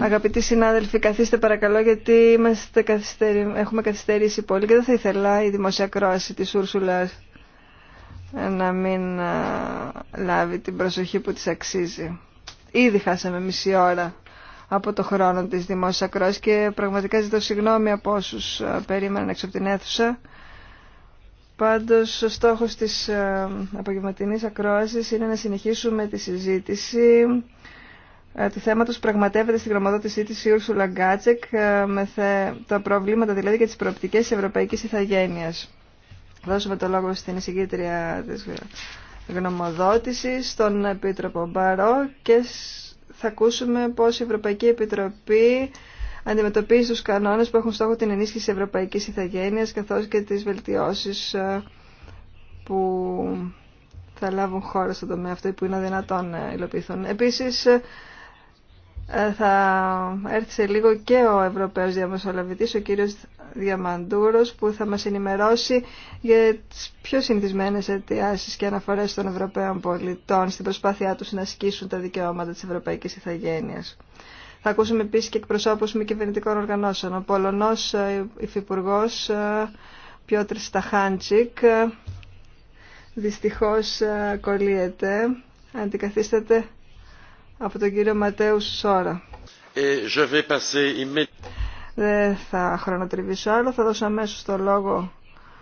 Αγαπητοί συνάδελφοι, καθίστε παρακαλώ γιατί έχουμε καθυστερήσει πολύ και δεν θα ήθελα η δημοσία κρόαση της Ούρσουλας να μην λάβει την προσοχή που της αξίζει. Ήδη χάσαμε μισή ώρα από το χρόνο της δημόσια και πραγματικά ζητώ συγγνώμη από όσους περίμεναν έξω από την αίθουσα. Πάντως ο στόχος της ε, απογευματινής ακρόασης είναι να συνεχίσουμε τη συζήτηση ε, του θέματος πραγματεύεται στην γραμματότησή της Ιούρσουλα Λαγκάτσεκ Γκάτσεκ ε, με τα προβλήματα δηλαδή και τις προοπτικές της Ευρωπαϊκής Ιθαγένειας. Δώσουμε το λόγο στην εισηγήτρια της γνωμοδότησης, στον Επίτροπο Μπαρό και θα ακούσουμε πώς η Ευρωπαϊκή Επιτροπή αντιμετωπίζει τους κανόνες που έχουν στόχο την ενίσχυση της ευρωπαϊκής ηθαγένειας καθώς και τις βελτιώσεις ε, που θα λάβουν χώρα στον τομέα αυτό που είναι δυνατόν να υλοποιηθούν. Επίσης ε, ε, θα έρθει σε λίγο και ο Ευρωπαίος Διαμεσολαβητής, ο κύριος Διαμαντούρος, που θα μας ενημερώσει για τις πιο συνηθισμένες αιτιάσεις και αναφορές των Ευρωπαίων πολιτών στην προσπάθειά του να ασκήσουν τα δικαιώματα της Ευρωπαϊκής Ιθαγένειας. Θα ακούσουμε επίσης και εκπροσώπους μη κυβερνητικών οργανώσεων. Ο Πολωνός ε, υφυπουργό ε, Πιότρ Σταχάντσικ ε, δυστυχώς κολλείεται, αντικαθίσταται από τον κύριο Ματέου Σόρα. Δεν θα χρονοτριβήσω άλλο, θα δώσω αμέσω το λόγο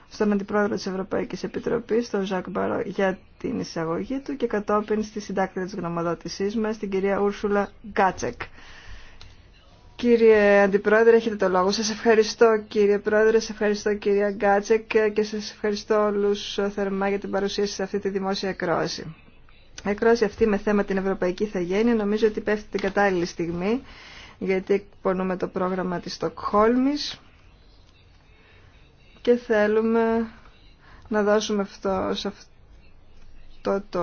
στον Αντιπρόεδρο της Ευρωπαϊκής Επιτροπής, τον Ζακ Μπαρό, για την εισαγωγή του και κατόπιν στη συντάκτη της γνωμοδότησής μας, την κυρία Ούρσουλα Γκάτσεκ. Κύριε Αντιπρόεδρε, έχετε το λόγο. Σας ευχαριστώ κύριε Πρόεδρε, σας ευχαριστώ κύριε Γκάτσεκ και σας ευχαριστώ όλους θερμά για την παρουσία σε αυτή τη δημόσια ακρόαση. Η αυτή με θέμα την Ευρωπαϊκή Θεγένεια νομίζω ότι πέφτει την κατάλληλη στιγμή γιατί εκπονούμε το πρόγραμμα της Στοκχόλμης και θέλουμε να δώσουμε αυτό, σε αυτό το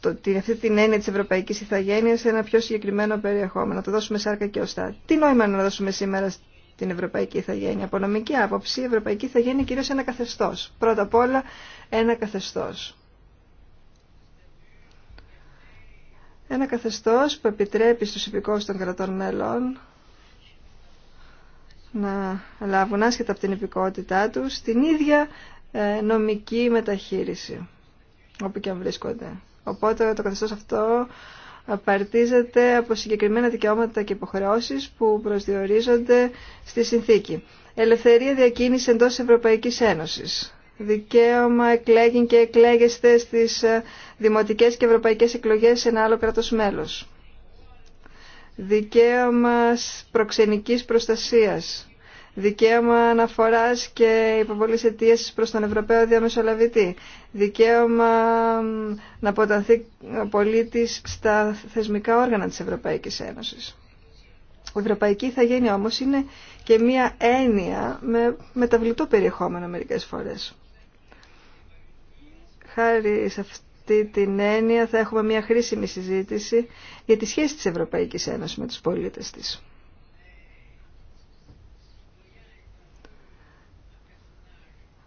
το, την, αυτή την έννοια τη ευρωπαϊκή ηθαγένεια σε ένα πιο συγκεκριμένο περιεχόμενο, να το δώσουμε σάρκα και οστά. Τι νόημα να δώσουμε σήμερα την ευρωπαϊκή ηθαγένεια. Από νομική άποψη, η ευρωπαϊκή ηθαγένεια είναι κυρίως ένα καθεστώ. Πρώτα απ' όλα, ένα καθεστώ. Ένα καθεστώ που επιτρέπει στου υπηκόου των κρατών μέλων να λάβουν άσχετα από την υπηκότητά τους την ίδια ε, νομική μεταχείριση όπου και αν βρίσκονται. Οπότε το καθεστώ αυτό απαρτίζεται από συγκεκριμένα δικαιώματα και υποχρεώσει που προσδιορίζονται στη συνθήκη. Ελευθερία διακίνηση εντός Ευρωπαϊκής Ένωσης. Δικαίωμα εκλέγει και εκλέγεστε στις ε, δημοτικές και ευρωπαϊκές εκλογές σε ένα άλλο κράτος μέλος. Δικαίωμα προξενικής προστασίας δικαίωμα αναφοράς και υποβολή αιτίας προς τον Ευρωπαίο Διαμεσολαβητή, δικαίωμα να αποταθεί ο πολίτης στα θεσμικά όργανα της Ευρωπαϊκής Ένωσης. Η Ευρωπαϊκή γίνει όμως είναι και μία έννοια με μεταβλητό περιεχόμενο μερικές φορές. Χάρη σε αυτή την έννοια θα έχουμε μία χρήσιμη συζήτηση για τη σχέση της Ευρωπαϊκής Ένωσης με τους πολίτες της.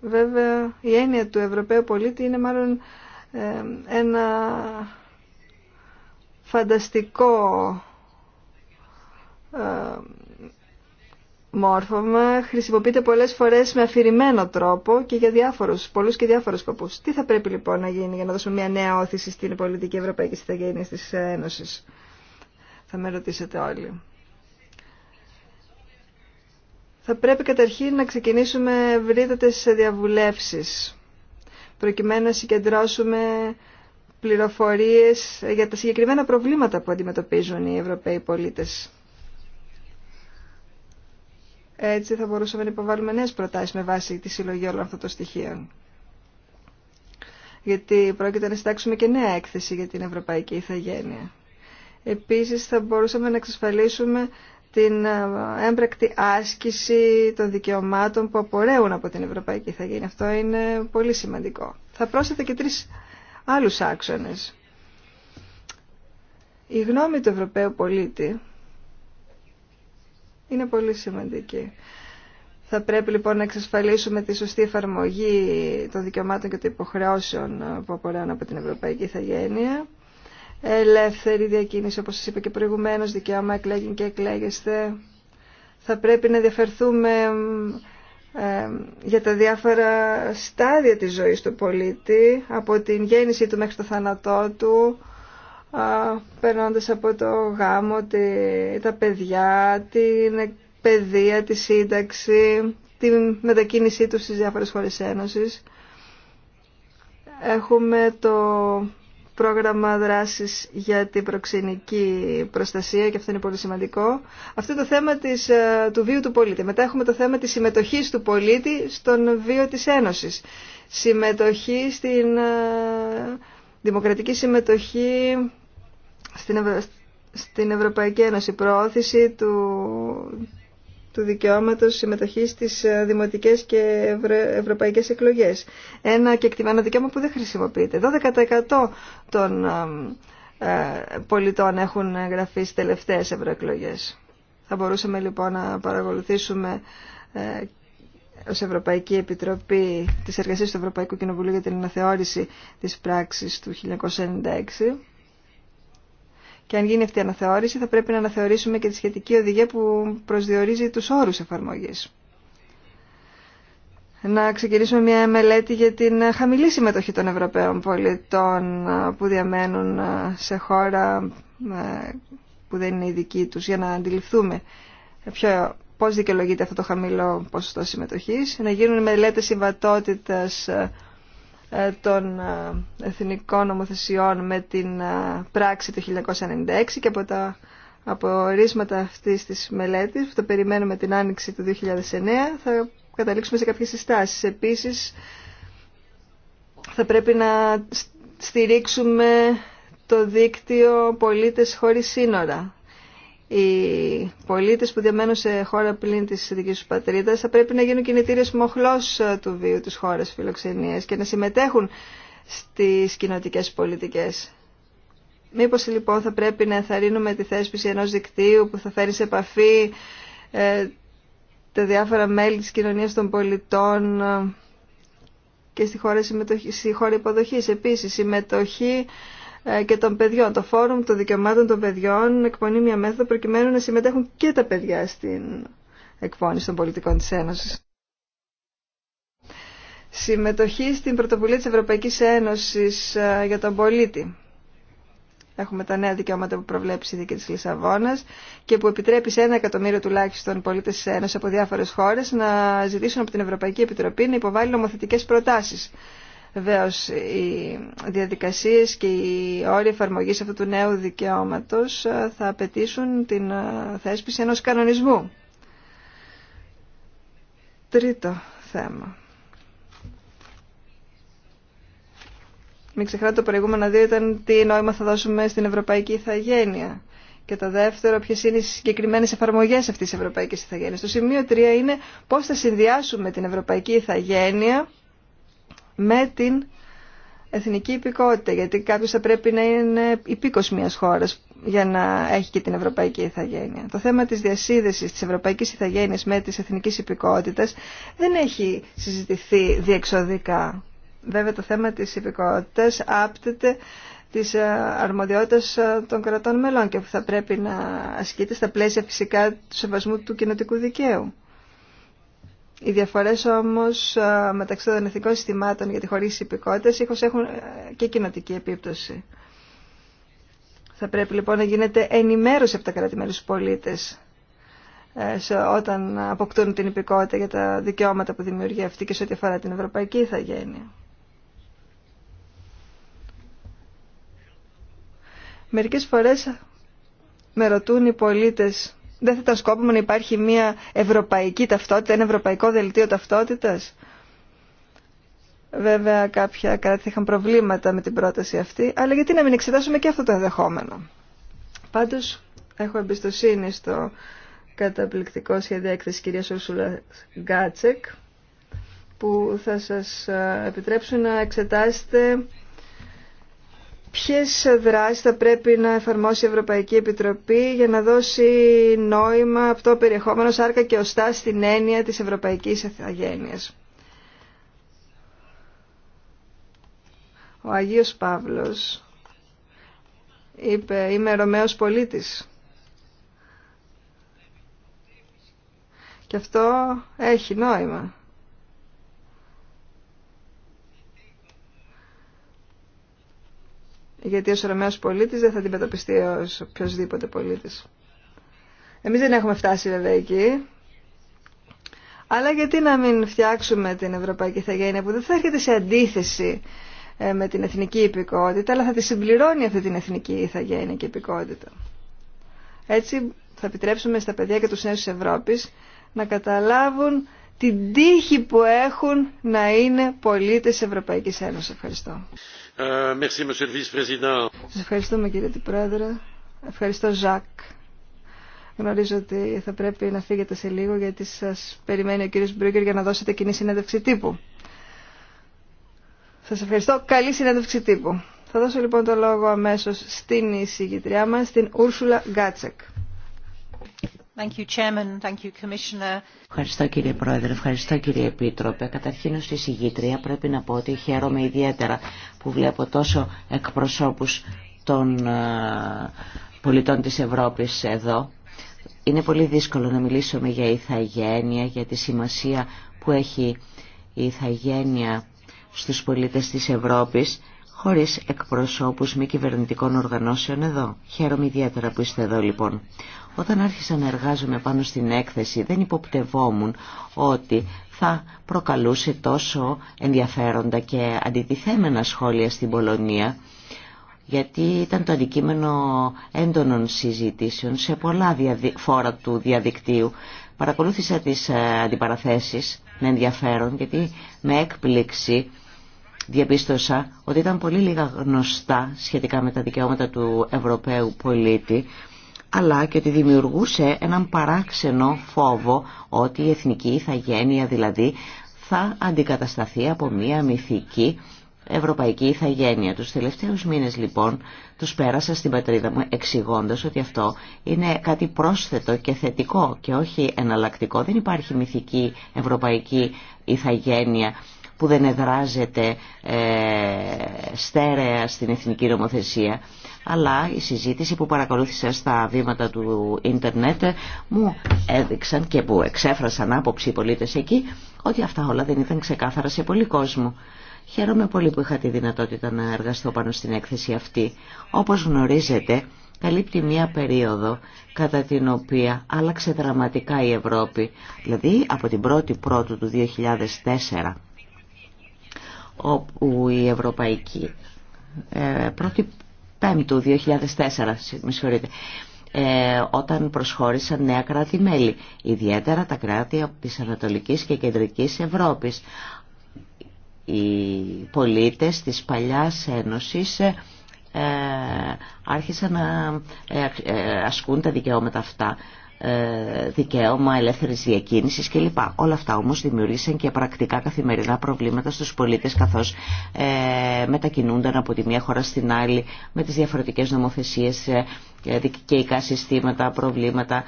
Βέβαια, η έννοια του Ευρωπαίου πολίτη είναι μάλλον ε, ένα φανταστικό ε, μόρφωμα. Χρησιμοποιείται πολλές φορές με αφηρημένο τρόπο και για διάφορους, πολλούς και διάφορους σκοπούς. Τι θα πρέπει λοιπόν να γίνει για να δώσουμε μια νέα όθηση στην πολιτική Ευρωπαϊκή Συνταγένεια της Ένωσης. Θα με ρωτήσετε όλοι θα πρέπει καταρχήν να ξεκινήσουμε ευρύτατες διαβουλεύσεις προκειμένου να συγκεντρώσουμε πληροφορίες για τα συγκεκριμένα προβλήματα που αντιμετωπίζουν οι Ευρωπαίοι πολίτες. Έτσι θα μπορούσαμε να υποβάλουμε νέες προτάσεις με βάση τη συλλογή όλων αυτών των στοιχείων. Γιατί πρόκειται να συντάξουμε και νέα έκθεση για την Ευρωπαϊκή Ιθαγένεια. Επίσης θα μπορούσαμε να εξασφαλίσουμε την ε, έμπρακτη άσκηση των δικαιωμάτων που απορρέουν από την Ευρωπαϊκή Ιθαγένεια. Αυτό είναι πολύ σημαντικό. Θα πρόσθετα και τρεις άλλους άξονες. Η γνώμη του Ευρωπαίου πολίτη είναι πολύ σημαντική. Θα πρέπει λοιπόν να εξασφαλίσουμε τη σωστή εφαρμογή των δικαιωμάτων και των υποχρεώσεων που απορρέουν από την Ευρωπαϊκή Ιθαγένεια ελεύθερη διακίνηση, όπως σας είπα και προηγουμένως, δικαίωμα εκλέγει και εκλέγεστε. Θα πρέπει να διαφερθούμε ε, για τα διάφορα στάδια της ζωής του πολίτη, από την γέννησή του μέχρι το θάνατό του, περνώντας από το γάμο, τα παιδιά, την παιδεία, τη σύνταξη, τη μετακίνησή του στις διάφορες χώρες Ένωσης. Έχουμε το πρόγραμμα δράσης για την προξενική προστασία και αυτό είναι πολύ σημαντικό. Αυτό είναι το θέμα της, ε, του βίου του πολίτη. Μετά έχουμε το θέμα της συμμετοχής του πολίτη στον βίο της Ένωσης. Συμμετοχή στην ε, δημοκρατική συμμετοχη στην, Ευρωπαϊκή Ένωση, προώθηση του, του δικαιώματο συμμετοχή στι ε, δημοτικέ και ευρωπαϊκέ εκλογέ. Ένα κεκτημένο δικαίωμα που δεν χρησιμοποιείται. 12% των ε, ε, πολιτών έχουν εγγραφεί στι τελευταίε ευρωεκλογέ. Θα μπορούσαμε λοιπόν να παρακολουθήσουμε ως Ευρωπαϊκή Επιτροπή της Εργασίας του Ευρωπαϊκού Κοινοβουλίου για την αναθεώρηση της πράξης του 1996 και αν γίνει αυτή η αναθεώρηση θα πρέπει να αναθεωρήσουμε και τη σχετική οδηγία που προσδιορίζει τους όρους εφαρμογής. Να ξεκινήσουμε μια μελέτη για την χαμηλή συμμετοχή των Ευρωπαίων πολιτών που διαμένουν σε χώρα που δεν είναι η δική τους για να αντιληφθούμε ποιο, πώς δικαιολογείται αυτό το χαμηλό ποσοστό συμμετοχής. Να γίνουν μελέτες συμβατότητας ε, των ε, εθνικών νομοθεσιών με την ε, πράξη του 1996 και από τα απορίσματα αυτής της μελέτης που θα περιμένουμε την άνοιξη του 2009 θα καταλήξουμε σε κάποιες συστάσεις. Επίσης θα πρέπει να στηρίξουμε το δίκτυο πολίτες χωρίς σύνορα οι πολίτες που διαμένουν σε χώρα πλήν της δικής τους πατρίδας θα πρέπει να γίνουν κινητήρες μοχλός ε, του βίου της χώρας φιλοξενίας και να συμμετέχουν στις κοινωτικές πολιτικές. Μήπως λοιπόν θα πρέπει να ενθαρρύνουμε τη θέσπιση ενός δικτύου που θα φέρει σε επαφή ε, τα διάφορα μέλη της κοινωνίας των πολιτών ε, και στη χώρα, συμμετοχή, χώρα υποδοχής. Επίσης, συμμετοχή ε, και των παιδιών. Το Φόρουμ των Δικαιωμάτων των Παιδιών εκπονεί μια μέθοδο προκειμένου να συμμετέχουν και τα παιδιά στην εκπόνηση των πολιτικών της Ένωσης. Συμμετοχή στην πρωτοβουλία της Ευρωπαϊκής Ένωσης ε, για τον πολίτη. Έχουμε τα νέα δικαιώματα που προβλέπει η Δίκη τη Λισαβόνα και που επιτρέπει σε ένα εκατομμύριο τουλάχιστον πολίτε τη Ένωση από διάφορε χώρε να ζητήσουν από την Ευρωπαϊκή Επιτροπή να υποβάλει νομοθετικέ προτάσει Βεβαίω, οι διαδικασίες και οι όροι εφαρμογή αυτού του νέου δικαιώματος ε, θα απαιτήσουν την ε, θέσπιση ενός κανονισμού. Τρίτο θέμα. Μην ξεχνάτε το προηγούμενο δύο ήταν τι νόημα θα δώσουμε στην Ευρωπαϊκή Ιθαγένεια. Και το δεύτερο, ποιε είναι οι συγκεκριμένε εφαρμογέ αυτή τη Ευρωπαϊκή Ιθαγένεια. Το σημείο 3 είναι πώ θα συνδυάσουμε την Ευρωπαϊκή Ιθαγένεια με την εθνική υπηκότητα, γιατί κάποιο θα πρέπει να είναι υπήκο μια χώρας για να έχει και την ευρωπαϊκή ηθαγένεια. Το θέμα τη διασύνδεση τη Ευρωπαϊκή ηθαγένεια με τη εθνική υπηκότητα δεν έχει συζητηθεί διεξοδικά. Βέβαια το θέμα τη υπηκότητα άπτεται της ε, αρμοδιότητα ε, των κρατών μελών και που θα πρέπει να ασκείται στα πλαίσια φυσικά του σεβασμού του κοινοτικού δικαίου. Οι διαφορές όμως ε, μεταξύ των εθνικών συστημάτων για τη χωρίση υπηκότητας έχουν ε, και κοινοτική επίπτωση. Θα πρέπει λοιπόν να γίνεται ενημέρωση από τα κράτη-μέλη ε, όταν αποκτούν την υπηκότητα για τα δικαιώματα που δημιουργεί αυτή και σε ό,τι αφορά την ευρωπαϊκή ηθαγένεια. Μερικές φορές με ρωτούν οι πολίτες δεν θα ήταν σκόπιμο να υπάρχει μια ευρωπαϊκή ταυτότητα, ένα ευρωπαϊκό δελτίο ταυτότητας. Βέβαια κάποια κράτη είχαν προβλήματα με την πρόταση αυτή, αλλά γιατί να μην εξετάσουμε και αυτό το ενδεχόμενο. Πάντως έχω εμπιστοσύνη στο καταπληκτικό σχέδιο έκθεση κυρίας Ουρσούλα Γκάτσεκ που θα σας ε, επιτρέψουν να εξετάσετε ποιες δράσεις θα πρέπει να εφαρμόσει η Ευρωπαϊκή Επιτροπή για να δώσει νόημα αυτό περιεχόμενο σάρκα και οστά στην έννοια της Ευρωπαϊκής αγένειας. Ο Αγίος Παύλος είπε «Είμαι Ρωμαίος πολίτης». Και αυτό έχει νόημα. γιατί ως Ρωμαίος πολίτης δεν θα την πετοπιστεί ως οποιοδήποτε πολίτης. Εμείς δεν έχουμε φτάσει βέβαια εκεί, αλλά γιατί να μην φτιάξουμε την Ευρωπαϊκή Θαγένεια που δεν θα έρχεται σε αντίθεση ε, με την εθνική υπηκότητα, αλλά θα τη συμπληρώνει αυτή την εθνική ηθαγένεια και υπηκότητα. Έτσι θα επιτρέψουμε στα παιδιά και τους νέους της Ευρώπης να καταλάβουν την τύχη που έχουν να είναι πολίτες Ευρωπαϊκής Ένωσης. Ευχαριστώ. Ε, merci, Σας ευχαριστούμε κύριε την Πρόεδρε. Ευχαριστώ Ζακ. Γνωρίζω ότι θα πρέπει να φύγετε σε λίγο γιατί σας περιμένει ο κύριος Μπρούγκερ για να δώσετε κοινή συνέντευξη τύπου. Σας ευχαριστώ. Καλή συνέντευξη τύπου. Θα δώσω λοιπόν το λόγο αμέσως στην εισηγητριά μας, την Ούρσουλα Γκάτσεκ. Ευχαριστώ κύριε Πρόεδρε, ευχαριστώ κύριε Επίτροπε. Καταρχήν ως εισηγήτρια πρέπει να πω ότι χαίρομαι ιδιαίτερα που βλέπω τόσο εκπροσώπους των ε, πολιτών της Ευρώπης εδώ. Είναι πολύ δύσκολο να μιλήσουμε για ηθαγένεια, για τη σημασία που έχει η ηθαγένεια στους πολίτες της Ευρώπης χωρίς εκπροσώπους μη κυβερνητικών οργανώσεων εδώ. Χαίρομαι ιδιαίτερα που είστε εδώ λοιπόν. Όταν άρχισα να εργάζομαι πάνω στην έκθεση δεν υποπτευόμουν ότι θα προκαλούσε τόσο ενδιαφέροντα και αντιτιθέμενα σχόλια στην Πολωνία γιατί ήταν το αντικείμενο έντονων συζητήσεων σε πολλά φόρα του διαδικτύου. Παρακολούθησα τις ε, αντιπαραθέσεις με ενδιαφέρον γιατί με έκπληξη διαπίστωσα ότι ήταν πολύ λίγα γνωστά σχετικά με τα δικαιώματα του Ευρωπαίου πολίτη αλλά και ότι δημιουργούσε έναν παράξενο φόβο ότι η εθνική ηθαγένεια δηλαδή θα αντικατασταθεί από μια μυθική ευρωπαϊκή ηθαγένεια. Τους τελευταίους μήνες λοιπόν τους πέρασα στην πατρίδα μου εξηγώντας ότι αυτό είναι κάτι πρόσθετο και θετικό και όχι εναλλακτικό. Δεν υπάρχει μυθική ευρωπαϊκή ηθαγένεια που δεν εδράζεται ε, στέρεα στην εθνική νομοθεσία αλλά η συζήτηση που παρακολούθησα στα βήματα του ίντερνετ μου έδειξαν και που εξέφρασαν άποψη οι πολίτες εκεί ότι αυτά όλα δεν ήταν ξεκάθαρα σε πολύ κόσμο. Χαίρομαι πολύ που είχα τη δυνατότητα να εργαστώ πάνω στην έκθεση αυτή. Όπως γνωρίζετε, καλύπτει μία περίοδο κατά την οποία άλλαξε δραματικά η Ευρώπη, δηλαδή από την 1η Πρώτου του 2004, όπου η Ευρωπαϊκή ε, πρώτη του 2004, με συγχωρείτε, ε, όταν προσχώρησαν νέα κράτη-μέλη, ιδιαίτερα τα κράτη της Ανατολικής και Κεντρικής Ευρώπης. Οι πολίτες της παλιάς Ένωσης ε, άρχισαν να ε, ε, ασκούν τα δικαιώματα αυτά ε, δικαίωμα ελεύθερης διακίνησης κλπ. Όλα αυτά όμως δημιουργήσαν και πρακτικά καθημερινά προβλήματα στους πολίτες καθώς ε, μετακινούνταν από τη μία χώρα στην άλλη με τις διαφορετικές νομοθεσίες ε, δικαιικά συστήματα, προβλήματα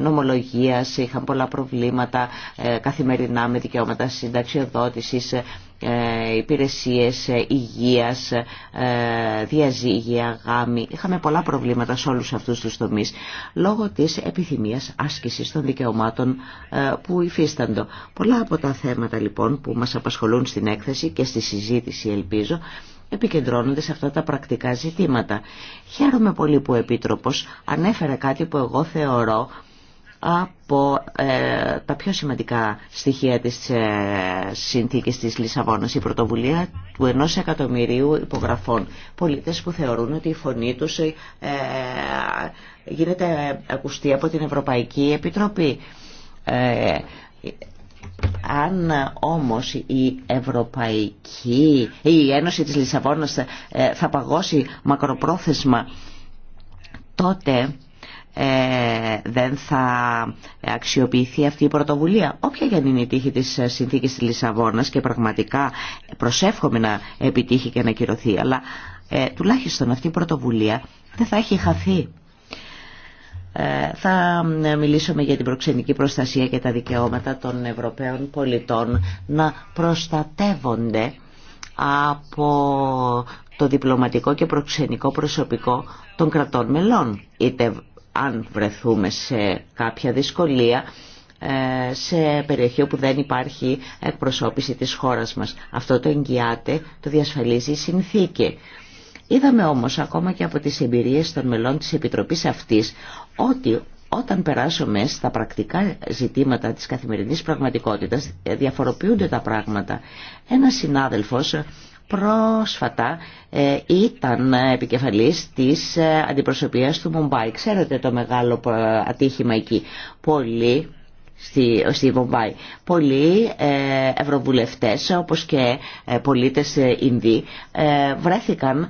νομολογίας, είχαν πολλά προβλήματα καθημερινά με δικαιώματα συνταξιοδότησης, ε, υπηρεσίες ε, υγείας, ε, διαζύγια, γάμοι. Είχαμε πολλά προβλήματα σε όλους αυτούς τους τομείς λόγω της επιθυμίας άσκησης των δικαιωμάτων που υφίσταντο. Πολλά από τα θέματα λοιπόν που μας απασχολούν στην έκθεση και στη συζήτηση ελπίζω επικεντρώνονται σε αυτά τα πρακτικά ζητήματα. Χαίρομαι πολύ που ο Επίτροπος ανέφερε κάτι που εγώ θεωρώ από ε, τα πιο σημαντικά στοιχεία της ε, συνθήκης της Λισαβόνας, η πρωτοβουλία του ενός εκατομμυρίου υπογραφών. Πολίτες που θεωρούν ότι η φωνή τους ε, γίνεται ακουστή από την Ευρωπαϊκή Επιτροπή. Ε, αν όμως η Ευρωπαϊκή, η Ένωση της Λισαβόνας ε, θα παγώσει μακροπρόθεσμα, τότε ε, δεν θα αξιοποιηθεί αυτή η πρωτοβουλία. Όποια για είναι η τύχη της συνθήκης της Λισαβόνας και πραγματικά προσεύχομαι να επιτύχει και να κυρωθεί, αλλά ε, τουλάχιστον αυτή η πρωτοβουλία δεν θα έχει χαθεί. Ε, θα μιλήσουμε για την προξενική προστασία και τα δικαιώματα των Ευρωπαίων πολιτών να προστατεύονται από το διπλωματικό και προξενικό προσωπικό των κρατών μελών, αν βρεθούμε σε κάποια δυσκολία ε, σε περιοχή όπου δεν υπάρχει εκπροσώπηση της χώρας μας. Αυτό το εγγυάται, το διασφαλίζει η συνθήκη. Είδαμε όμως ακόμα και από τις εμπειρίες των μελών της Επιτροπής αυτής ότι όταν περάσουμε στα πρακτικά ζητήματα της καθημερινής πραγματικότητας ε, διαφοροποιούνται τα πράγματα. Ένας συνάδελφος πρόσφατα ε, ήταν επικεφαλής της ε, αντιπροσωπείας του Μομπάι. Ξέρετε το μεγάλο ε, ατύχημα εκεί. Πολλοί στη, στη Μομπάι. Πολλοί ε, ευρωβουλευτές όπως και πολίτες Ινδοί βρέθηκαν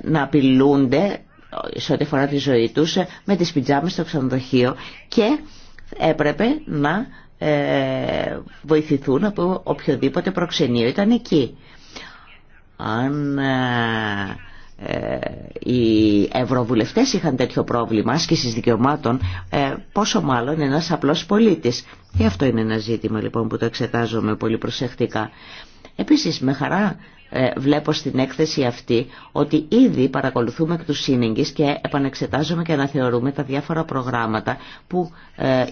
να απειλούνται σε ό,τι φορά τη ζωή τους με τις πιτζάμες στο ξενοδοχείο και έπρεπε να βοηθηθούν από οποιοδήποτε προξενείο ήταν εκεί αν ε, ε, οι ευρωβουλευτές είχαν τέτοιο πρόβλημα στις δικαιωμάτων, ε, πόσο μάλλον ένας απλός πολίτης. Και αυτό είναι ένα ζήτημα λοιπόν που το εξετάζομαι πολύ προσεκτικά. Επίσης με χαρά ε, βλέπω στην έκθεση αυτή ότι ήδη παρακολουθούμε εκ του σύνεγγις και επανεξετάζουμε και αναθεωρούμε τα διάφορα προγράμματα που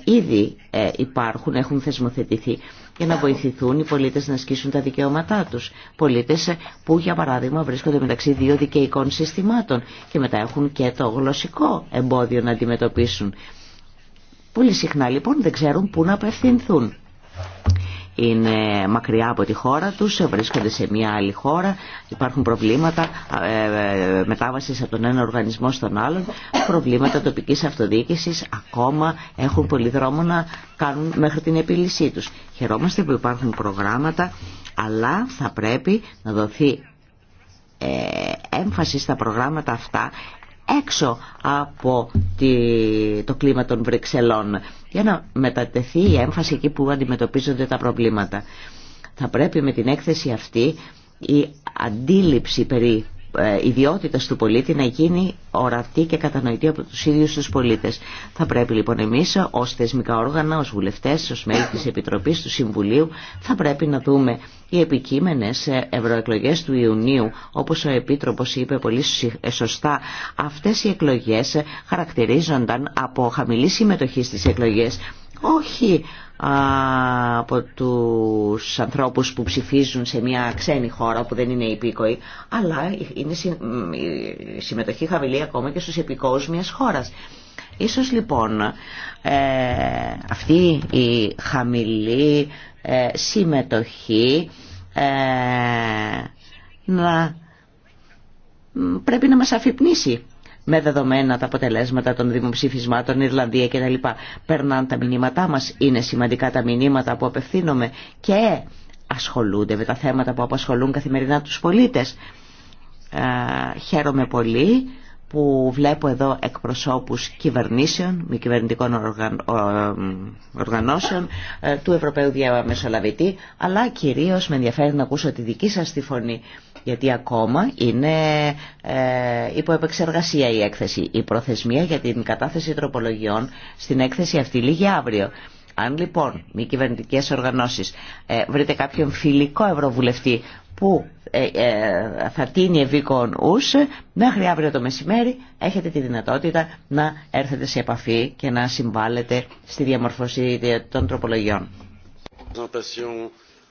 ήδη υπάρχουν, έχουν θεσμοθετηθεί για να βοηθηθούν οι πολίτες να ασκήσουν τα δικαιώματά τους. Πολίτες ε, που για παράδειγμα βρίσκονται μεταξύ δύο δικαιικών συστημάτων και μετά έχουν και το γλωσσικό εμπόδιο να αντιμετωπίσουν. Πολύ συχνά λοιπόν δεν ξέρουν πού να απευθυνθούν είναι μακριά από τη χώρα τους, βρίσκονται σε μια άλλη χώρα, υπάρχουν προβλήματα ε, ε, μετάβασης από τον ένα οργανισμό στον άλλον, προβλήματα τοπικής αυτοδιοίκησης ακόμα έχουν πολύ δρόμο να κάνουν μέχρι την επίλυσή τους. Χαιρόμαστε που υπάρχουν προγράμματα, αλλά θα πρέπει να δοθεί ε, έμφαση στα προγράμματα αυτά έξω από το κλίμα των Βρυξελών για να μετατεθεί η έμφαση εκεί που αντιμετωπίζονται τα προβλήματα. Θα πρέπει με την έκθεση αυτή η αντίληψη περί ε, ιδιότητα του πολίτη να γίνει ορατή και κατανοητή από τους ίδιους τους πολίτες. Θα πρέπει λοιπόν εμείς ως θεσμικά όργανα, ως βουλευτές, ως μέλη της Επιτροπής, του Συμβουλίου, θα πρέπει να δούμε οι επικείμενες ε, ευρωεκλογές του Ιουνίου, όπως ο Επίτροπος είπε πολύ ε, σωστά, αυτές οι εκλογές χαρακτηρίζονταν από χαμηλή συμμετοχή στις εκλογές όχι από τους ανθρώπους που ψηφίζουν σε μια ξένη χώρα που δεν είναι υπήκοοι, αλλά είναι συμμετοχή χαμηλή ακόμα και στους επικόους μιας χώρας. Ίσως λοιπόν ε, αυτή η χαμηλή ε, συμμετοχή ε, να πρέπει να μας αφυπνήσει με δεδομένα τα αποτελέσματα των δημοψήφισμάτων, Ιρλανδία κτλ. Περνάνε τα μηνύματά μας, είναι σημαντικά τα μηνύματα που απευθύνομαι και ασχολούνται με τα θέματα που απασχολούν καθημερινά τους πολίτες. Ε, χαίρομαι πολύ που βλέπω εδώ εκπροσώπους κυβερνήσεων, μη κυβερνητικών οργανώσεων, ε, του Ευρωπαίου Διαμεσολαβητή, αλλά κυρίως με ενδιαφέρει να ακούσω τη δική σας τη φωνή γιατί ακόμα είναι ε, υπό επεξεργασία η έκθεση. Η προθεσμία για την κατάθεση τροπολογιών στην έκθεση αυτή λίγη αύριο. Αν λοιπόν μη κυβερνητικέ οργανώσει ε, βρείτε κάποιον φιλικό ευρωβουλευτή που ε, θα τίνει ευήκον ους, μέχρι αύριο το μεσημέρι έχετε τη δυνατότητα να έρθετε σε επαφή και να συμβάλλετε στη διαμορφωσή των τροπολογιών.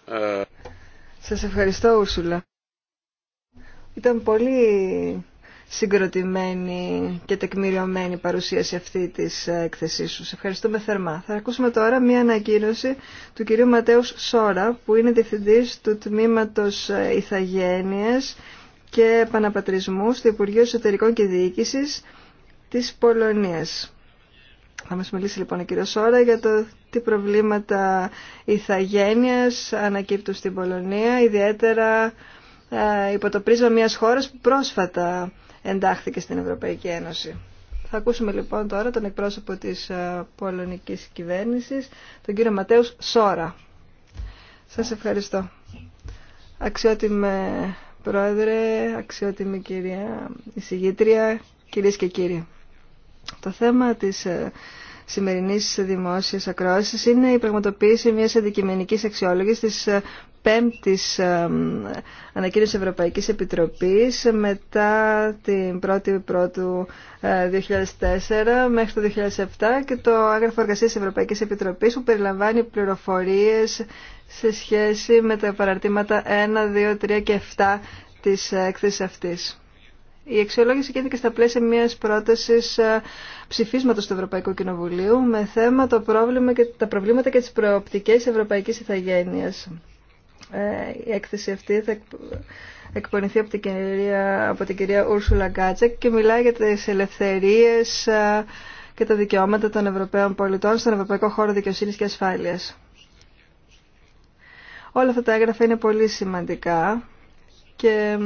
Euh, Σας ευχαριστώ ήταν πολύ συγκροτημένη και τεκμηριωμένη παρουσίαση αυτή της έκθεσής σου. Σε ευχαριστούμε θερμά. Θα ακούσουμε τώρα μία ανακοίνωση του κυρίου Ματέου Σόρα, που είναι διευθυντής του Τμήματος Ιθαγένειας και Παναπατρισμού στο Υπουργείο Εσωτερικών και Διοίκησης της Πολωνίας. Θα μας μιλήσει λοιπόν ο κύριος Σόρα για το τι προβλήματα Ιθαγένειας ανακύπτουν στην Πολωνία, ιδιαίτερα ε, υπό το πρίσμα μιας χώρας που πρόσφατα εντάχθηκε στην Ευρωπαϊκή Ένωση. Θα ακούσουμε λοιπόν τώρα τον εκπρόσωπο της ε, πολωνικής κυβέρνησης, τον κύριο Ματέους Σόρα. Σας ευχαριστώ. Αξιότιμε πρόεδρε, αξιότιμη κυρία εισηγήτρια, κυρίες και κύριοι. Το θέμα της ε, σημερινής δημόσιας ακρόασης είναι η πραγματοποίηση μιας αντικειμενικής αξιόλογης της πέμπτης ανακοίνωση Ευρωπαϊκής Επιτροπής μετά την 1η Πρώτου 2004 ε, μέχρι το 2007 και το άγραφο εργασίας της Ευρωπαϊκής Επιτροπής που περιλαμβάνει πληροφορίες σε σχέση με τα παραρτήματα 1, 2, 3 και 7 της έκθεσης αυτής. Η αξιολόγηση γίνεται και στα πλαίσια μια πρόταση ε, ψηφίσματο του Ευρωπαϊκού Κοινοβουλίου με θέμα το πρόβλημα και, τα προβλήματα και τι προοπτικέ ευρωπαϊκή ηθαγένεια. Ε, η έκθεση αυτή θα εκπονηθεί από την κυρία, από την Ούρσουλα Γκάτσεκ και μιλάει για τις ελευθερίες ε, και τα δικαιώματα των Ευρωπαίων πολιτών στον Ευρωπαϊκό Χώρο Δικαιοσύνης και Ασφάλειας. Όλα αυτά τα έγγραφα είναι πολύ σημαντικά και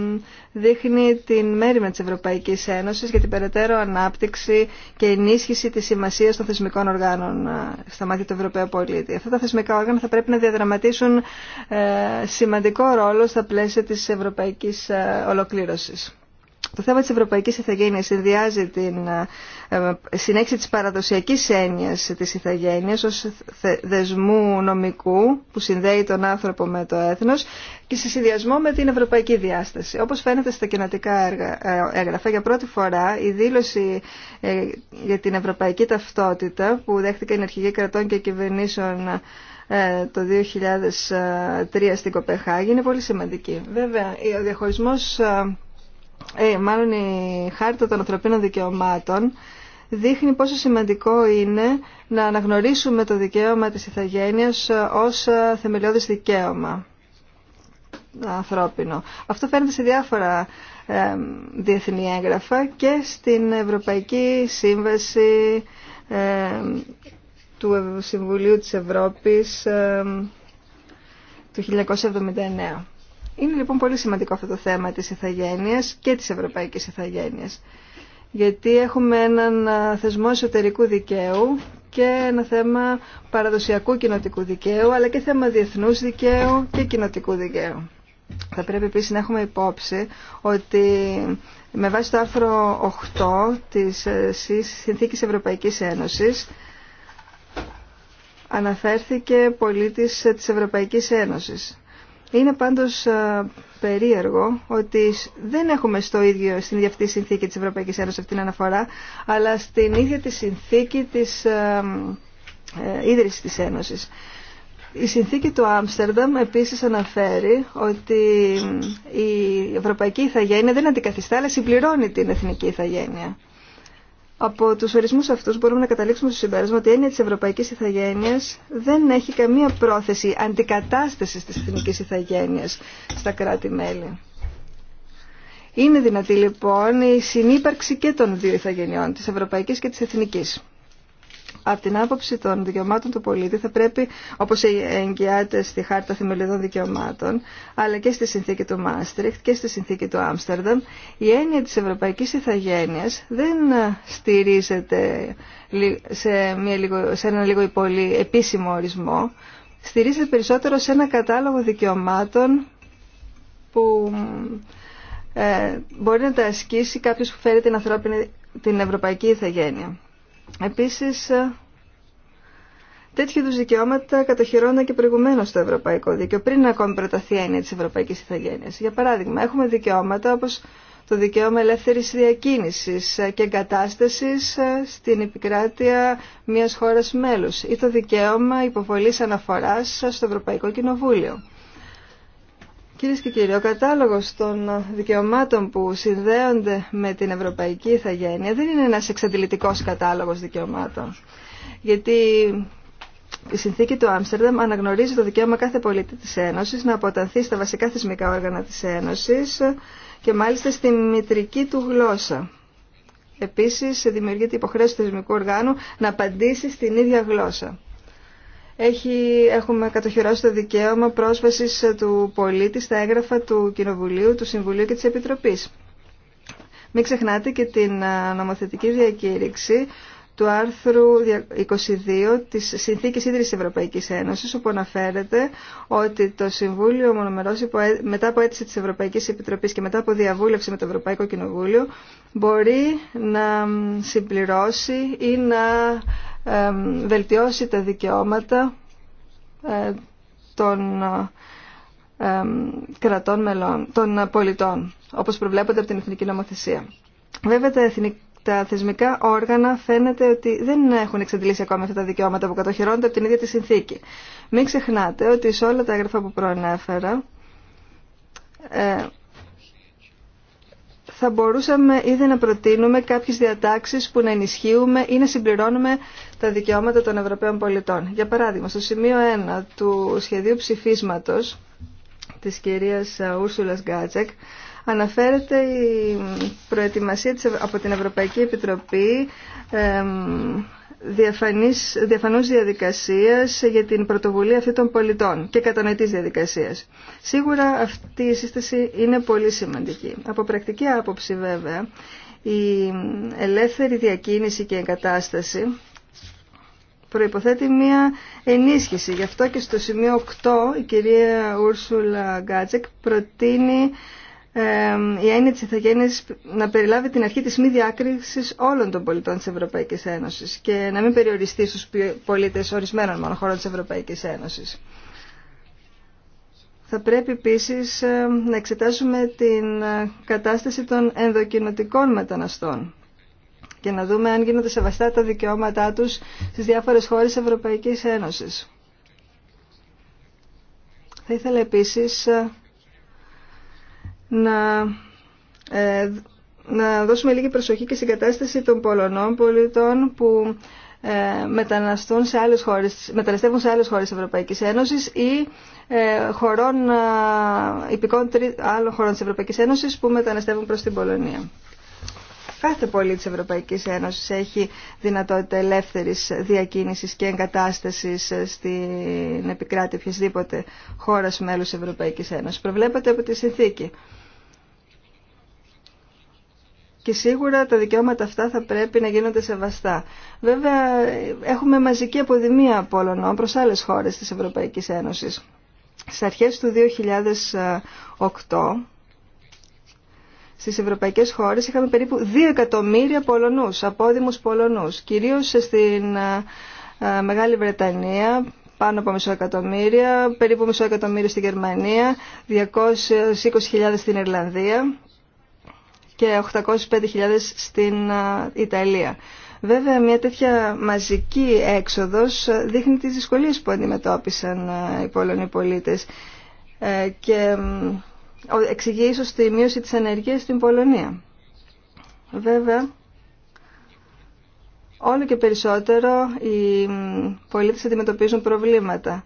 δείχνει την μέρημνα της Ευρωπαϊκής Ένωσης για την περαιτέρω ανάπτυξη και ενίσχυση της σημασίας των θεσμικών οργάνων στα μάτια του Ευρωπαίου πολίτη. Αυτά τα θεσμικά όργανα θα πρέπει να διαδραματίσουν ε, σημαντικό ρόλο στα πλαίσια της ευρωπαϊκής ε, ολοκλήρωσης. Το θέμα της ευρωπαϊκής ηθαγένειας συνδυάζει την ε, ε, συνέχιση της παραδοσιακής έννοιας της ηθαγένειας ως δεσμού νομικού που συνδέει τον άνθρωπο με το έθνος και σε συνδυασμό με την ευρωπαϊκή διάσταση. Όπως φαίνεται στα κοινοτικά ε, έγγραφα, για πρώτη φορά η δήλωση για την ευρωπαϊκή ταυτότητα που δέχτηκαν η αρχηγοί κρατών και κυβερνήσεων το 2003 στην Κοπεχάγη είναι πολύ σημαντική. Βέβαια, ο διαχωρισμός ε, μάλλον η Χάρτα των Ανθρωπίνων Δικαιωμάτων δείχνει πόσο σημαντικό είναι να αναγνωρίσουμε το δικαίωμα της ηθαγένειας ως θεμελιώδης δικαίωμα ανθρώπινο. Αυτό φαίνεται σε διάφορα ε, διεθνή έγγραφα και στην Ευρωπαϊκή Σύμβαση ε, του Συμβουλίου της Ευρώπης ε, του 1979. Είναι λοιπόν πολύ σημαντικό αυτό το θέμα της ηθαγένειας και της ευρωπαϊκής ηθαγένειας. Γιατί έχουμε έναν θεσμό εσωτερικού δικαίου και ένα θέμα παραδοσιακού κοινοτικού δικαίου, αλλά και θέμα διεθνούς δικαίου και κοινοτικού δικαίου. Θα πρέπει επίσης να έχουμε υπόψη ότι με βάση το άρθρο 8 της ε, Συνθήκης Ευρωπαϊκής Ένωσης αναφέρθηκε πολίτης ε, της Ευρωπαϊκής Ένωσης. Είναι πάντως ε, περίεργο ότι δεν έχουμε στο ίδιο, στην ίδια αυτή συνθήκη της Ευρωπαϊκής Ένωσης αυτήν την αναφορά, αλλά στην ίδια τη συνθήκη της ε, ε ίδρυσης της Ένωσης. Η συνθήκη του Άμστερνταμ επίσης αναφέρει ότι ε, η ευρωπαϊκή ηθαγένεια δεν αντικαθιστά, αλλά συμπληρώνει την εθνική ηθαγένεια. Από τους ορισμού αυτούς μπορούμε να καταλήξουμε στο συμπέρασμα ότι η έννοια τη Ευρωπαϊκή ηθαγένεια δεν έχει καμία πρόθεση αντικατάστασης της εθνικής ηθαγένεια στα κράτη-μέλη. Είναι δυνατή λοιπόν η συνύπαρξη και των δύο ηθαγενειών, τη Ευρωπαϊκή και τη Εθνική από την άποψη των δικαιωμάτων του πολίτη θα πρέπει, όπως εγγυάται στη Χάρτα Θεμελιωδών Δικαιωμάτων, αλλά και στη συνθήκη του Μάστριχτ και στη συνθήκη του Άμστερνταμ, η έννοια της ευρωπαϊκής ηθαγένειας δεν στηρίζεται σε, μια λίγο, σε ένα λίγο πολύ επίσημο ορισμό, στηρίζεται περισσότερο σε ένα κατάλογο δικαιωμάτων που ε, μπορεί να τα ασκήσει κάποιος που φέρει την, ανθρώπινη, την ευρωπαϊκή ηθαγένεια. Επίσης, ε, τέτοιου είδου δικαιώματα κατοχυρώνονται και προηγουμένως στο Ευρωπαϊκό Δίκαιο, πριν ακόμη προταθεί έννοια της Ευρωπαϊκής Ιθαγένειας. Για παράδειγμα, έχουμε δικαιώματα όπως το δικαίωμα ελεύθερης διακίνησης ε, και εγκατάστασης ε, στην επικράτεια μιας χώρας μέλους ή το δικαίωμα υποβολής αναφοράς στο Ευρωπαϊκό Κοινοβούλιο. Κυρίε και κύριοι, ο κατάλογο των δικαιωμάτων που συνδέονται με την ευρωπαϊκή Ιθαγένεια δεν είναι ένα εξαντλητικό κατάλογο δικαιωμάτων. Γιατί η συνθήκη του Άμστερνταμ αναγνωρίζει το δικαίωμα κάθε πολίτη τη Ένωση να αποτανθεί στα βασικά θεσμικά όργανα τη Ένωση και μάλιστα στη μητρική του γλώσσα. Επίση, δημιουργείται υποχρέωση του θεσμικού οργάνου να απαντήσει στην ίδια γλώσσα έχουμε κατοχυρώσει το δικαίωμα πρόσβασης ε, του πολίτη στα έγγραφα του Κοινοβουλίου, του Συμβουλίου και της Επιτροπής. Μην ξεχνάτε και την ε, νομοθετική διακήρυξη του άρθρου 22 της Συνθήκης Ίδρυσης Ευρωπαϊκής Ένωσης, όπου αναφέρεται ότι το Συμβούλιο μονομερώσει μετά από αίτηση της Ευρωπαϊκής Επιτροπής και μετά από διαβούλευση με το Ευρωπαϊκό Κοινοβούλιο μπορεί να συμπληρώσει ή να βελτιώσει τα δικαιώματα ε, των κρατών μελών, των πολιτών, όπως προβλέπονται από την Εθνική Νομοθεσία. Βέβαια τα, τα θεσμικά όργανα φαίνεται ότι δεν έχουν εξαντλήσει ακόμα αυτά τα δικαιώματα που κατοχυρώνονται από την ίδια τη συνθήκη. Μην ξεχνάτε ότι σε όλα τα έγγραφα που προανέφερα ε, θα μπορούσαμε ήδη να προτείνουμε κάποιες διατάξεις που να ενισχύουμε ή να συμπληρώνουμε τα δικαιώματα των Ευρωπαίων πολιτών. Για παράδειγμα, στο σημείο 1 του σχεδίου ψηφίσματος της κυρίας Ούρσουλας Γκάτσεκ αναφέρεται η προετοιμασία από την Ευρωπαϊκή Επιτροπή διαφανής, διαφανούς διαδικασίας για την πρωτοβουλία αυτή των πολιτών και κατανοητής διαδικασίας. Σίγουρα αυτή η σύσταση είναι πολύ σημαντική. Από πρακτική άποψη βέβαια, η ελεύθερη διακίνηση και εγκατάσταση προϋποθέτει μία ενίσχυση. Γι' αυτό και στο σημείο 8 η κυρία Ούρσουλα Γκάτζεκ προτείνει η έννοια της ηθαγένειας να περιλάβει την αρχή της μη διάκρισης όλων των πολιτών της Ευρωπαϊκής Ένωσης και να μην περιοριστεί στους πολίτες ορισμένων μόνο χωρών της Ευρωπαϊκής Ένωσης. Θα πρέπει επίσης να εξετάσουμε την ε, κατάσταση των ενδοκινοτικών μεταναστών και να δούμε αν γίνονται σεβαστά τα δικαιώματά τους στις διάφορες χώρες Ευρωπαϊκής Ένωσης. Θα ήθελα επίσης ε, να, ε, να δώσουμε λίγη προσοχή και συγκατάσταση των Πολωνών πολιτών που ε, σε άλλες χώρες, μεταναστεύουν σε άλλες χώρες της Ευρωπαϊκής Ένωσης ή ε, χωρών, ε, υπηκών τρι, άλλων χωρών της Ευρωπαϊκής Ένωσης που μεταναστεύουν προς την Πολωνία. Κάθε πολίτη της Ευρωπαϊκής Ένωσης έχει δυνατότητα ελεύθερης διακίνησης και εγκατάστασης ε, στην επικράτη οποιασδήποτε χώρας μέλους της Ευρωπαϊκής Ένωσης. Προβλέπεται από τη συνθήκη. Και σίγουρα τα δικαιώματα αυτά θα πρέπει να γίνονται σεβαστά. Βέβαια, έχουμε μαζική αποδημία Πολωνών προ άλλε χώρε τη Ευρωπαϊκή Ένωση. Στι αρχέ του 2008, στι ευρωπαϊκέ χώρε, είχαμε περίπου 2 εκατομμύρια πολωνού, απόδημους Πολωνού. Κυρίω στην ε, ε, Μεγάλη Βρετανία, πάνω από μισό εκατομμύρια, περίπου μισό εκατομμύριο στη Γερμανία, 220.000 στην Ιρλανδία και 805.000 στην Ιταλία. Βέβαια, μια τέτοια μαζική έξοδος δείχνει τις δυσκολίες που αντιμετώπισαν οι Πολωνοί πολίτες ε, και εξηγεί ίσως τη μείωση της ανεργίας στην Πολωνία. Βέβαια, όλο και περισσότερο οι πολίτες αντιμετωπίζουν προβλήματα.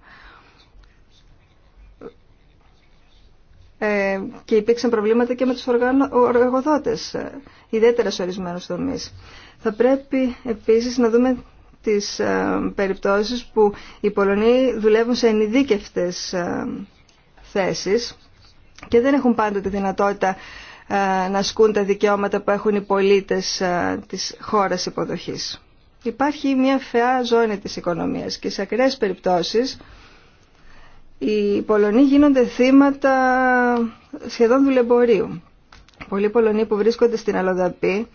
Ε, και υπήρξαν προβλήματα και με τους εργοδότες, ε, ιδιαίτερα σε ορισμένους τομεί. Θα πρέπει επίσης να δούμε τις ε, περιπτώσεις που οι Πολωνοί δουλεύουν σε ενειδίκευτες θέσεις και δεν έχουν πάντα τη δυνατότητα να ασκούν τα δικαιώματα που έχουν οι πολίτες της χώρας υποδοχής. Υπάρχει μια φαιά ζώνη της οικονομίας και σε ακραίες περιπτώσεις οι Πολωνοί γίνονται θύματα σχεδόν δουλεμπορίου. Πολλοί Πολωνοί που βρίσκονται στην Αλοδαπή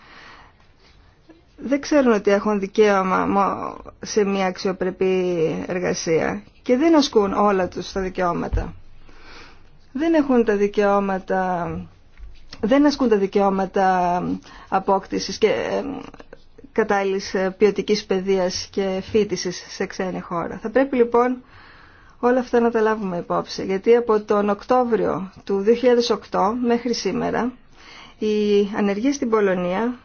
δεν ξέρουν ότι έχουν δικαίωμα σε μια αξιοπρεπή εργασία και δεν ασκούν όλα τους τα δικαιώματα. Δεν έχουν τα δικαιώματα, δεν ασκούν τα δικαιώματα απόκτησης και ε, κατάλληλης ποιοτικής παιδείας και φίτησης σε ξένη χώρα. Θα πρέπει λοιπόν όλα αυτά να τα λάβουμε υπόψη. Γιατί από τον Οκτώβριο του 2008 μέχρι σήμερα η ανεργία στην Πολωνία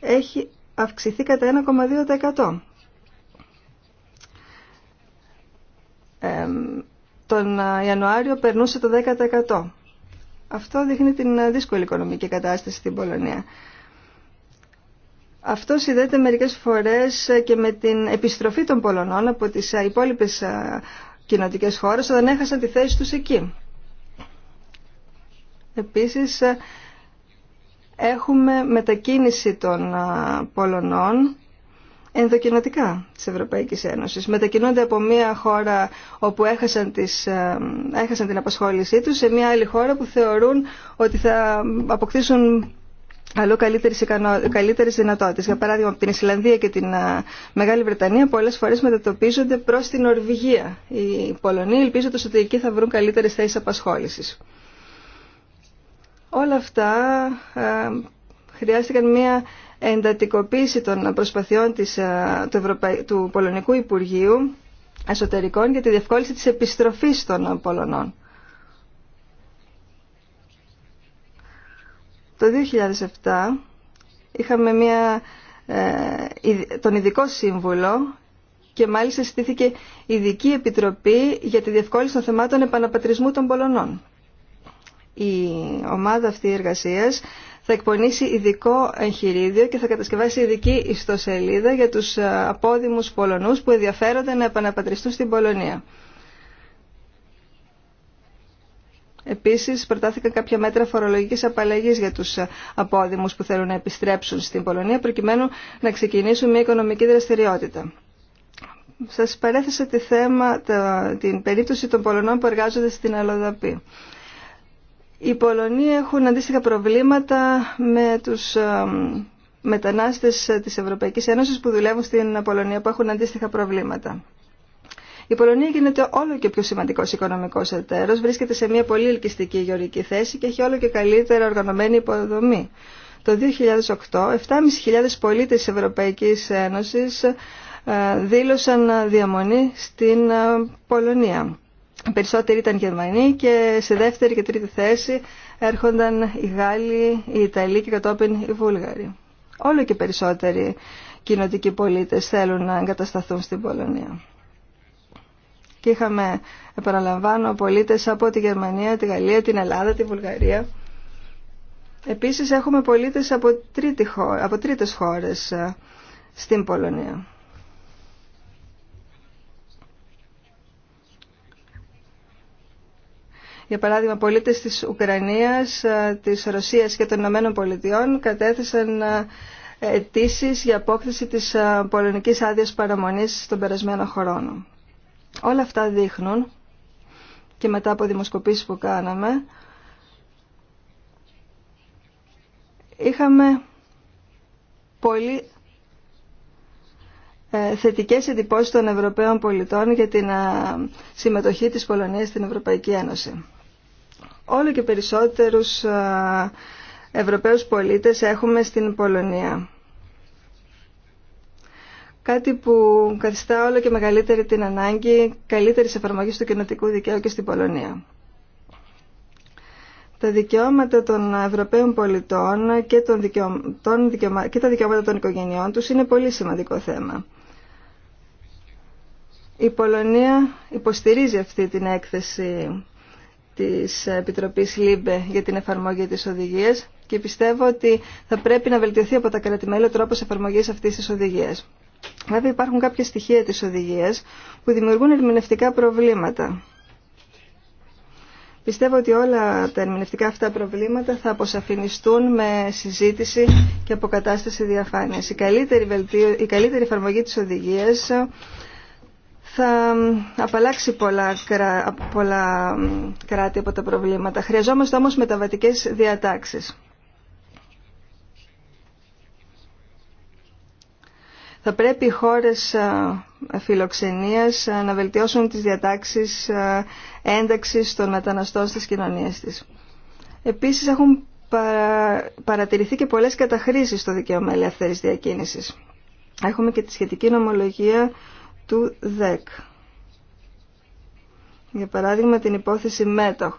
έχει αυξηθεί κατά 1,2%. τον Ιανουάριο περνούσε το 10%. Αυτό δείχνει την δύσκολη οικονομική κατάσταση στην Πολωνία. Αυτό συνδέεται μερικές φορές και με την επιστροφή των Πολωνών από τις υπόλοιπες κοινοτικές χώρες όταν έχασαν τη θέση τους εκεί. Επίσης, έχουμε μετακίνηση των Πολωνών ενδοκινοτικά της Ευρωπαϊκής Ένωσης. Μετακινούνται από μια χώρα όπου έχασαν, τις, έχασαν την απασχόλησή τους σε μια άλλη χώρα που θεωρούν ότι θα αποκτήσουν αλλού καλύτερες, ικανό, δυνατότητες. Για παράδειγμα, από την Ισλανδία και την Μεγάλη Βρετανία πολλές φορές μετατοπίζονται προς την Ορβηγία. Οι Πολωνοί ελπίζονται ότι εκεί θα βρουν καλύτερες θέσεις απασχόλησης. Όλα αυτά χρειάστηκαν μια εντατικοποίηση των προσπαθειών της, του, του Πολωνικού Υπουργείου Εσωτερικών για τη διευκόλυνση της επιστροφής των Πολωνών. Το 2007 είχαμε μια, ε, τον ειδικό σύμβουλο και μάλιστα συστήθηκε ειδική επιτροπή για τη διευκόλυνση των θεμάτων επαναπατρισμού των Πολωνών. Η ομάδα αυτή εργασίας θα εκπονήσει ειδικό εγχειρίδιο και θα κατασκευάσει ειδική ιστοσελίδα για τους ε, απόδημους Πολωνούς που ενδιαφέρονται να επαναπατριστούν στην Πολωνία. Επίσης, προτάθηκαν κάποια μέτρα φορολογικής απαλλαγής για τους ε, απόδημου που θέλουν να επιστρέψουν στην Πολωνία, προκειμένου να ξεκινήσουν μια οικονομική δραστηριότητα. Σα παρέθεσα τη θέμα, την περίπτωση των Πολωνών που εργάζονται στην Αλοδαπή. Οι Πολωνοί έχουν αντίστοιχα προβλήματα με τους ε, μετανάστες ε, της Ευρωπαϊκής Ένωσης που δουλεύουν στην Πολωνία που έχουν αντίστοιχα προβλήματα. Η Πολωνία γίνεται όλο και πιο σημαντικό οικονομικό εταίρο, βρίσκεται σε μια πολύ ελκυστική γεωρική θέση και έχει όλο και καλύτερα οργανωμένη υποδομή. Το 2008, 7.500 πολίτε τη Ευρωπαϊκή Ένωση δήλωσαν διαμονή στην ε, Πολωνία. Περισσότεροι ήταν Γερμανοί και σε δεύτερη και τρίτη θέση έρχονταν οι Γάλλοι, οι Ιταλοί και κατόπιν οι Βούλγαροι. Όλο και περισσότεροι κοινοτικοί πολίτες θέλουν να εγκατασταθούν στην Πολωνία είχαμε, επαναλαμβάνω, πολίτες από τη Γερμανία, τη Γαλλία, την Ελλάδα, τη Βουλγαρία. Επίσης έχουμε πολίτες από, τρίτη, από τρίτες χώρες ε, στην Πολωνία. Για παράδειγμα, πολίτες της Ουκρανίας, ε, της Ρωσίας και των Ηνωμένων Πολιτειών κατέθεσαν ε, αιτήσει για απόκτηση της πολωνικής άδειας παραμονής στον περασμένο χρόνο. Όλα αυτά δείχνουν και μετά από δημοσκοπήσεις που κάναμε είχαμε πολύ ε, θετικές εντυπώσεις των Ευρωπαίων πολιτών για την ε, συμμετοχή της Πολωνίας στην Ευρωπαϊκή Ένωση. Όλο και περισσότερους ε, Ευρωπαίους πολίτες έχουμε στην Πολωνία κάτι που καθιστά όλο και μεγαλύτερη την ανάγκη καλύτερης εφαρμογής του κοινοτικού δικαίου και στην Πολωνία. Τα δικαιώματα των Ευρωπαίων πολιτών και, των τα δικαιώματα των οικογενειών τους είναι πολύ σημαντικό θέμα. Η Πολωνία υποστηρίζει αυτή την έκθεση της Επιτροπής ΛΥΜΠΕ για την εφαρμογή της οδηγίας και πιστεύω ότι θα πρέπει να βελτιωθεί από τα κρατημέλη ο τρόπος εφαρμογής αυτής της οδηγίας. Βέβαια υπάρχουν κάποια στοιχεία της οδηγίας που δημιουργούν ερμηνευτικά προβλήματα. Πιστεύω ότι όλα τα ερμηνευτικά αυτά προβλήματα θα αποσαφινιστούν με συζήτηση και αποκατάσταση διαφάνειας. Η καλύτερη, βελτίω, η καλύτερη εφαρμογή της οδηγίας θα απαλλάξει πολλά, πολλά κράτη από τα προβλήματα. Χρειαζόμαστε όμως μεταβατικές διατάξεις. Θα πρέπει οι χώρες φιλοξενίας να βελτιώσουν τις διατάξεις ένταξης των μεταναστών στις κοινωνίες της. Επίσης έχουν παρατηρηθεί και πολλές καταχρήσεις στο δικαίωμα ελεύθερης διακίνησης. Έχουμε και τη σχετική νομολογία του ΔΕΚ. Για παράδειγμα την υπόθεση ΜΕΤΟΧ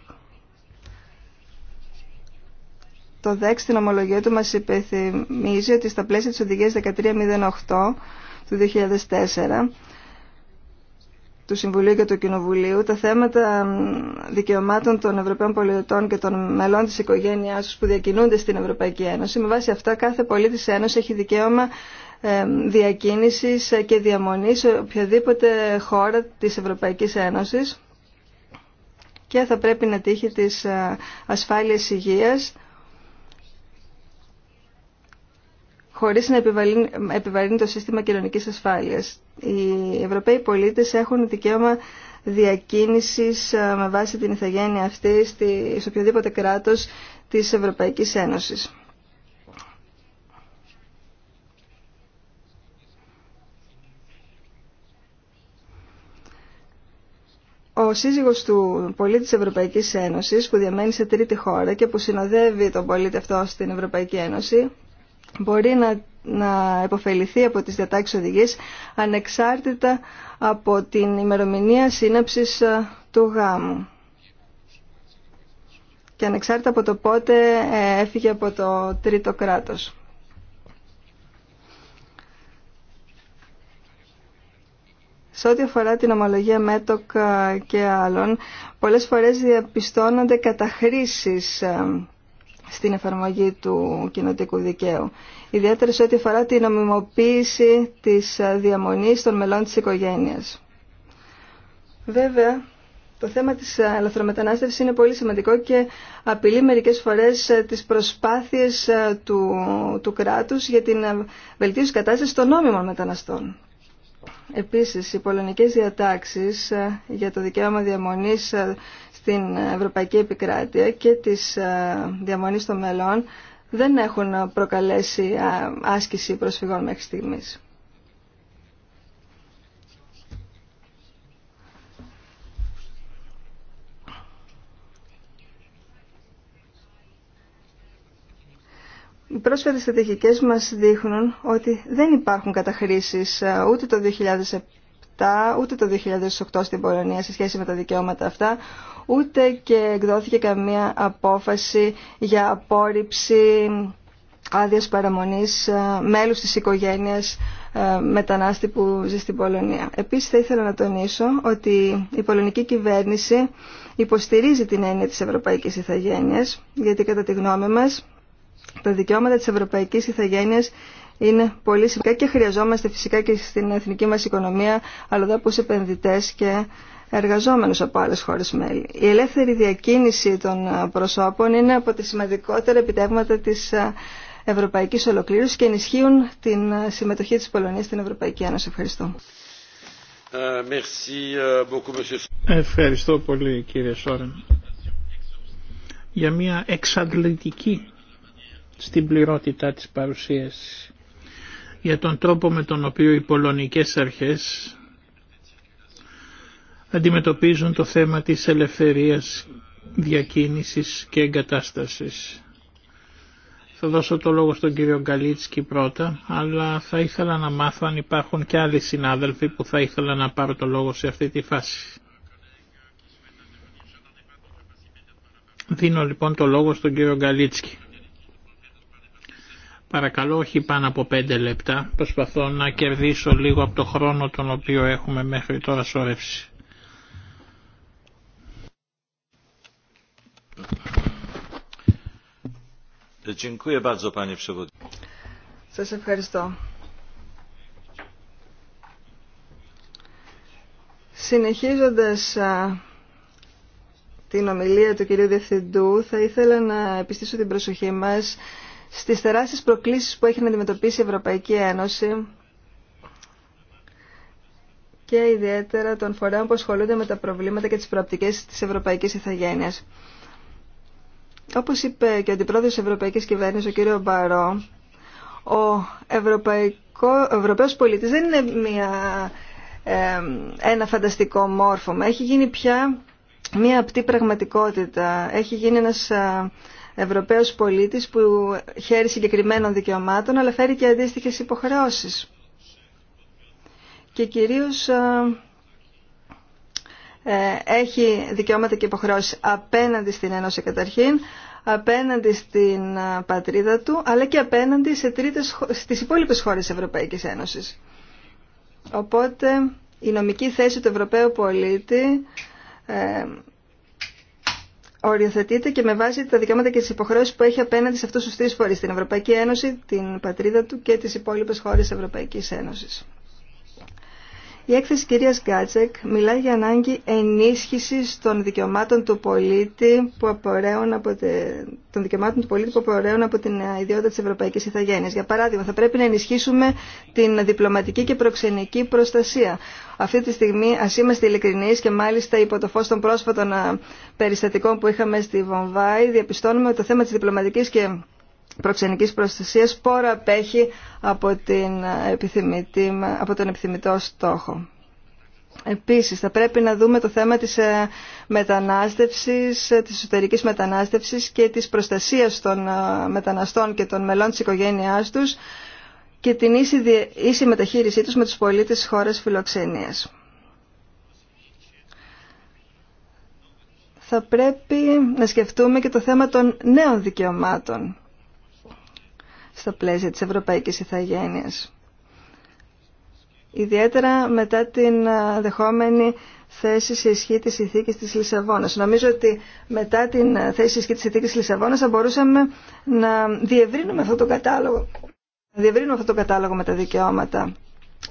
Το ΔΕΚ στην ομολογία του μας υπεθυμίζει ότι στα πλαίσια της οδηγίας 1308 του 2004 του Συμβουλίου και του Κοινοβουλίου τα θέματα δικαιωμάτων των Ευρωπαίων πολιτών και των μελών της οικογένειάς τους που διακινούνται στην Ευρωπαϊκή Ένωση. Με βάση αυτά κάθε πολίτης Ένωση έχει δικαίωμα ε, διακίνησης και διαμονής σε οποιαδήποτε χώρα της Ευρωπαϊκής Ένωσης και θα πρέπει να τύχει της ε, ασφάλειας υγείας χωρίς να επιβαρύνει το σύστημα κοινωνική ασφάλεια. Οι Ευρωπαίοι πολίτες έχουν δικαίωμα διακίνησης ε, με βάση την ηθαγένεια αυτή σε οποιοδήποτε κράτο της Ευρωπαϊκής Ένωσης. Ο σύζυγος του πολίτη της Ευρωπαϊκής Ένωσης που διαμένει σε τρίτη χώρα και που συνοδεύει τον πολίτη αυτό στην Ευρωπαϊκή Ένωση μπορεί να, να επωφεληθεί από τις διατάξεις οδηγής ανεξάρτητα από την ημερομηνία σύναψης ε, του γάμου και ανεξάρτητα από το πότε ε, έφυγε από το τρίτο κράτος. Σε ό,τι αφορά την ομολογία ΜΕΤΟΚ ε, και άλλων, πολλές φορές διαπιστώνονται καταχρήσεις στην εφαρμογή του κοινοτικού δικαίου. Ιδιαίτερα σε ό,τι αφορά την νομιμοποίηση της ε, διαμονής των μελών της οικογένειας. Βέβαια, το θέμα της ε, ελευθερομετανάστευσης είναι πολύ σημαντικό και απειλεί μερικές φορές ε, τις προσπάθειες του, του κράτους για την βελτίωση κατάστασης των νόμιμων μεταναστών. Επίσης, οι πολωνικές διατάξεις για το δικαίωμα διαμονής στην Ευρωπαϊκή Επικράτεια και της ε, διαμονής των μελών δεν έχουν προκαλέσει άσκηση προσφυγών μέχρι στιγμής. Οι πρόσφατες στρατηγικές μας δείχνουν ότι δεν υπάρχουν καταχρήσεις ε, ούτε το ούτε το 2008 στην Πολωνία σε σχέση με τα δικαιώματα αυτά, ούτε και εκδόθηκε καμία απόφαση για απόρριψη άδεια παραμονή ε, μέλους τη οικογένειας ε, μετανάστη που ζει στην Πολωνία. Επίση, θα ήθελα να τονίσω ότι η πολωνική κυβέρνηση υποστηρίζει την έννοια της ευρωπαϊκής Ιθαγένεια, γιατί κατά τη γνώμη μα, τα δικαιώματα της ευρωπαϊκής ηθαγένειας είναι πολύ σημαντικά και χρειαζόμαστε φυσικά και στην εθνική μας οικονομία αλλοδαπούς επενδυτές και εργαζόμενους από άλλες χώρες μέλη. Η ελεύθερη διακίνηση των προσώπων είναι από τα σημαντικότερα επιτεύγματα της ευρωπαϊκής ολοκλήρωσης και ενισχύουν την συμμετοχή της Πολωνίας στην Ευρωπαϊκή Ένωση. Ευχαριστώ. Ευχαριστώ πολύ κύριε Σόρεν για μια εξαντλητική στην πληρότητα της παρουσίασης για τον τρόπο με τον οποίο οι πολωνικές αρχές αντιμετωπίζουν το θέμα της ελευθερίας διακίνησης και εγκατάστασης. Θα δώσω το λόγο στον κύριο Γκαλίτσκι πρώτα, αλλά θα ήθελα να μάθω αν υπάρχουν και άλλοι συνάδελφοι που θα ήθελα να πάρω το λόγο σε αυτή τη φάση. Δίνω λοιπόν το λόγο στον κύριο Γκαλίτσκι. Παρακαλώ όχι πάνω από πέντε λεπτά. Προσπαθώ να κερδίσω λίγο από το χρόνο τον οποίο έχουμε μέχρι τώρα σώρευση. Σας ευχαριστώ. Συνεχίζοντας την ομιλία του κυρίου Διευθυντού, θα ήθελα να επιστήσω την προσοχή μας στις τεράστιες προκλήσεις που έχει να αντιμετωπίσει η Ευρωπαϊκή Ένωση και ιδιαίτερα των φορέων που ασχολούνται με τα προβλήματα και τις προαπτικές της Ευρωπαϊκής Ιθαγένειας. Όπως είπε και ο Αντιπρόεδρος της Ευρωπαϊκής Κυβέρνησης, ο κ. Μπαρό, ο Ευρωπαϊκό, Ευρωπαίος πολίτης δεν είναι μια, ένα φανταστικό μόρφωμα. Έχει γίνει πια μια απτή πραγματικότητα. Έχει γίνει ένας Ευρωπαίος πολίτης που χαίρει συγκεκριμένων δικαιωμάτων αλλά φέρει και αντίστοιχε υποχρεώσεις. Και κυρίως ε, ε, έχει δικαιώματα και υποχρεώσεις απέναντι στην Ένωση καταρχήν, απέναντι στην ε, πατρίδα του, αλλά και απέναντι σε τρίτες, στις υπόλοιπες χώρες Ευρωπαϊκής Ένωσης. Οπότε η νομική θέση του Ευρωπαίου πολίτη οριοθετείται και με βάση τα δικαιώματα και τις υποχρεώσεις που έχει απέναντι σε αυτού του τρει φορεί, την Ευρωπαϊκή Ένωση, την πατρίδα του και τις υπόλοιπες χώρες Ευρωπαϊκής Ένωσης. Η έκθεση κυρίας Γκάτσεκ μιλάει για ανάγκη ενίσχυσης των δικαιωμάτων του πολίτη που απορρέουν από, δικαιωμάτων του πολίτη που απορρέουν από την ιδιότητα της Ευρωπαϊκής Ιθαγένειας. Για παράδειγμα, θα πρέπει να ενισχύσουμε την διπλωματική και προξενική προστασία. Αυτή τη στιγμή, ας είμαστε ειλικρινείς και μάλιστα υπό το φως των πρόσφατων περιστατικών που είχαμε στη Βομβάη, διαπιστώνουμε ότι το θέμα της διπλωματικής και προξενικής προστασίας πόρα απέχει από, την επιθυμητή, από τον επιθυμητό στόχο. Επίσης, θα πρέπει να δούμε το θέμα της ε, μετανάστευσης, ε, της εσωτερικής μετανάστευσης και της προστασίας των ε, μεταναστών και των μελών της οικογένειάς τους και την ίση, ίση μεταχείρισή τους με τους πολίτες της χώρας φιλοξενίας. Θα πρέπει να σκεφτούμε και το θέμα των νέων δικαιωμάτων στα πλαίσια της Ευρωπαϊκής Ιθαγένειας. Ιδιαίτερα μετά την δεχόμενη θέση σε ισχύ της ηθίκης της Λισαβόνας. Νομίζω ότι μετά την θέση σε ισχύ της ηθίκης της Λισαβόνας θα μπορούσαμε να διευρύνουμε αυτό το κατάλογο, να διευρύνουμε αυτό το κατάλογο με τα δικαιώματα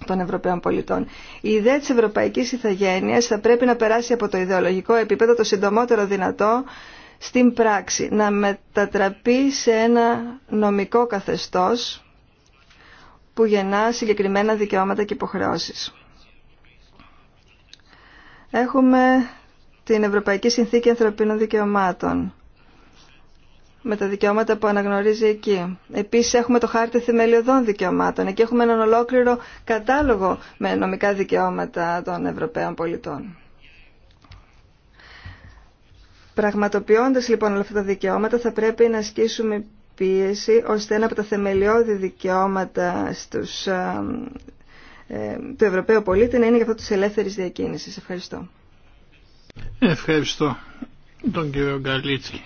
των Ευρωπαίων πολιτών. Η ιδέα της ευρωπαϊκής ηθαγένειας θα πρέπει να περάσει από το ιδεολογικό επίπεδο το συντομότερο δυνατό στην πράξη, να μετατραπεί σε ένα νομικό καθεστώς που γεννά συγκεκριμένα δικαιώματα και υποχρεώσεις. Έχουμε την Ευρωπαϊκή Συνθήκη Ανθρωπίνων Δικαιωμάτων με τα δικαιώματα που αναγνωρίζει εκεί. Επίσης έχουμε το χάρτη θεμελιωδών δικαιωμάτων. Εκεί έχουμε έναν ολόκληρο κατάλογο με νομικά δικαιώματα των Ευρωπαίων πολιτών. Πραγματοποιώντας λοιπόν όλα αυτά τα δικαιώματα θα πρέπει να ασκήσουμε πίεση ώστε ένα από τα θεμελιώδη δικαιώματα στους, του Ευρωπαίου πολίτη να είναι για αυτό τη ελεύθερης διακίνησης. Ευχαριστώ. Ευχαριστώ τον κύριο Γκαλίτσκι.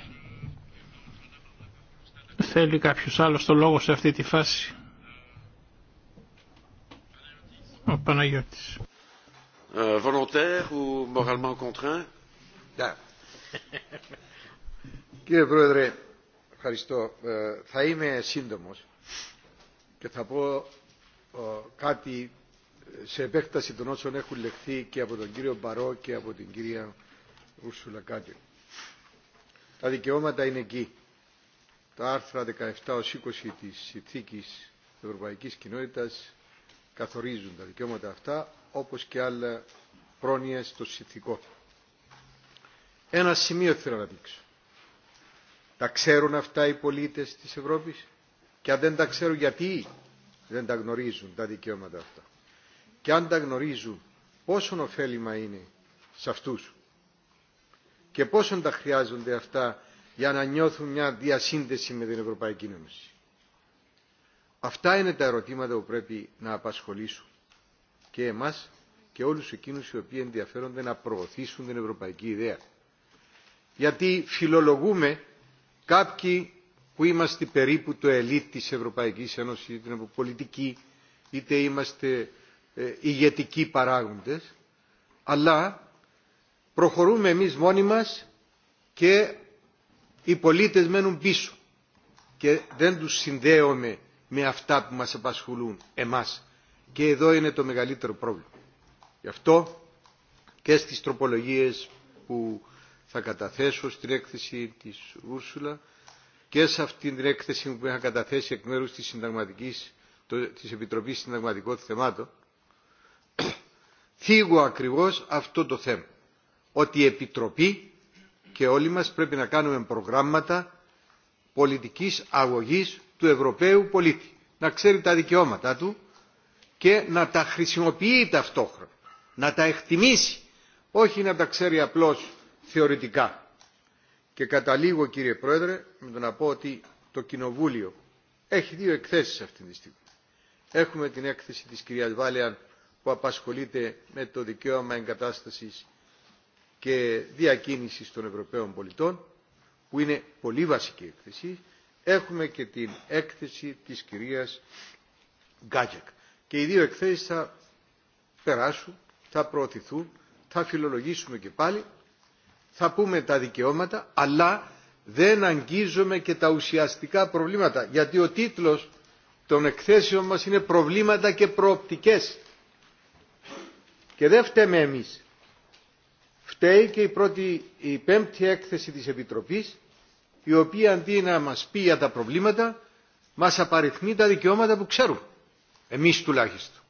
Θέλει κάποιος άλλος το λόγο σε αυτή τη φάση. Ο Παναγιώτης. Ε, volontaire ou moralement contraint ναι. Κύριε Πρόεδρε, ευχαριστώ. Ε, θα είμαι σύντομος και θα πω ε, κάτι σε επέκταση των όσων έχουν λεχθεί και από τον κύριο Μπαρό και από την κυρία Ούρσουλα Κάτε. Τα δικαιώματα είναι εκεί. Τα άρθρα 17 ως 20 της Συνθήκης Ευρωπαϊκής Κοινότητας καθορίζουν τα δικαιώματα αυτά όπως και άλλα πρόνοια στο συνθήκο. Ένα σημείο θέλω να δείξω. Τα ξέρουν αυτά οι πολίτες της Ευρώπης και αν δεν τα ξέρουν γιατί δεν τα γνωρίζουν τα δικαιώματα αυτά. Και αν τα γνωρίζουν πόσο ωφέλιμα είναι σε αυτούς και πόσο τα χρειάζονται αυτά για να νιώθουν μια διασύνδεση με την Ευρωπαϊκή Ένωση. Αυτά είναι τα ερωτήματα που πρέπει να απασχολήσουν και εμάς και όλους εκείνους οι οποίοι ενδιαφέρονται να προωθήσουν την ευρωπαϊκή ιδέα γιατί φιλολογούμε κάποιοι που είμαστε περίπου το ελίτ της Ευρωπαϊκής Ένωσης, είτε είναι πολιτικοί, είτε είμαστε ε, ηγετικοί παράγοντες, αλλά προχωρούμε εμείς μόνοι μας και οι πολίτες μένουν πίσω και δεν τους συνδέομαι με αυτά που μας απασχολούν εμάς. Και εδώ είναι το μεγαλύτερο πρόβλημα. Γι' αυτό και στις τροπολογίες που θα καταθέσω στην έκθεση της Ούρσουλα και σε αυτή την έκθεση που είχα καταθέσει εκ μέρους τη συνταγματικής, της Επιτροπής Συνταγματικών Θεμάτων θίγω ακριβώς αυτό το θέμα. Ότι η Επιτροπή και όλοι μας πρέπει να κάνουμε προγράμματα πολιτικής αγωγής του Ευρωπαίου πολίτη. Να ξέρει τα δικαιώματά του και να τα χρησιμοποιεί ταυτόχρονα. Να τα εκτιμήσει. Όχι να τα ξέρει απλώς θεωρητικά. Και καταλήγω κύριε Πρόεδρε με το να πω ότι το Κοινοβούλιο έχει δύο εκθέσεις αυτή τη στιγμή. Έχουμε την έκθεση της κυρίας Βάλεαν που απασχολείται με το δικαίωμα εγκατάστασης και διακίνησης των Ευρωπαίων πολιτών, που είναι πολύ βασική έκθεση. Έχουμε και την έκθεση της κυρίας Γκάτζεκ. Και οι δύο εκθέσεις θα περάσουν, θα προωθηθούν, θα φιλολογήσουμε και πάλι θα πούμε τα δικαιώματα, αλλά δεν αγγίζουμε και τα ουσιαστικά προβλήματα. Γιατί ο τίτλος των εκθέσεων μας είναι προβλήματα και προοπτικές. Και δεν φταίμε εμείς. Φταίει και η, πρώτη, η πέμπτη έκθεση της Επιτροπής, η οποία αντί να μας πει για τα προβλήματα, μας απαριθμεί τα δικαιώματα που ξέρουν. Εμείς τουλάχιστον.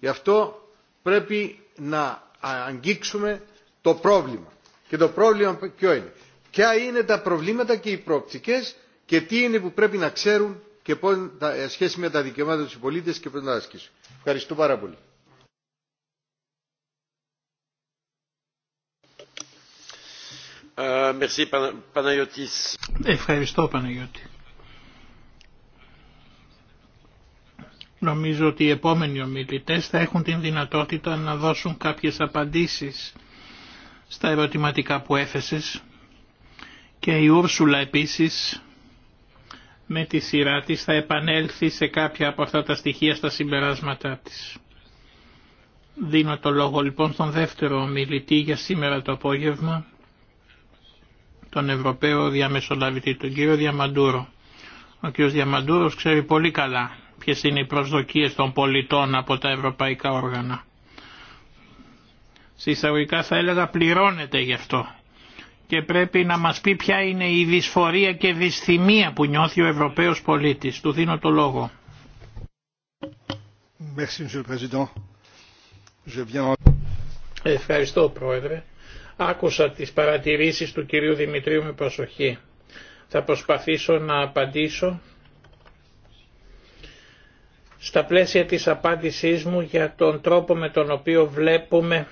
Γι' αυτό πρέπει να αγγίξουμε το πρόβλημα. Και το πρόβλημα ποιο είναι. Ποια είναι τα προβλήματα και οι προοπτικές και τι είναι που πρέπει να ξέρουν και πώς τα ε, σχέση με τα δικαιώματα του πολίτε και πώς να ασκήσουν. Ευχαριστώ πάρα πολύ. Ε, Ευχαριστώ Παναγιώτη. Νομίζω ότι οι επόμενοι ομιλητές θα έχουν την δυνατότητα να δώσουν κάποιες απαντήσεις στα ερωτηματικά που έθεσες και η Ούρσουλα επίσης με τη σειρά της θα επανέλθει σε κάποια από αυτά τα στοιχεία στα συμπεράσματά της. Δίνω το λόγο λοιπόν στον δεύτερο μιλητή για σήμερα το απόγευμα, τον Ευρωπαίο Διαμεσολαβητή, τον κύριο Διαμαντούρο. Ο κύριος Διαμαντούρος ξέρει πολύ καλά ποιες είναι οι προσδοκίες των πολιτών από τα ευρωπαϊκά όργανα. Συσταγωγικά θα έλεγα πληρώνεται γι' αυτό και πρέπει να μας πει ποια είναι η δυσφορία και δυσθυμία που νιώθει ο Ευρωπαίος πολίτης. Του δίνω το λόγο. Ευχαριστώ Πρόεδρε. Άκουσα τις παρατηρήσεις του κυρίου Δημητρίου με προσοχή. Θα προσπαθήσω να απαντήσω στα πλαίσια της απάντησής μου για τον τρόπο με τον οποίο βλέπουμε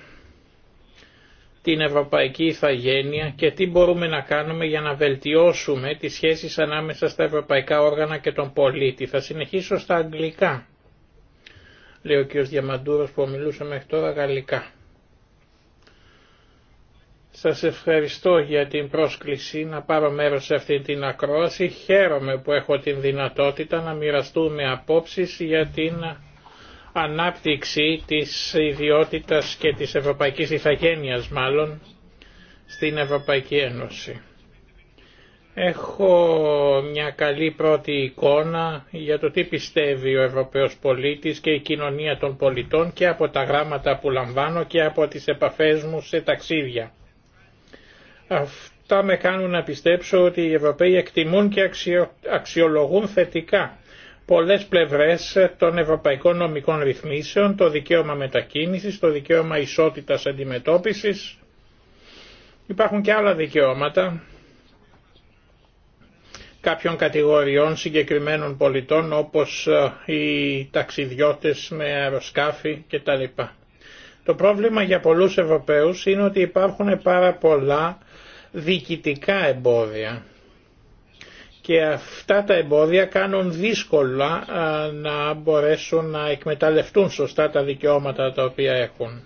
την ευρωπαϊκή ηθαγένεια και τι μπορούμε να κάνουμε για να βελτιώσουμε τις σχέσεις ανάμεσα στα ευρωπαϊκά όργανα και τον πολίτη. Θα συνεχίσω στα αγγλικά, λέει ο κ. Διαμαντούρος που μιλούσε μέχρι τώρα γαλλικά. Σας ευχαριστώ για την πρόσκληση να πάρω μέρος σε αυτή την ακρόαση. Χαίρομαι που έχω την δυνατότητα να μοιραστούμε απόψεις για την ανάπτυξη της ιδιότητας και της ευρωπαϊκής ηθαγένειας μάλλον στην Ευρωπαϊκή Ένωση. Έχω μια καλή πρώτη εικόνα για το τι πιστεύει ο Ευρωπαίος πολίτης και η κοινωνία των πολιτών και από τα γράμματα που λαμβάνω και από τις επαφές μου σε ταξίδια. Αυτά με κάνουν να πιστέψω ότι οι Ευρωπαίοι εκτιμούν και αξιολογούν θετικά πολλές πλευρές των ευρωπαϊκών νομικών ρυθμίσεων, το δικαίωμα μετακίνησης, το δικαίωμα ισότητας αντιμετώπισης. Υπάρχουν και άλλα δικαιώματα κάποιων κατηγοριών συγκεκριμένων πολιτών όπως ε, οι ταξιδιώτες με αεροσκάφη κτλ. Το πρόβλημα για πολλούς Ευρωπαίους είναι ότι υπάρχουν πάρα πολλά διοικητικά εμπόδια και αυτά τα εμπόδια κάνουν δύσκολα να μπορέσουν να εκμεταλλευτούν σωστά τα δικαιώματα τα οποία έχουν.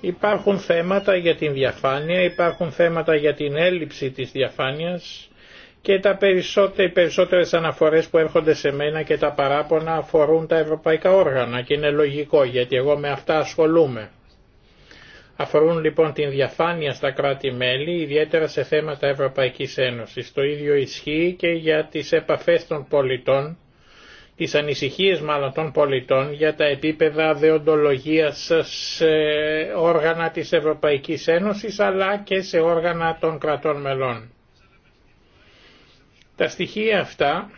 Υπάρχουν θέματα για την διαφάνεια, υπάρχουν θέματα για την έλλειψη της διαφάνειας και τα περισσότερες, οι περισσότερες αναφορές που έρχονται σε μένα και τα παράπονα αφορούν τα ευρωπαϊκά όργανα και είναι λογικό γιατί εγώ με αυτά ασχολούμαι. Αφορούν λοιπόν την διαφάνεια στα κράτη-μέλη, ιδιαίτερα σε θέματα Ευρωπαϊκής Ένωσης. Το ίδιο ισχύει και για τις επαφές των πολιτών, τις ανησυχίες μάλλον των πολιτών για τα επίπεδα δεοντολογίας σε όργανα της Ευρωπαϊκής Ένωσης αλλά και σε όργανα των κρατών μελών. Τα στοιχεία αυτά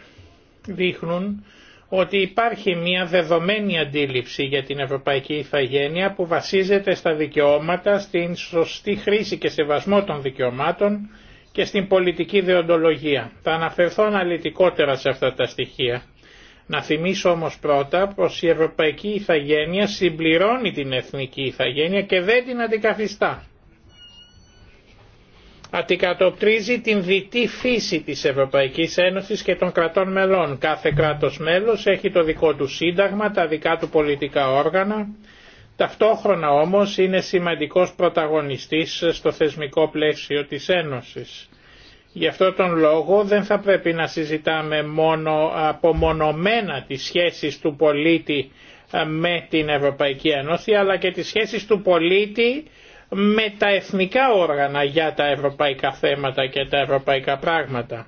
δείχνουν ότι υπάρχει μια δεδομένη αντίληψη για την ευρωπαϊκή ηθαγένεια που βασίζεται στα δικαιώματα, στην σωστή χρήση και σεβασμό των δικαιωμάτων και στην πολιτική δεοντολογία. Θα αναφερθώ αναλυτικότερα σε αυτά τα στοιχεία. Να θυμίσω όμως πρώτα πως η ευρωπαϊκή ηθαγένεια συμπληρώνει την εθνική ηθαγένεια και δεν την αντικαθιστά αντικατοπτρίζει την διτή φύση της Ευρωπαϊκής Ένωσης και των κρατών μελών. Κάθε κράτος μέλος έχει το δικό του σύνταγμα, τα δικά του πολιτικά όργανα, ταυτόχρονα όμως είναι σημαντικός πρωταγωνιστής στο θεσμικό πλαίσιο της Ένωσης. Γι' αυτό τον λόγο δεν θα πρέπει να συζητάμε μόνο απομονωμένα τις σχέσεις του πολίτη ε, με την Ευρωπαϊκή Ένωση, αλλά και τις σχέσεις του πολίτη με τα εθνικά όργανα για τα ευρωπαϊκά θέματα και τα ευρωπαϊκά πράγματα.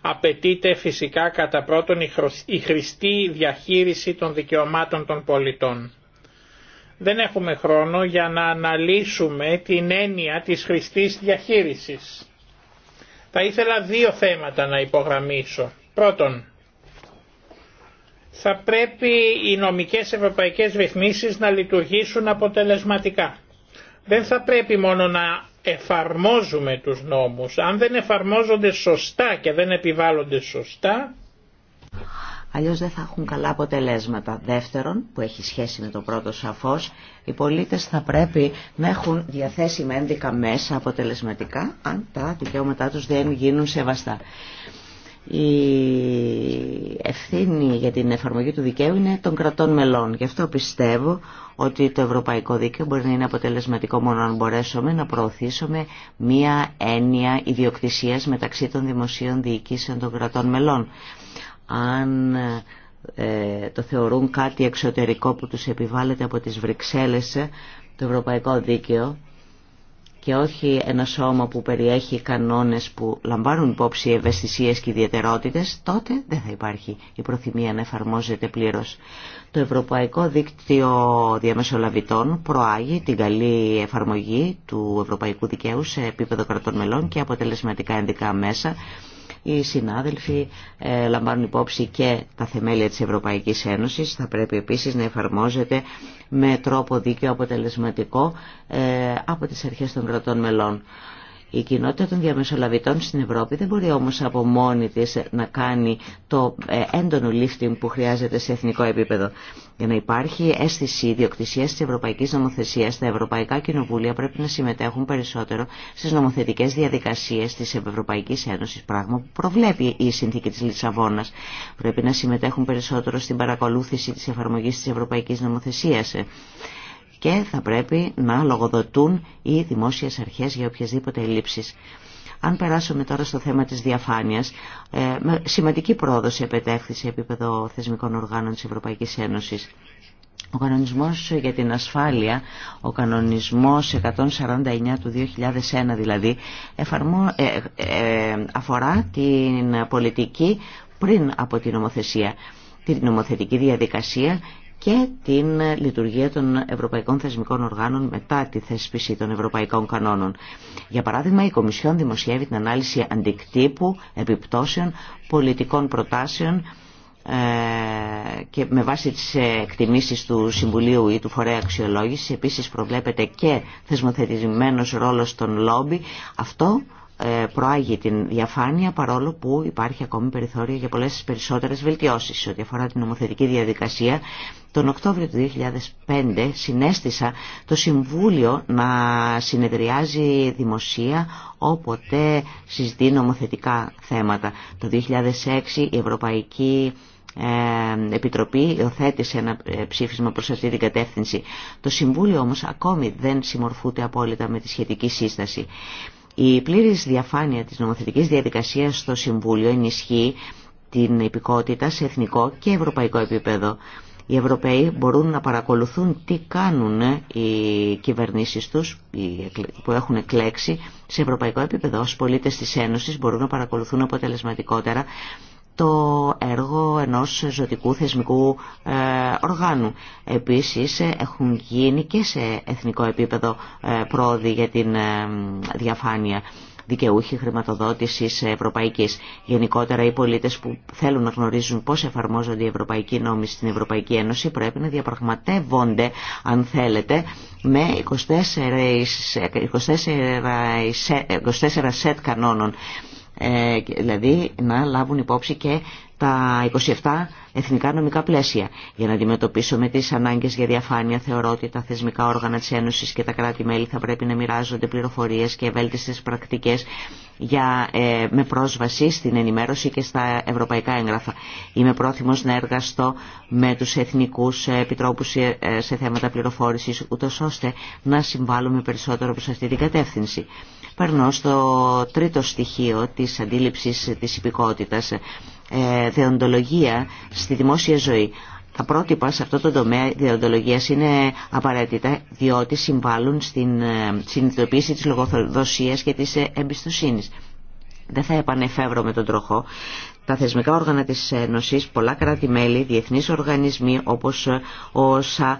Απαιτείται φυσικά κατά πρώτον η χρηστή διαχείριση των δικαιωμάτων των πολιτών. Δεν έχουμε χρόνο για να αναλύσουμε την έννοια της χρηστής διαχείρισης. Θα ήθελα δύο θέματα να υπογραμμίσω. Πρώτον, θα πρέπει οι νομικές ευρωπαϊκές ρυθμίσεις να λειτουργήσουν αποτελεσματικά. Δεν θα πρέπει μόνο να εφαρμόζουμε τους νόμους. Αν δεν εφαρμόζονται σωστά και δεν επιβάλλονται σωστά... Αλλιώς δεν θα έχουν καλά αποτελέσματα. Δεύτερον, που έχει σχέση με το πρώτο σαφώς, οι πολίτες θα πρέπει να έχουν διαθέσιμα ένδικα μέσα αποτελεσματικά αν τα δικαιώματά τους δεν γίνουν σεβαστά η ευθύνη για την εφαρμογή του δικαίου είναι των κρατών μελών. Γι' αυτό πιστεύω ότι το ευρωπαϊκό δίκαιο μπορεί να είναι αποτελεσματικό μόνο αν μπορέσουμε να προωθήσουμε μία έννοια ιδιοκτησίας μεταξύ των δημοσίων διοικήσεων των κρατών μελών. Αν ε, το θεωρούν κάτι εξωτερικό που τους επιβάλλεται από τις Βρυξέλλες, ε, το ευρωπαϊκό δίκαιο και όχι ένα σώμα που περιέχει κανόνες που λαμβάνουν υπόψη ευαισθησίες και ιδιαιτερότητες, τότε δεν θα υπάρχει η προθυμία να εφαρμόζεται πλήρως. Το Ευρωπαϊκό Δίκτυο Διαμεσολαβητών προάγει την καλή εφαρμογή του Ευρωπαϊκού Δικαίου σε επίπεδο κρατών μελών και αποτελεσματικά ενδικά μέσα οι συνάδελφοι ε, λαμβάνουν υπόψη και τα θεμέλια της Ευρωπαϊκής Ένωσης. Θα πρέπει επίσης να εφαρμόζεται με τρόπο δίκαιο αποτελεσματικό ε, από τις αρχές των κρατών μελών. Η κοινότητα των διαμεσολαβητών στην Ευρώπη δεν μπορεί όμως από μόνη της να κάνει το ε, έντονο lifting που χρειάζεται σε εθνικό επίπεδο. Για να υπάρχει αίσθηση ιδιοκτησία τη Ευρωπαϊκή Νομοθεσία, τα Ευρωπαϊκά Κοινοβούλια πρέπει να συμμετέχουν περισσότερο στι νομοθετικέ διαδικασίε τη Ευρωπαϊκή Ένωση, πράγμα που προβλέπει η συνθήκη τη Λισαβόνα. Πρέπει να συμμετέχουν περισσότερο στην παρακολούθηση τη εφαρμογή τη Ευρωπαϊκή Νομοθεσία και θα πρέπει να λογοδοτούν οι δημόσιες αρχές για οποιασδήποτε ελλείψεις. Αν περάσουμε τώρα στο θέμα της διαφάνειας, ε, σημαντική πρόοδος επετέχθη σε επίπεδο θεσμικών οργάνων της Ευρωπαϊκής Ένωσης. Ο κανονισμός για την ασφάλεια, ο κανονισμός 149 του 2001 δηλαδή, εφαρμο... Ε, ε, αφορά την πολιτική πριν από την νομοθεσία, την νομοθετική διαδικασία και την λειτουργία των ευρωπαϊκών θεσμικών οργάνων μετά τη θέσπιση των ευρωπαϊκών κανόνων. Για παράδειγμα, η Κομισιόν δημοσιεύει την ανάλυση αντικτύπου, επιπτώσεων, πολιτικών προτάσεων ε, και με βάση τις εκτιμήσεις του Συμβουλίου ή του Φορέα Αξιολόγησης επίσης προβλέπεται και θεσμοθετημένος ρόλος των λόμπι. Αυτό ε, προάγει την διαφάνεια παρόλο που υπάρχει ακόμη περιθώριο για πολλές περισσότερες βελτιώσεις. Ό,τι αφορά την νομοθετική διαδικασία τον Οκτώβριο του 2005 συνέστησα το Συμβούλιο να συνεδριάζει δημοσία όποτε συζητεί νομοθετικά θέματα. Το 2006 η Ευρωπαϊκή ε, Επιτροπή υιοθέτησε ένα ε, ψήφισμα προς αυτή την κατεύθυνση. Το Συμβούλιο όμως ακόμη δεν συμμορφούται απόλυτα με τη σχετική σύσταση. Η πλήρης διαφάνεια της νομοθετικής διαδικασίας στο Συμβούλιο ενισχύει την υπηκότητα σε εθνικό και ευρωπαϊκό επίπεδο. Οι Ευρωπαίοι μπορούν να παρακολουθούν τι κάνουν ε, οι κυβερνήσεις τους που έχουν εκλέξει σε ευρωπαϊκό επίπεδο. Οι πολίτες της Ένωσης μπορούν να παρακολουθούν αποτελεσματικότερα το έργο ενός ζωτικού θεσμικού ε, οργάνου. Επίσης ε, έχουν γίνει και σε εθνικό επίπεδο πρόοδοι για την διαφάνεια δικαιούχοι χρηματοδότησης ευρωπαϊκής. Γενικότερα οι πολίτες που θέλουν να γνωρίζουν πώς εφαρμόζονται οι ευρωπαϊκοί νόμοι στην Ευρωπαϊκή Ένωση πρέπει να διαπραγματεύονται, αν θέλετε, με 24, 24, σετ κανόνων. Ε, δηλαδή να λάβουν υπόψη και τα 27 εθνικά νομικά πλαίσια. Για να αντιμετωπίσουμε τις ανάγκες για διαφάνεια θεωρώ ότι τα θεσμικά όργανα της Ένωσης και τα κράτη-μέλη θα πρέπει να μοιράζονται πληροφορίες και ευέλτιστες πρακτικές για, ε, με πρόσβαση στην ενημέρωση και στα ευρωπαϊκά έγγραφα. Είμαι πρόθυμος να εργαστώ με τους εθνικούς επιτρόπους ε, σε, θέματα πληροφόρησης ούτως ώστε να συμβάλλουμε περισσότερο προς αυτή την κατεύθυνση. Περνώ στο τρίτο στοιχείο της αντίληψης της υπηκότητας ε, δεοντολογία στη δημόσια ζωή. Τα πρότυπα σε αυτό το τομέα διοντολογίας είναι απαραίτητα διότι συμβάλλουν στην ε, συνειδητοποίηση της λογοδοσίας και της ε, εμπιστοσύνης. Δεν θα επανεφεύρω με τον τροχό. Τα θεσμικά όργανα της Ένωσης, πολλά κράτη-μέλη, διεθνείς οργανισμοί όπως όσα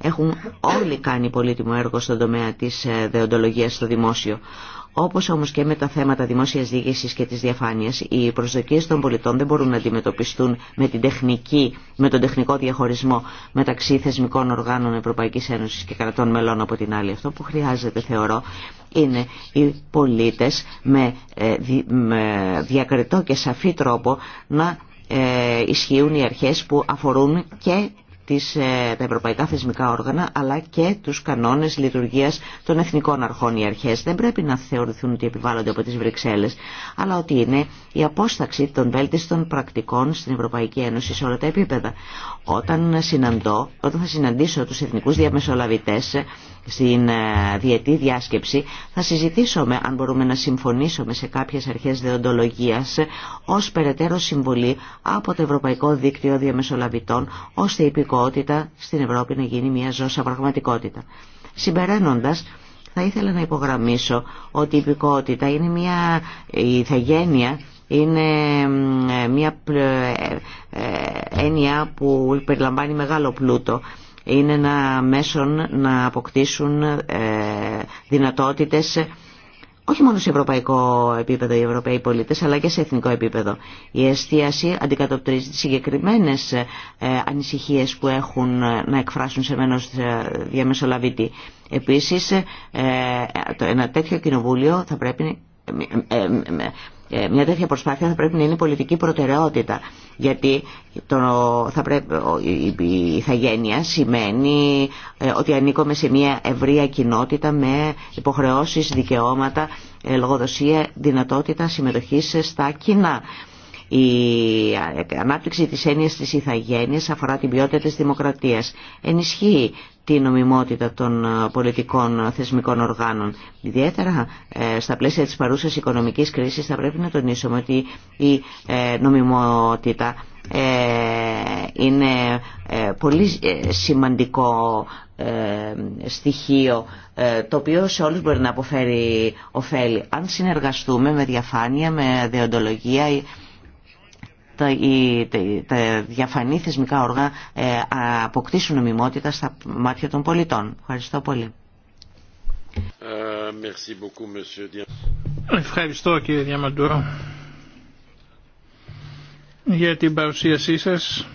ε, έχουν όλοι κάνει πολύτιμο έργο στον τομέα της δεοντολογίας στο δημόσιο. Όπως όμω και με τα θέματα δημόσια διοίκηση και της διαφάνειας, οι προσδοκίε των πολιτών δεν μπορούν να αντιμετωπιστούν με, τεχνική, με τον τεχνικό διαχωρισμό μεταξύ θεσμικών οργάνων Ευρωπαϊκή Ένωση και κρατών μελών από την άλλη. Αυτό που χρειάζεται θεωρώ είναι οι πολίτες με, ε, διακριτό και σαφή τρόπο να ε, ισχύουν οι αρχές που αφορούν και τις, ε, τα ευρωπαϊκά θεσμικά όργανα αλλά και τους κανόνες λειτουργίας των εθνικών αρχών. Οι αρχές δεν πρέπει να θεωρηθούν ότι επιβάλλονται από τις Βρυξέλλες αλλά ότι είναι η απόσταξη των βέλτιστων πρακτικών στην Ευρωπαϊκή Ένωση σε όλα τα επίπεδα. Όταν, συναντώ, όταν θα συναντήσω τους εθνικούς διαμεσολαβητές στην ε, διετή διάσκεψη θα συζητήσουμε αν μπορούμε να συμφωνήσουμε σε κάποιες αρχές δεοντολογίας ως περαιτέρω συμβολή από το Ευρωπαϊκό Δίκτυο Διαμεσολαβητών ώστε η υπηκότητα στην Ευρώπη να γίνει μια ζώσα πραγματικότητα. Συμπεραίνοντας, θα ήθελα να υπογραμμίσω ότι η υπηκότητα είναι μια ηθαγένεια είναι ε, μια ε, έννοια που περιλαμβάνει μεγάλο πλούτο είναι ένα μέσο να αποκτήσουν ε, δυνατότητες όχι μόνο σε ευρωπαϊκό επίπεδο οι Ευρωπαίοι πολίτες, αλλά και σε εθνικό επίπεδο. Η εστίαση αντικατοπτρίζει τις συγκεκριμένες ε, ανησυχίες που έχουν ε, να εκφράσουν σε μένος διαμεσολαβητή. Επίσης, το, ένα τέτοιο κοινοβούλιο θα πρέπει ε, μια τέτοια προσπάθεια θα πρέπει να είναι πολιτική προτεραιότητα γιατί το, θα πρέπει, η ηθαγένεια σημαίνει ε, ότι ανήκουμε σε μια ευρεία κοινότητα με υποχρεώσεις, δικαιώματα, ε, λογοδοσία, δυνατότητα συμμετοχής στα κοινά. Η ανάπτυξη της έννοιας της ηθαγένειας αφορά την ποιότητα της δημοκρατίας. Ενισχύει την νομιμότητα των ε, πολιτικών ε, θεσμικών οργάνων. Ιδιαίτερα ε, στα πλαίσια της παρούσας οικονομικής κρίσης θα πρέπει να τονίσουμε ότι η νομιμότητα είναι πολύ σημαντικό στοιχείο το οποίο σε όλους μπορεί να αποφέρει ωφέλη. Αν συνεργαστούμε με διαφάνεια, με διοντολογία τα, τα διαφανή θεσμικά όργα ε, αποκτήσουν νομιμότητα στα μάτια των πολιτών. Ευχαριστώ πολύ. Ε, Ευχαριστώ κύριε Διαμαντούρο για την παρουσίασή σας.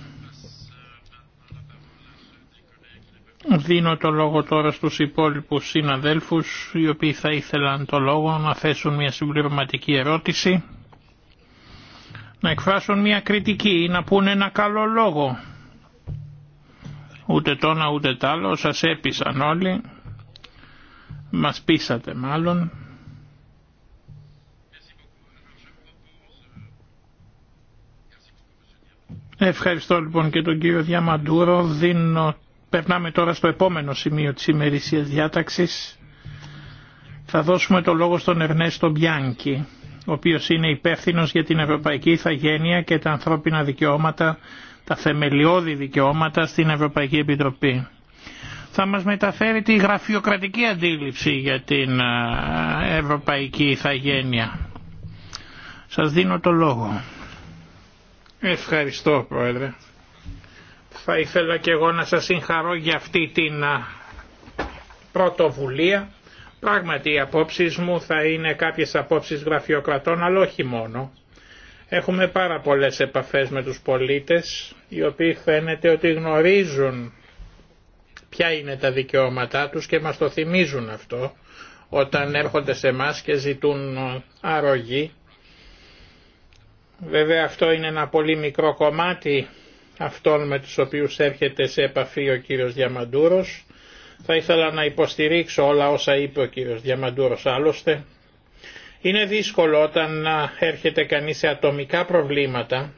Δίνω το λόγο τώρα στους υπόλοιπους συναδέλφους οι οποίοι θα ήθελαν το λόγο να θέσουν μια συμπληρωματική ερώτηση να εκφράσουν μια κριτική ή να πούνε ένα καλό λόγο. Ούτε τόνα ούτε τ' άλλο, σας έπεισαν όλοι, μας πείσατε μάλλον. Ευχαριστώ λοιπόν και τον κύριο Διαμαντούρο. Δίνω... Περνάμε τώρα στο επόμενο σημείο της ημερησίας διάταξης. Θα δώσουμε το λόγο στον Ερνέστο Μπιάνκι ο οποίος είναι υπεύθυνος για την ευρωπαϊκή ηθαγένεια και τα ανθρώπινα δικαιώματα, τα θεμελιώδη δικαιώματα στην Ευρωπαϊκή Επιτροπή. Θα μας μεταφέρει τη γραφειοκρατική αντίληψη για την ευρωπαϊκή ηθαγένεια. Σας δίνω το λόγο. Ευχαριστώ Πρόεδρε. Θα ήθελα και εγώ να σας συγχαρώ για αυτή την πρωτοβουλία Πράγματι οι απόψεις μου θα είναι κάποιες απόψεις γραφειοκρατών, αλλά όχι μόνο. Έχουμε πάρα πολλές επαφές με τους πολίτες, οι οποίοι φαίνεται ότι γνωρίζουν ποια είναι τα δικαιώματά τους και μας το θυμίζουν αυτό όταν έρχονται σε εμά και ζητούν ε, αρρωγή. Βέβαια αυτό είναι ένα πολύ μικρό κομμάτι αυτών με τους οποίους έρχεται σε επαφή ο κύριος Διαμαντούρος θα ήθελα να υποστηρίξω όλα όσα είπε ο κύριος Διαμαντούρος άλλωστε. Είναι δύσκολο όταν έρχεται κανείς σε ατομικά προβλήματα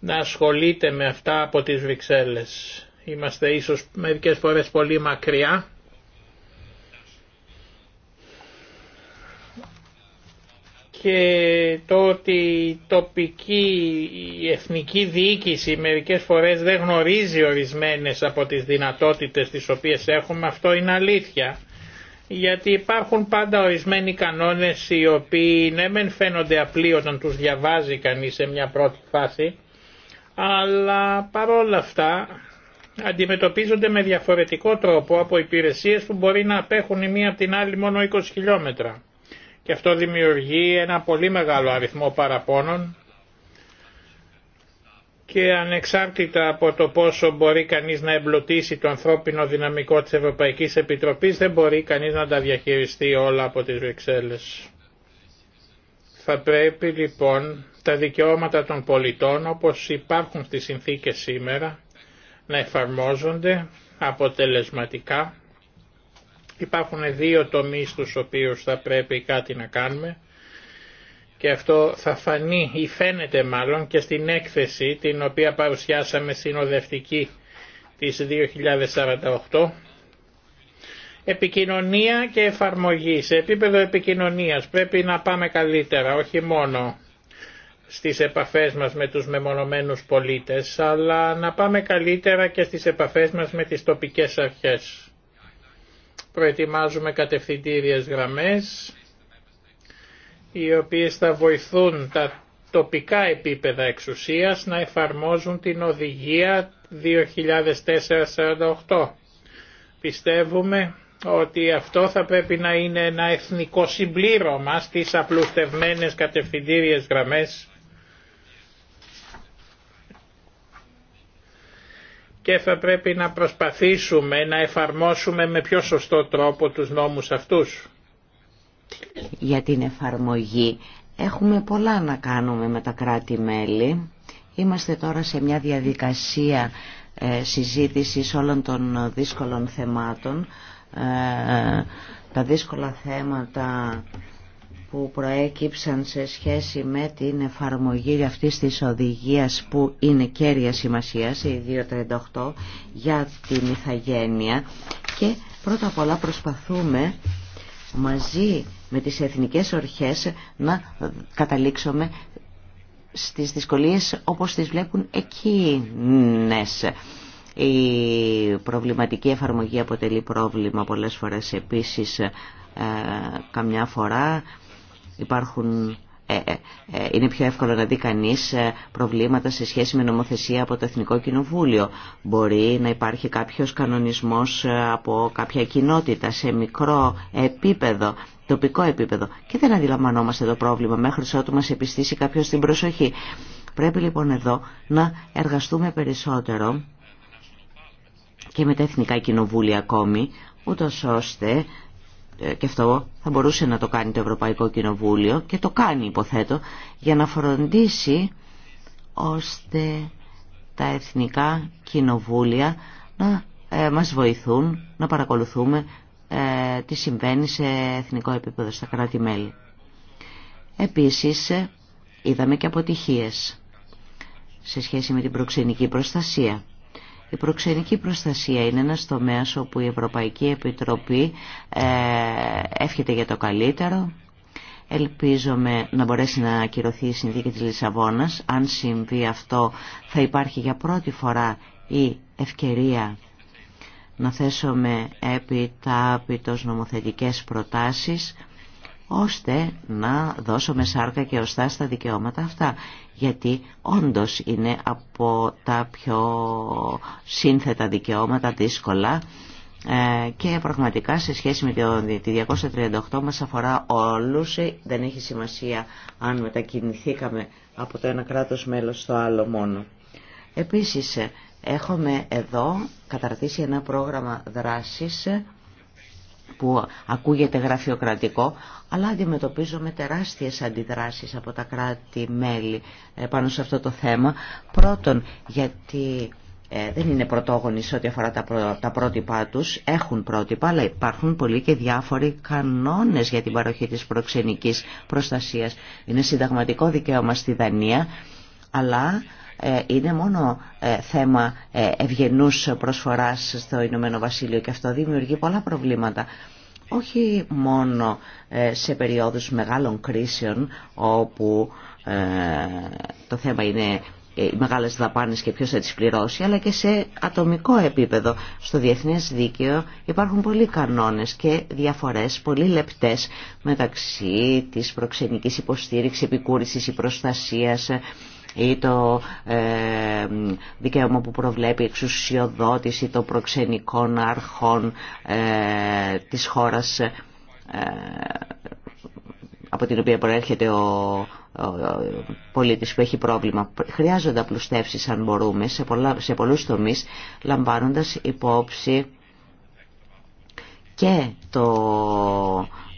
να ασχολείται με αυτά από τις Βρυξέλλες. Είμαστε ίσως μερικές φορές πολύ μακριά και το ότι η τοπική, εθνική διοίκηση μερικές φορές δεν γνωρίζει ορισμένες από τις δυνατότητες τις οποίες έχουμε, αυτό είναι αλήθεια. Γιατί υπάρχουν πάντα ορισμένοι κανόνες οι οποίοι ναι μεν φαίνονται απλοί όταν τους διαβάζει κανείς σε μια πρώτη φάση, αλλά παρόλα αυτά αντιμετωπίζονται με διαφορετικό τρόπο από υπηρεσίες που μπορεί να απέχουν η μία από την άλλη μόνο 20 χιλιόμετρα και αυτό δημιουργεί ένα πολύ μεγάλο αριθμό παραπώνων και ανεξάρτητα από το πόσο μπορεί κανείς να εμπλουτίσει το ανθρώπινο δυναμικό της Ευρωπαϊκής Επιτροπής δεν μπορεί κανείς να τα διαχειριστεί όλα από τις Βρυξέλλες. Θα πρέπει λοιπόν τα δικαιώματα των πολιτών όπως υπάρχουν στις συνθήκες σήμερα να εφαρμόζονται αποτελεσματικά Υπάρχουν δύο τομείς στους οποίους θα πρέπει κάτι να κάνουμε και αυτό θα φανεί ή φαίνεται μάλλον και στην έκθεση την οποία παρουσιάσαμε συνοδευτική της 2048 επικοινωνία και εφαρμογή. Σε επίπεδο επικοινωνίας πρέπει να πάμε καλύτερα, όχι μόνο στις επαφές μας με τους μεμονωμένους πολίτες, αλλά να πάμε καλύτερα και στις επαφές μας με τις τοπικές αρχές. Προετοιμάζουμε κατευθυντήριες γραμμές οι οποίες θα βοηθούν τα τοπικά επίπεδα εξουσίας να εφαρμόζουν την οδηγία 2004-48. Πιστεύουμε ότι αυτό θα πρέπει να είναι ένα εθνικό συμπλήρωμα στις απλουστευμένες κατευθυντήριες γραμμές και θα πρέπει να προσπαθήσουμε να εφαρμόσουμε με πιο σωστό τρόπο τους νόμους αυτούς. Για την εφαρμογή έχουμε πολλά να κάνουμε με τα κράτη-μέλη. Είμαστε τώρα σε μια διαδικασία ε, συζήτησης όλων των δύσκολων θεμάτων. Ε, ε, τα δύσκολα θέματα που προέκυψαν σε σχέση με την εφαρμογή αυτής της οδηγίας που είναι κέρια σημασία, η 238, για την ηθαγένεια και πρώτα απ' όλα προσπαθούμε μαζί με τις εθνικές ορχές να καταλήξουμε στις δυσκολίες όπως τις βλέπουν εκείνες. Η προβληματική εφαρμογή αποτελεί πρόβλημα πολλές φορές επίσης ε, καμιά φορά Υπάρχουν, ε, ε, ε, είναι πιο εύκολο να δει κανεί ε, προβλήματα σε σχέση με νομοθεσία από το Εθνικό Κοινοβούλιο. Μπορεί να υπάρχει κάποιος κανονισμός από κάποια κοινότητα σε μικρό επίπεδο τοπικό επίπεδο και δεν αντιλαμβανόμαστε το πρόβλημα μέχρι ότου μας επιστήσει κάποιος την προσοχή. Πρέπει λοιπόν εδώ να εργαστούμε περισσότερο και με τα Εθνικά Κοινοβούλια ακόμη, ούτω ώστε ε, και αυτό θα μπορούσε να το κάνει το Ευρωπαϊκό Κοινοβούλιο και το κάνει υποθέτω για να φροντίσει ώστε τα εθνικά κοινοβούλια να ε, μας βοηθούν να παρακολουθούμε ε, τι συμβαίνει σε εθνικό επίπεδο στα κράτη-μέλη. Επίσης είδαμε και αποτυχίες σε σχέση με την προξενική προστασία. Η προξενική προστασία είναι ένας τομέας όπου η Ευρωπαϊκή Επιτροπή ε, εύχεται για το καλύτερο. Ελπίζομαι να μπορέσει να ακυρωθεί η συνθήκη της Λισαβόνας. Αν συμβεί αυτό θα υπάρχει για πρώτη φορά η ευκαιρία να θέσουμε επιτάπητος νομοθετικές προτάσεις ώστε να δώσουμε σάρκα και οστά στα δικαιώματα αυτά. Γιατί όντως είναι από τα πιο σύνθετα δικαιώματα δύσκολα ε, και πραγματικά σε σχέση με τη 238 μας αφορά όλους. Ε, δεν έχει σημασία αν μετακινηθήκαμε από το ένα κράτος μέλος στο άλλο μόνο. Επίσης, ε, έχουμε εδώ καταρτήσει ένα πρόγραμμα δράσης που ακούγεται γραφειοκρατικό, αλλά αντιμετωπίζουμε τεράστιες αντιδράσεις από τα κράτη-μέλη ε, πάνω σε αυτό το θέμα. Πρώτον, γιατί ε, δεν είναι πρωτόγονοι σε ό,τι αφορά τα πρότυπά τους, έχουν πρότυπα, αλλά υπάρχουν πολλοί και διάφοροι κανόνες για την παροχή της προξενικής προστασίας. Είναι συνταγματικό δικαίωμα στη Δανία, αλλά ε, είναι μόνο ε, θέμα ε, ευγενούς προσφοράς στο Ηνωμένο Βασίλειο και αυτό δημιουργεί πολλά προβλήματα όχι μόνο σε περιόδους μεγάλων κρίσεων όπου το θέμα είναι οι μεγάλες δαπάνες και ποιος θα τις πληρώσει αλλά και σε ατομικό επίπεδο στο διεθνές δίκαιο υπάρχουν πολλοί κανόνες και διαφορές πολύ λεπτές μεταξύ της προξενικής υποστήριξης, επικούρησης ή προστασίας ή το ε, δικαίωμα που προβλέπει εξουσιοδότηση των προξενικών αρχών ε, της χώρας ε, από την οποία προέρχεται ο, ο, πολίτης που έχει πρόβλημα. Χρειάζονται απλουστεύσεις αν μπορούμε σε, πολλά, σε πολλούς τομείς λαμβάνοντας υπόψη και το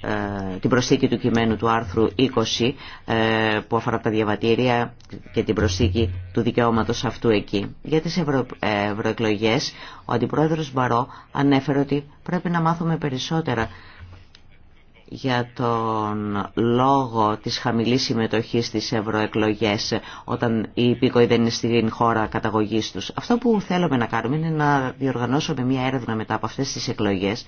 ε, την προσθήκη του κειμένου του άρθρου 20 ε, που αφορά τα διαβατήρια και την προσθήκη του δικαιώματος αυτού εκεί. Για τις ευρω... Ε, ευρωεκλογέ, ο Αντιπρόεδρος Μπαρό ανέφερε ότι πρέπει να μάθουμε περισσότερα για τον λόγο της χαμηλής συμμετοχής στις ευρωεκλογέ όταν η υπήκοοι δεν είναι στην χώρα καταγωγής τους. Αυτό που θέλουμε να κάνουμε είναι να διοργανώσουμε μια έρευνα μετά από αυτές τις εκλογές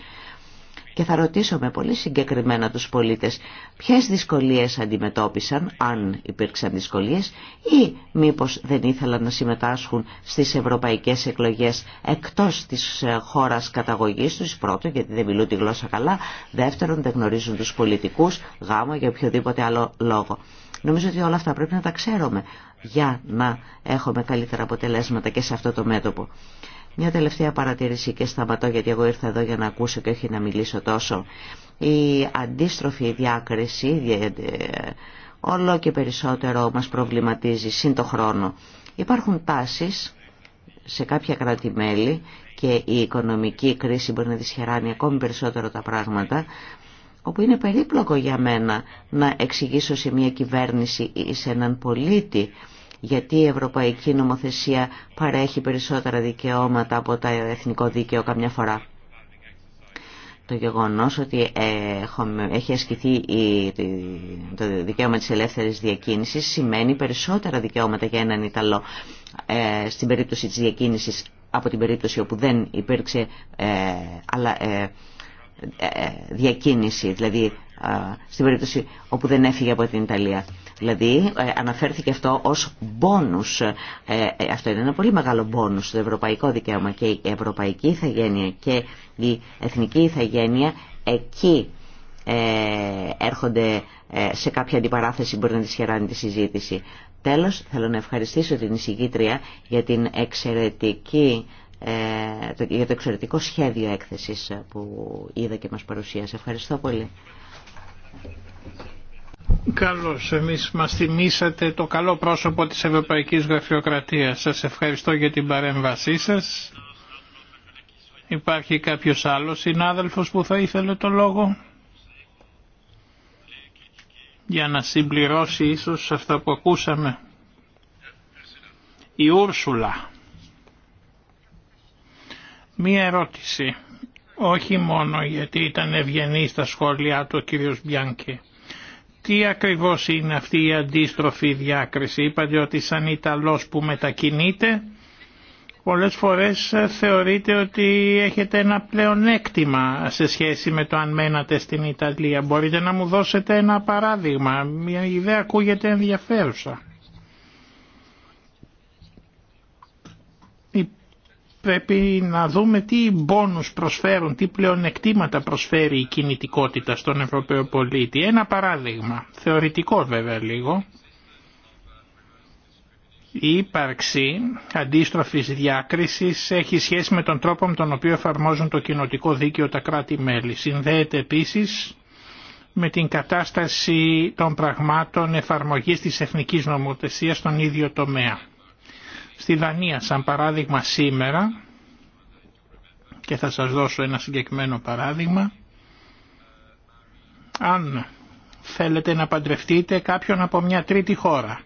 και θα ρωτήσω με πολύ συγκεκριμένα τους πολίτες ποιες δυσκολίες αντιμετώπισαν, αν υπήρξαν δυσκολίες ή μήπως δεν ήθελαν να συμμετάσχουν στις ευρωπαϊκές εκλογές εκτός της ε, χώρας καταγωγής τους, πρώτον γιατί δεν μιλούν τη γλώσσα καλά, δεύτερον δεν γνωρίζουν τους πολιτικούς, γάμο για οποιοδήποτε άλλο λόγο. Νομίζω ότι όλα αυτά πρέπει να τα ξέρουμε για να έχουμε καλύτερα αποτελέσματα και σε αυτό το μέτωπο. Μια τελευταία παρατήρηση και σταματώ γιατί εγώ ήρθα εδώ για να ακούσω και όχι να μιλήσω τόσο. Η αντίστροφη διάκριση ε, όλο και περισσότερο μας προβληματίζει σύν το χρόνο. Υπάρχουν τάσεις σε κάποια κράτη-μέλη και η οικονομική κρίση μπορεί να δυσχεράνει ακόμη περισσότερο τα πράγματα όπου είναι περίπλοκο για μένα να εξηγήσω σε μια κυβέρνηση ή σε έναν πολίτη γιατί η ευρωπαϊκή νομοθεσία παρέχει περισσότερα δικαιώματα από το εθνικό δίκαιο καμιά φορά. Το γεγονός ότι έχει ασκηθεί το δικαίωμα της ελεύθερης διακίνησης σημαίνει περισσότερα δικαιώματα για έναν Ιταλό ε, στην περίπτωση της διακίνησης από την περίπτωση όπου δεν υπήρξε ε, ε, διακίνηση, δηλαδή στην περίπτωση όπου δεν έφυγε από την Ιταλία. Δηλαδή ε, αναφέρθηκε αυτό ως μπόνους. Ε, ε, αυτό είναι ένα πολύ μεγάλο μπόνους στο ευρωπαϊκό δικαίωμα και η ευρωπαϊκή ηθαγένεια και η εθνική ηθαγένεια εκεί έρχονται σε κάποια αντιπαράθεση μπορεί να τη τη συζήτηση. Τέλος, θέλω να ευχαριστήσω την εισηγήτρια για, την για το εξαιρετικό σχέδιο έκθεσης που είδα και μας παρουσίασε. Ευχαριστώ πολύ. Καλώς, εμείς μας θυμήσατε το καλό πρόσωπο της Ευρωπαϊκής Γραφειοκρατίας. Σας ευχαριστώ για την παρέμβασή σας. Υπάρχει κάποιος άλλος συνάδελφος που θα ήθελε το λόγο για να συμπληρώσει ίσως αυτά που ακούσαμε. Η Ούρσουλα. Μία ερώτηση, όχι μόνο γιατί ήταν ευγενή στα σχόλιά του ο κύριος Μπιάνκη, τι ακριβώς είναι αυτή η αντίστροφη διάκριση. Είπατε ότι σαν Ιταλός που μετακινείται πολλές φορές θεωρείτε ότι έχετε ένα πλεονέκτημα σε σχέση με το αν μένατε στην Ιταλία. Μπορείτε να μου δώσετε ένα παράδειγμα. Μια ιδέα ακούγεται ενδιαφέρουσα. πρέπει να δούμε τι μπόνους προσφέρουν, τι πλεονεκτήματα προσφέρει η κινητικότητα στον Ευρωπαίο πολίτη. Ένα παράδειγμα, θεωρητικό βέβαια λίγο, η ύπαρξη αντίστροφης διάκρισης έχει σχέση με τον τρόπο με τον οποίο εφαρμόζουν το κοινοτικό δίκαιο τα κράτη-μέλη. Συνδέεται επίσης με την κατάσταση των πραγμάτων εφαρμογής της εθνικής νομοθεσίας στον ίδιο τομέα. Στη Δανία, σαν παράδειγμα σήμερα, και θα σας δώσω ένα συγκεκριμένο παράδειγμα, αν θέλετε να παντρευτείτε κάποιον από μια τρίτη χώρα,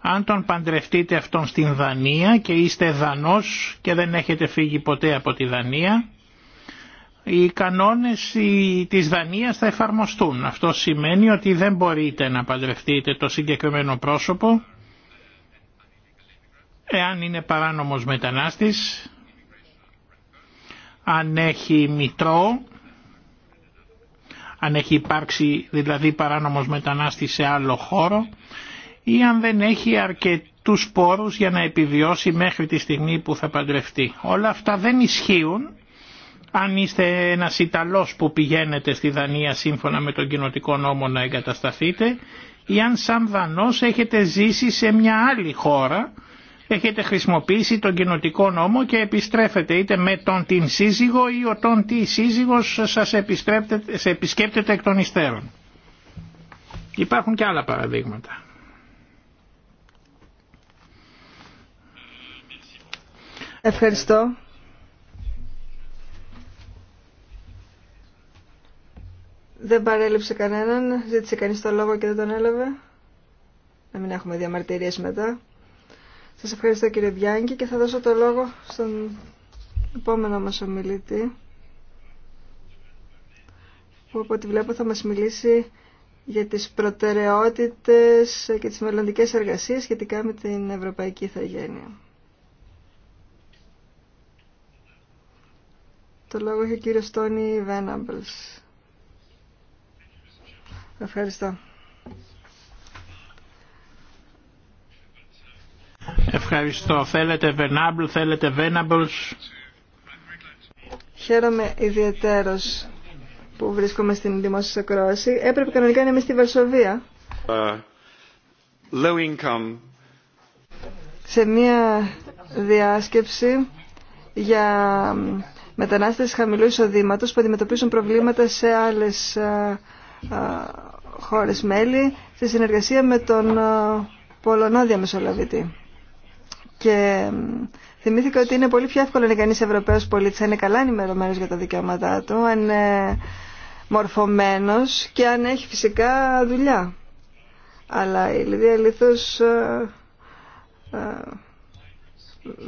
αν τον παντρευτείτε αυτόν στην Δανία και είστε Δανός και δεν έχετε φύγει ποτέ από τη Δανία, οι κανόνες της Δανίας θα εφαρμοστούν. Αυτό σημαίνει ότι δεν μπορείτε να παντρευτείτε το συγκεκριμένο πρόσωπο εάν είναι παράνομος μετανάστης, αν έχει μητρό, αν έχει υπάρξει δηλαδή παράνομος μετανάστης σε άλλο χώρο ή αν δεν έχει αρκετούς πόρους για να επιβιώσει μέχρι τη στιγμή που θα παντρευτεί. Όλα αυτά δεν ισχύουν αν είστε ένας Ιταλός που πηγαίνετε στη Δανία σύμφωνα με τον κοινοτικό νόμο να εγκατασταθείτε ή αν σαν Δανός έχετε ζήσει σε μια άλλη χώρα έχετε χρησιμοποιήσει τον κοινοτικό νόμο και επιστρέφετε είτε με τον την σύζυγο ή ο τον τη σύζυγος σας σε επισκέπτεται εκ των υστέρων. Υπάρχουν και άλλα παραδείγματα. Ευχαριστώ. Δεν παρέλειψε κανέναν, ζήτησε κανείς το λόγο και δεν τον έλαβε. Να μην έχουμε διαμαρτυρίες μετά. Σας ευχαριστώ κύριε Βιάνκη και θα δώσω το λόγο στον επόμενο μας ομιλητή που από ό,τι βλέπω θα μας μιλήσει για τις προτεραιότητες και τις μελλοντικές εργασίες σχετικά με την Ευρωπαϊκή Ιθαγένεια. Το λόγο έχει ο κύριος Τόνι Βέναμπλς. Ευχαριστώ. Ευχαριστώ. Θέλετε Venable, θέλετε Venables. Χαίρομαι ιδιαίτερος που βρίσκομαι στην δημόσια ακρόαση. Έπρεπε κανονικά να είμαι στη Βαρσοβία. Ε, low income. Σε μια διάσκεψη για μετανάστες χαμηλού εισοδήματο που αντιμετωπίζουν προβλήματα σε άλλες α, ε, ε, χώρες μέλη σε συνεργασία με τον α, Πολωνό διαμεσολαβητή. Και θυμήθηκα ότι είναι πολύ πιο εύκολο να κανεί Ευρωπαίο πολίτη, αν είναι καλά ενημερωμένο για τα δικαιώματά του, αν είναι μορφωμένο και αν έχει φυσικά δουλειά. Αλλά η Λιδία ε, ε,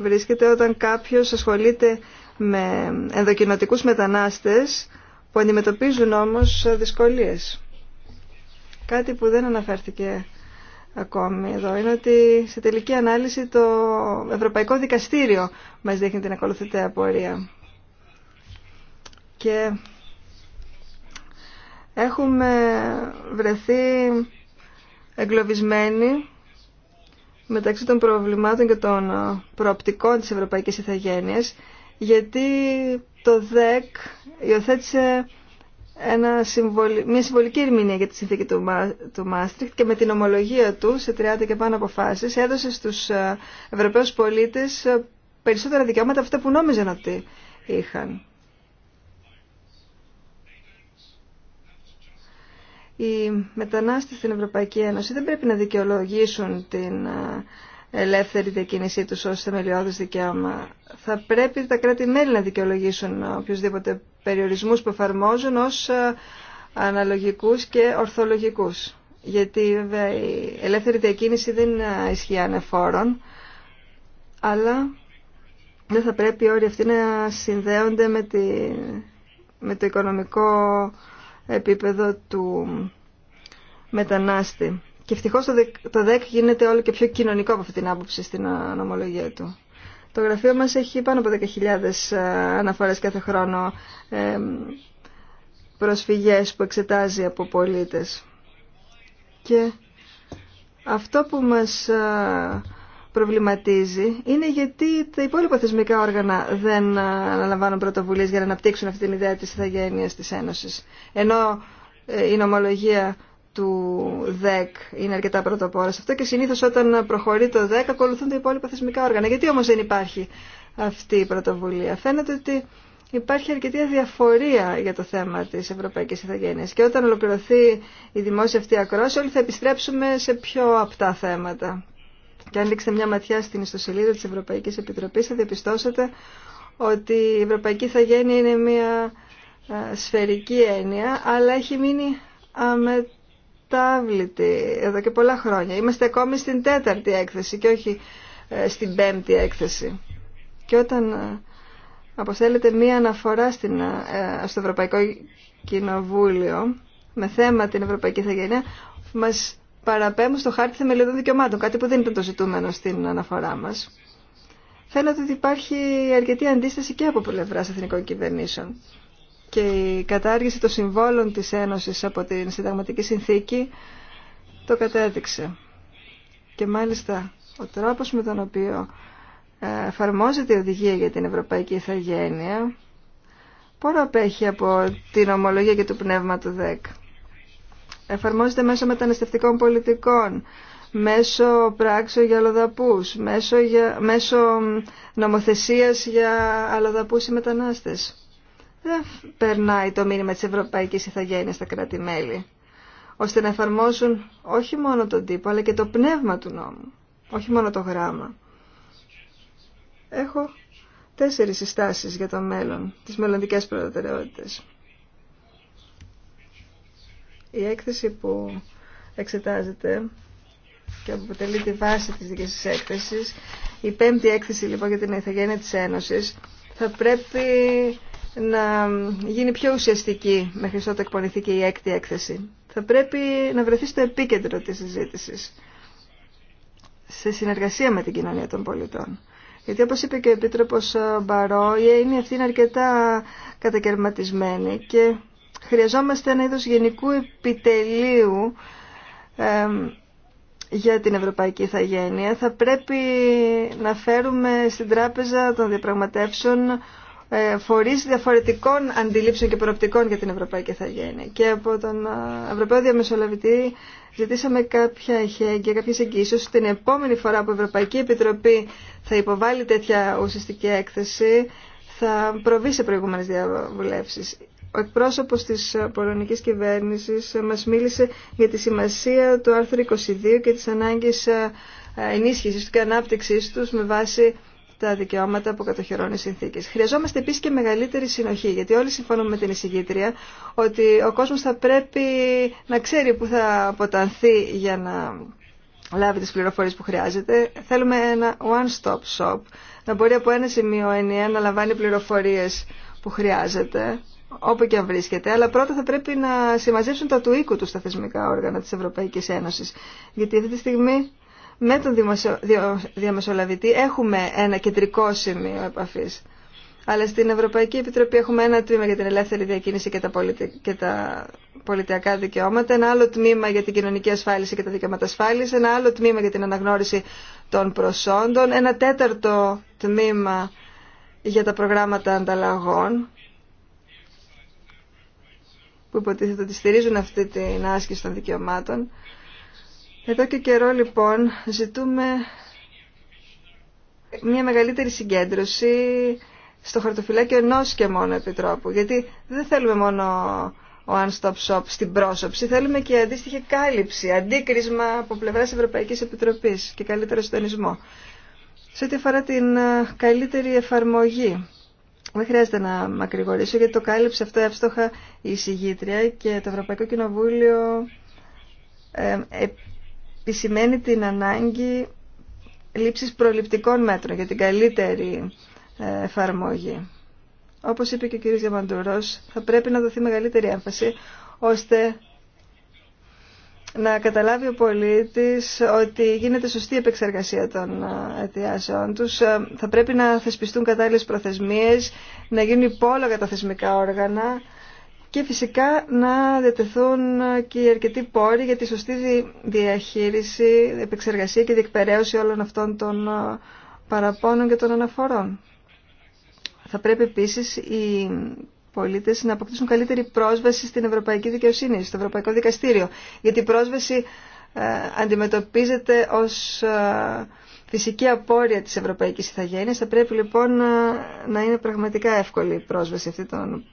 βρίσκεται όταν κάποιος ασχολείται με ενδοκινοτικούς μετανάστες που αντιμετωπίζουν όμως ε, δυσκολίες. Κάτι που δεν αναφέρθηκε ακόμη εδώ είναι ότι σε τελική ανάλυση το Ευρωπαϊκό Δικαστήριο μας δείχνει την ακολουθητέα πορεία. Και έχουμε βρεθεί εγκλωβισμένοι μεταξύ των προβλημάτων και των προοπτικών της Ευρωπαϊκής Ιθαγένειας γιατί το ΔΕΚ υιοθέτησε ένα μια συμβολική ερμηνεία για τη συνθήκη του, Μα, Μάστριχτ και με την ομολογία του σε 30 και πάνω αποφάσει, έδωσε στου ε, Ευρωπαίους πολίτες ε, περισσότερα δικαιώματα αυτά που νόμιζαν ότι είχαν. Οι μετανάστες στην Ευρωπαϊκή Ένωση δεν πρέπει να δικαιολογήσουν την ε, ελεύθερη διακίνησή τους ως θεμελιώδης δικαίωμα. Θα πρέπει τα κράτη-μέλη να δικαιολογήσουν οποιοδήποτε περιορισμούς που εφαρμόζουν ως ε, αναλογικούς και ορθολογικούς. Γιατί βέβαια η ελεύθερη διακίνηση δεν ε, ισχύει ανεφόρων, αλλά δεν θα πρέπει όλοι αυτοί να συνδέονται με, με το οικονομικό επίπεδο του μετανάστη. Και ευτυχώς το ΔΕΚ γίνεται όλο και πιο κοινωνικό από αυτή την άποψη στην ε, νομολογία του. Το γραφείο μας έχει πάνω από 10.000 ε, αναφορές κάθε χρόνο ε, προσφυγές που εξετάζει από πολίτες. Και αυτό που μας ε, προβληματίζει είναι γιατί τα υπόλοιπα θεσμικά όργανα δεν αναλαμβάνουν πρωτοβουλίες για να αναπτύξουν αυτή την ιδέα της ηθαγένειας της Ένωσης. Ενώ η νομολογία του ΔΕΚ είναι αρκετά πρωτοπόρα αυτό και συνήθως όταν προχωρεί το ΔΕΚ ακολουθούν τα υπόλοιπα θεσμικά όργανα. Γιατί όμως δεν υπάρχει αυτή η πρωτοβουλία. Φαίνεται ότι υπάρχει αρκετή αδιαφορία για το θέμα της ευρωπαϊκής Ιθαγένειας και όταν ολοκληρωθεί η δημόσια αυτή ακρόαση όλοι θα επιστρέψουμε σε πιο απτά θέματα. Και αν ρίξετε μια ματιά στην ιστοσελίδα της Ευρωπαϊκής Επιτροπής θα διαπιστώσετε ότι η ευρωπαϊκή ηθαγένεια είναι μια ε, σφαιρική έννοια αλλά έχει μείνει εδώ και πολλά χρόνια. Είμαστε ακόμη στην τέταρτη έκθεση και όχι ε, στην πέμπτη έκθεση. Και όταν ε, αποστέλλεται μία αναφορά στην, ε, στο Ευρωπαϊκό Κοινοβούλιο με θέμα την Ευρωπαϊκή Θεγενία, μας παραπέμπουν στο χάρτη θεμελιωδών δικαιωμάτων, κάτι που δεν ήταν το ζητούμενο στην αναφορά μας. Φαίνεται ότι υπάρχει αρκετή αντίσταση και από πλευρά εθνικών κυβερνήσεων και η κατάργηση των συμβόλων της Ένωσης από την Συνταγματική Συνθήκη το κατέδειξε. Και μάλιστα ο τρόπος με τον οποίο ε, εφαρμόζεται η οδηγία για την Ευρωπαϊκή Ιθαγένεια πόρο απέχει από την ομολογία και το πνεύμα του ΔΕΚ. Εφαρμόζεται μέσω μεταναστευτικών πολιτικών, μέσω πράξεων για αλλοδαπούς, μέσω, για, μέσω νομοθεσίας για αλλοδαπούς ή μετανάστες δεν περνάει το μήνυμα της ευρωπαϊκής Ιθαγένειας στα κράτη-μέλη, ώστε να εφαρμόσουν όχι μόνο τον τύπο, αλλά και το πνεύμα του νόμου, όχι μόνο το γράμμα. Έχω τέσσερις συστάσεις για το μέλλον, τις μελλοντικές προτεραιότητες. Η έκθεση που εξετάζεται και αποτελεί τη βάση της δικής της έκθεσης, η πέμπτη έκθεση λοιπόν για την ηθαγένεια της Ένωσης, θα πρέπει να γίνει πιο ουσιαστική μέχρι ό,τι εκπονηθεί και η έκτη έκθεση. Θα πρέπει να βρεθεί στο επίκεντρο της συζήτησης σε συνεργασία με την κοινωνία των πολιτών. Γιατί όπως είπε και ο Επίτροπος Μπαρό, είναι αυτή είναι αρκετά κατακαιρματισμένη και χρειαζόμαστε ένα είδος γενικού επιτελείου για την Ευρωπαϊκή Ιθαγένεια. Θα πρέπει να φέρουμε στην Τράπεζα των Διαπραγματεύσεων ε, φορεί διαφορετικών αντιλήψεων και προοπτικών για την Ευρωπαϊκή Θαγένεια. Και από τον ε, Ευρωπαίο Διαμεσολαβητή ζητήσαμε κάποια εχέγγυα, κάποιες Την επόμενη φορά που η Ευρωπαϊκή Επιτροπή θα υποβάλει τέτοια ουσιαστική έκθεση, θα προβεί σε προηγούμενε διαβουλεύσει. Ο εκπρόσωπο τη πολωνική κυβέρνηση μα μίλησε για τη σημασία του άρθρου 22 και τις ανάγκες ε, ενίσχυσης και ανάπτυξή του με βάση τα δικαιώματα που κατοχυρώνει οι συνθήκε. Χρειαζόμαστε επίση και μεγαλύτερη συνοχή, γιατί όλοι συμφωνούμε με την εισηγήτρια ότι ο κόσμο θα πρέπει να ξέρει πού θα αποτανθεί για να λάβει τι πληροφορίε που χρειάζεται. Θέλουμε ένα one-stop shop, να μπορεί από ένα σημείο ενιαία να λαμβάνει πληροφορίε που χρειάζεται, όπου και αν βρίσκεται. Αλλά πρώτα θα πρέπει να συμμαζέψουν τα του οίκου του στα θεσμικά όργανα της Ευρωπαϊκής Ένωσης. Γιατί αυτή τη στιγμή με τον διαμεσολαβητή έχουμε ένα κεντρικό σημείο επαφής. Αλλά στην Ευρωπαϊκή Επιτροπή έχουμε ένα τμήμα για την ελεύθερη διακίνηση και τα, πολιτι... και τα πολιτιακά δικαιώματα, ένα άλλο τμήμα για την κοινωνική ασφάλιση και τα δικαιώματα ασφάλιση, ένα άλλο τμήμα για την αναγνώριση των προσόντων, ένα τέταρτο τμήμα για τα προγράμματα ανταλλαγών που υποτίθεται ότι στηρίζουν αυτή την άσκηση των δικαιωμάτων. Εδώ και καιρό λοιπόν ζητούμε μια μεγαλύτερη συγκέντρωση στο χαρτοφυλάκιο ενό και μόνο επιτρόπου. Γιατί δεν θέλουμε μόνο ο One Shop στην πρόσωψη, θέλουμε και αντίστοιχη κάλυψη, αντίκρισμα από πλευρά Ευρωπαϊκή Επιτροπή και καλύτερο συντονισμό. Σε ό,τι αφορά την ε, καλύτερη εφαρμογή, δεν χρειάζεται να μακρηγορήσω γιατί το κάλυψε αυτό εύστοχα η συγγήτρια και το Ευρωπαϊκό Κοινοβούλιο ε, ε, επισημαίνει την ανάγκη λήψης προληπτικών μέτρων για την καλύτερη ε, εφαρμόγη. Όπως είπε και ο κ. Διαμαντουρός, θα πρέπει να δοθεί μεγαλύτερη έμφαση ώστε να καταλάβει ο πολίτης ότι γίνεται σωστή επεξεργασία των ε, αιτιάσεων τους. Ε, θα πρέπει να θεσπιστούν κατάλληλες προθεσμίες, να γίνουν υπόλογα τα θεσμικά όργανα, και φυσικά να διατεθούν και οι αρκετοί πόροι για τη σωστή διαχείριση, επεξεργασία και διεκπαιρέωση όλων αυτών των ε, παραπώνων και των αναφορών. Θα πρέπει επίσης οι πολίτες να αποκτήσουν καλύτερη πρόσβαση στην Ευρωπαϊκή Δικαιοσύνη, στο Ευρωπαϊκό Δικαστήριο, γιατί η πρόσβαση ε, αντιμετωπίζεται ως ε, φυσική απόρρεια της Ευρωπαϊκής Ιθαγένειας. Θα πρέπει λοιπόν να είναι πραγματικά εύκολη η πρόσβαση αυτή των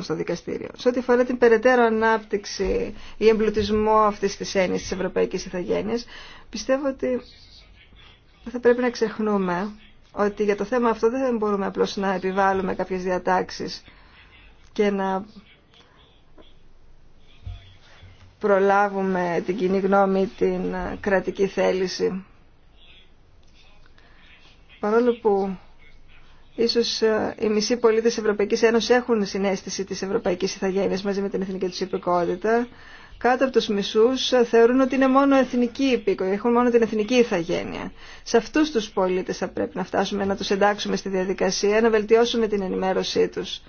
στο δικαστήριο. Σε ό,τι αφορά την περαιτέρω ανάπτυξη ή εμπλουτισμό αυτή τη έννοια τη ευρωπαϊκή ηθαγένεια, πιστεύω ότι θα πρέπει να ξεχνούμε ότι για το θέμα αυτό δεν μπορούμε απλώ να επιβάλλουμε κάποιε διατάξει και να προλάβουμε την κοινή γνώμη, την κρατική θέληση. Παρόλο που Ίσως ε, οι μισοί πολίτες Ευρωπαϊκής Ένωσης έχουν συνέστηση της ευρωπαϊκής Ιθαγένειας μαζί με την εθνική τους υπηκότητα. Κάτω από τους μισούς ε, θεωρούν ότι είναι μόνο εθνική υπήκοη, έχουν μόνο την εθνική ηθαγένεια. Σε αυτούς τους πολίτες θα πρέπει να φτάσουμε να τους εντάξουμε στη διαδικασία, να βελτιώσουμε την ενημέρωσή τους.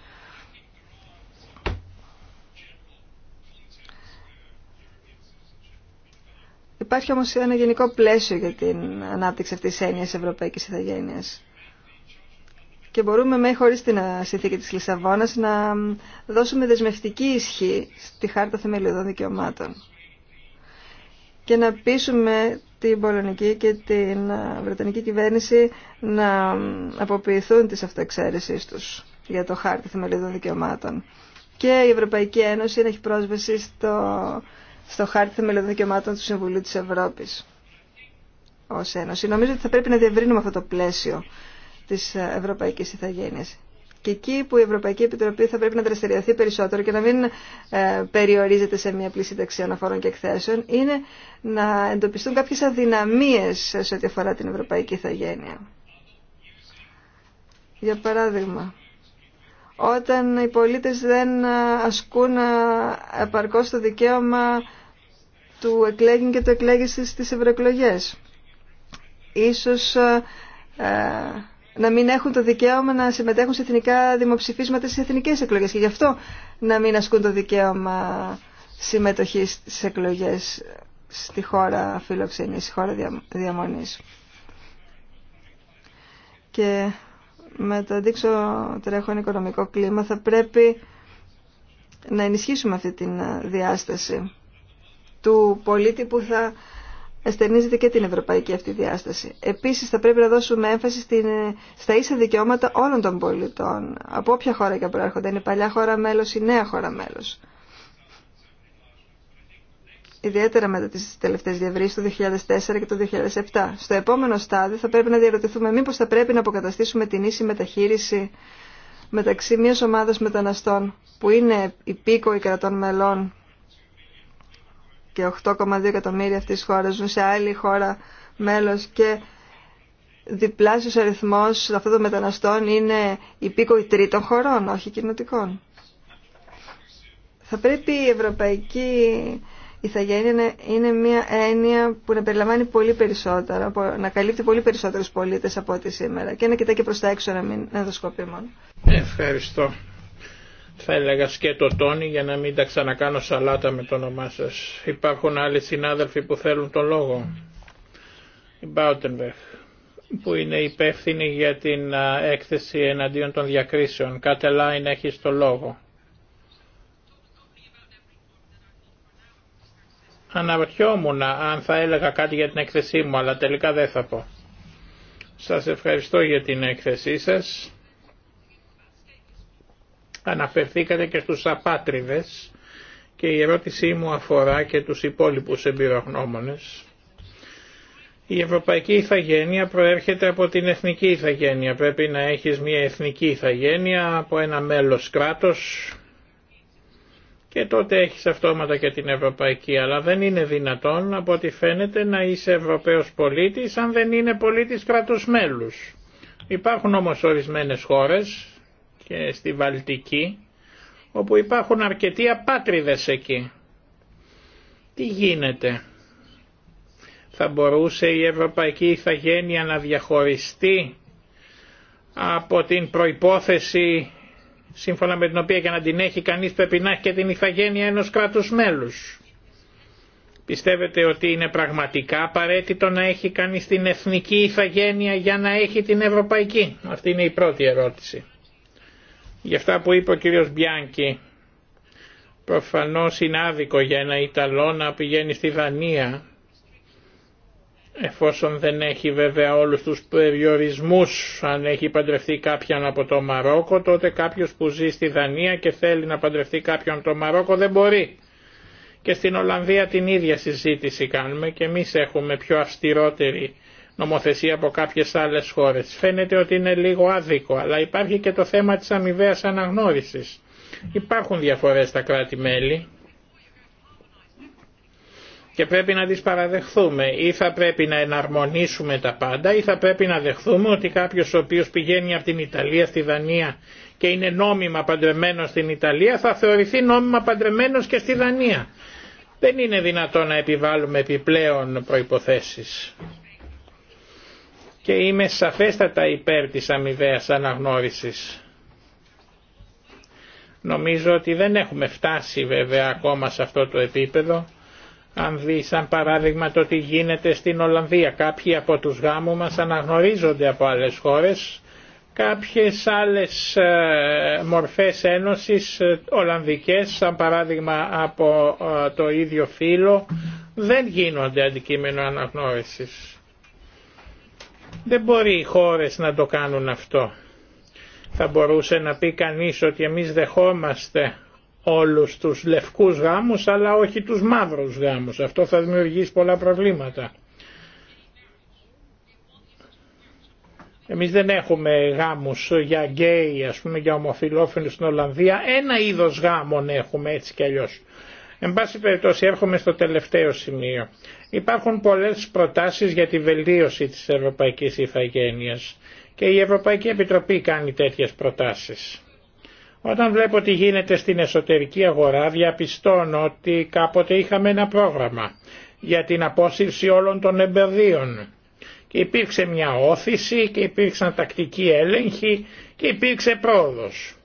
Υπάρχει όμως ένα γενικό πλαίσιο για την ανάπτυξη αυτής της έννοιας ευρωπαϊκής Ιθαγένειας και μπορούμε μέχρι χωρίς την συνθήκη της Λισαβόνας να δώσουμε δεσμευτική ισχύ στη Χάρτα Θεμελιωδών Δικαιωμάτων και να πείσουμε την Πολωνική και την Βρετανική κυβέρνηση να αποποιηθούν τις αυτοεξαίρεσεις τους για το Χάρτη Θεμελιωδών Δικαιωμάτων και η Ευρωπαϊκή Ένωση να έχει πρόσβαση στο, στο Χάρτη Θεμελιωδών Δικαιωμάτων του Συμβουλίου της Ευρώπης ως Ένωση. Νομίζω ότι θα πρέπει να διευρύνουμε αυτό το πλαίσιο Τη ευρωπαϊκή Ιθαγένεια. Και εκεί που η Ευρωπαϊκή Επιτροπή θα πρέπει να δραστηριοθεί περισσότερο και να μην ε, περιορίζεται σε μια πλήση δεξιών αφορών και εκθέσεων είναι να εντοπιστούν κάποιες αδυναμίες σε ό,τι αφορά την Ευρωπαϊκή Ιθαγένεια. Για παράδειγμα, όταν οι πολίτε δεν ασκούν ε, επαρκώ το δικαίωμα του εκλέγην και του εκλέγησης στις ευρωεκλογές. Ίσως ε, ε να μην έχουν το δικαίωμα να συμμετέχουν σε εθνικά δημοψηφίσματα στις εθνικές εκλογές και γι' αυτό να μην ασκούν το δικαίωμα συμμετοχής στις εκλογές στη χώρα φιλοξενής, στη χώρα διαμονής. Και με το αντίξω τρέχον οικονομικό κλίμα θα πρέπει να ενισχύσουμε αυτή τη διάσταση του πολίτη που θα αστερνίζεται και την ευρωπαϊκή αυτή διάσταση. Επίσης θα πρέπει να δώσουμε έμφαση στην, στα ίσα δικαιώματα όλων των πολιτών, από όποια χώρα και προέρχονται, είναι παλιά χώρα μέλος ή νέα χώρα μέλος. Ιδιαίτερα μετά τις τελευταίες διευρύσεις του 2004 και το 2007. Στο επόμενο στάδιο θα πρέπει να διαρωτηθούμε μήπως θα πρέπει να αποκαταστήσουμε την ίση μεταχείριση μεταξύ μιας ομάδας μεταναστών που είναι υπήκοοι κρατών μελών και 8,2 εκατομμύρια αυτής της χώρας ζουν σε άλλη χώρα μέλος και διπλάσιος αριθμός αυτών των μεταναστών είναι υπήκοοι τρίτων χωρών, όχι κοινωτικών. Θα πρέπει η ευρωπαϊκή ηθαγένεια είναι μια έννοια που να περιλαμβάνει πολύ περισσότερα, να καλύπτει πολύ περισσότερους πολίτες από ό,τι σήμερα και να κοιτάει και προς τα έξω να μην ενδοσκοπεί Ευχαριστώ θα έλεγα σκέτο τόνι για να μην τα ξανακάνω σαλάτα με το όνομά σας. Υπάρχουν άλλοι συνάδελφοι που θέλουν το λόγο. Η Μπάουτενβεχ που είναι υπεύθυνη για την έκθεση εναντίον των διακρίσεων. Κάτε Λάιν έχει το λόγο. Αναρωτιόμουν αν θα έλεγα κάτι για την έκθεσή μου, αλλά τελικά δεν θα πω. Σας ευχαριστώ για την έκθεσή σας. Αναφερθήκατε και στους απάτριδες και η ερώτησή μου αφορά και τους υπόλοιπους εμπειρογνώμονες. Η ευρωπαϊκή ηθαγένεια προέρχεται από την εθνική ηθαγένεια. Πρέπει να έχεις μια εθνική ηθαγένεια από ένα μέλος κράτος και τότε έχεις αυτόματα και την ευρωπαϊκή. Αλλά δεν είναι δυνατόν από ό,τι φαίνεται να είσαι ευρωπαίος πολίτης αν δεν είναι πολίτης κράτους μέλους. Υπάρχουν όμως ορισμένες χώρες και στη Βαλτική, όπου υπάρχουν αρκετοί απάτριδες εκεί. Τι γίνεται. Θα μπορούσε η Ευρωπαϊκή Ιθαγένεια να διαχωριστεί από την προϋπόθεση σύμφωνα με την οποία για να την έχει κανείς πρέπει να έχει και την ηθαγένεια ενός κράτους μέλους. Πιστεύετε ότι είναι πραγματικά απαραίτητο να έχει κανείς την εθνική ηθαγένεια για να έχει την ευρωπαϊκή. Αυτή είναι η πρώτη ερώτηση. Γι' αυτά που είπε ο κύριος Μπιάνκι, προφανώς είναι άδικο για ένα Ιταλό να πηγαίνει στη Δανία, εφόσον δεν έχει βέβαια όλους τους περιορισμούς, αν έχει παντρευτεί κάποιον από το Μαρόκο, τότε κάποιος που ζει στη Δανία και θέλει να παντρευτεί κάποιον από το Μαρόκο δεν μπορεί. Και στην Ολλανδία την ίδια συζήτηση κάνουμε και εμείς έχουμε πιο αυστηρότερη νομοθεσία από κάποιες άλλες χώρες. Φαίνεται ότι είναι λίγο άδικο, αλλά υπάρχει και το θέμα της αμοιβαίας αναγνώρισης. Υπάρχουν διαφορές στα κράτη-μέλη και πρέπει να τις παραδεχθούμε. Ή θα πρέπει να εναρμονίσουμε τα πάντα ή θα πρέπει να δεχθούμε ότι κάποιος ο οποίος πηγαίνει από την Ιταλία στη Δανία και είναι νόμιμα παντρεμένος στην Ιταλία θα θεωρηθεί νόμιμα παντρεμένος και στη Δανία. Δεν είναι δυνατό να επιβάλλουμε επιπλέον προϋποθέσεις και είμαι σαφέστατα υπέρ της αμοιβαίας αναγνώρισης. Νομίζω ότι δεν έχουμε φτάσει βέβαια ακόμα σε αυτό το επίπεδο. Αν δει σαν παράδειγμα το τι γίνεται στην Ολλανδία. Κάποιοι από τους γάμους μας αναγνωρίζονται από άλλες χώρες. Κάποιες άλλες ε, μορφές ένωσης ε, Ολλανδικές, σαν παράδειγμα από ε, το ίδιο φύλλο, δεν γίνονται αντικείμενο αναγνώρισης. Δεν μπορεί οι χώρες να το κάνουν αυτό. Θα μπορούσε να πει κανείς ότι εμείς δεχόμαστε όλους τους λευκούς γάμους αλλά όχι τους μαύρους γάμους. Αυτό θα δημιουργήσει πολλά προβλήματα. Εμείς δεν έχουμε γάμους για γκέι, ας πούμε για ομοφιλόφιλους στην Ολλανδία. Ένα είδος γάμων έχουμε έτσι κι αλλιώς. Εν πάση περιπτώσει έρχομαι στο τελευταίο σημείο. Υπάρχουν πολλές προτάσεις για τη βελτίωση της ευρωπαϊκής ηθαγένειας και η Ευρωπαϊκή Επιτροπή κάνει τέτοιες προτάσεις. Όταν βλέπω τι γίνεται στην εσωτερική αγορά διαπιστώνω ότι κάποτε είχαμε ένα πρόγραμμα για την απόσυρση όλων των εμπεδίων και υπήρξε μια όθηση και υπήρξαν τακτικοί έλεγχοι και υπήρξε πρόοδος.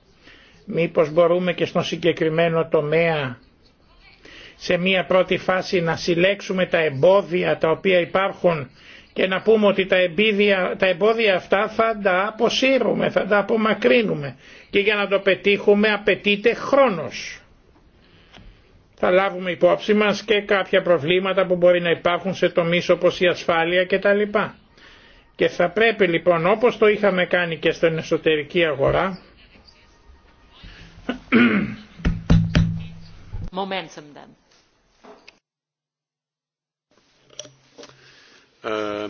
Μήπως μπορούμε και στον συγκεκριμένο τομέα σε μία πρώτη φάση να συλλέξουμε τα εμπόδια τα οποία υπάρχουν και να πούμε ότι τα, εμπόδια, τα εμπόδια αυτά θα τα αποσύρουμε, θα τα απομακρύνουμε και για να το πετύχουμε απαιτείται χρόνος. Θα λάβουμε υπόψη μας και κάποια προβλήματα που μπορεί να υπάρχουν σε τομείς όπως η ασφάλεια κτλ. Και θα πρέπει λοιπόν όπως το είχαμε κάνει και στην εσωτερική αγορά Momentum then. Ε,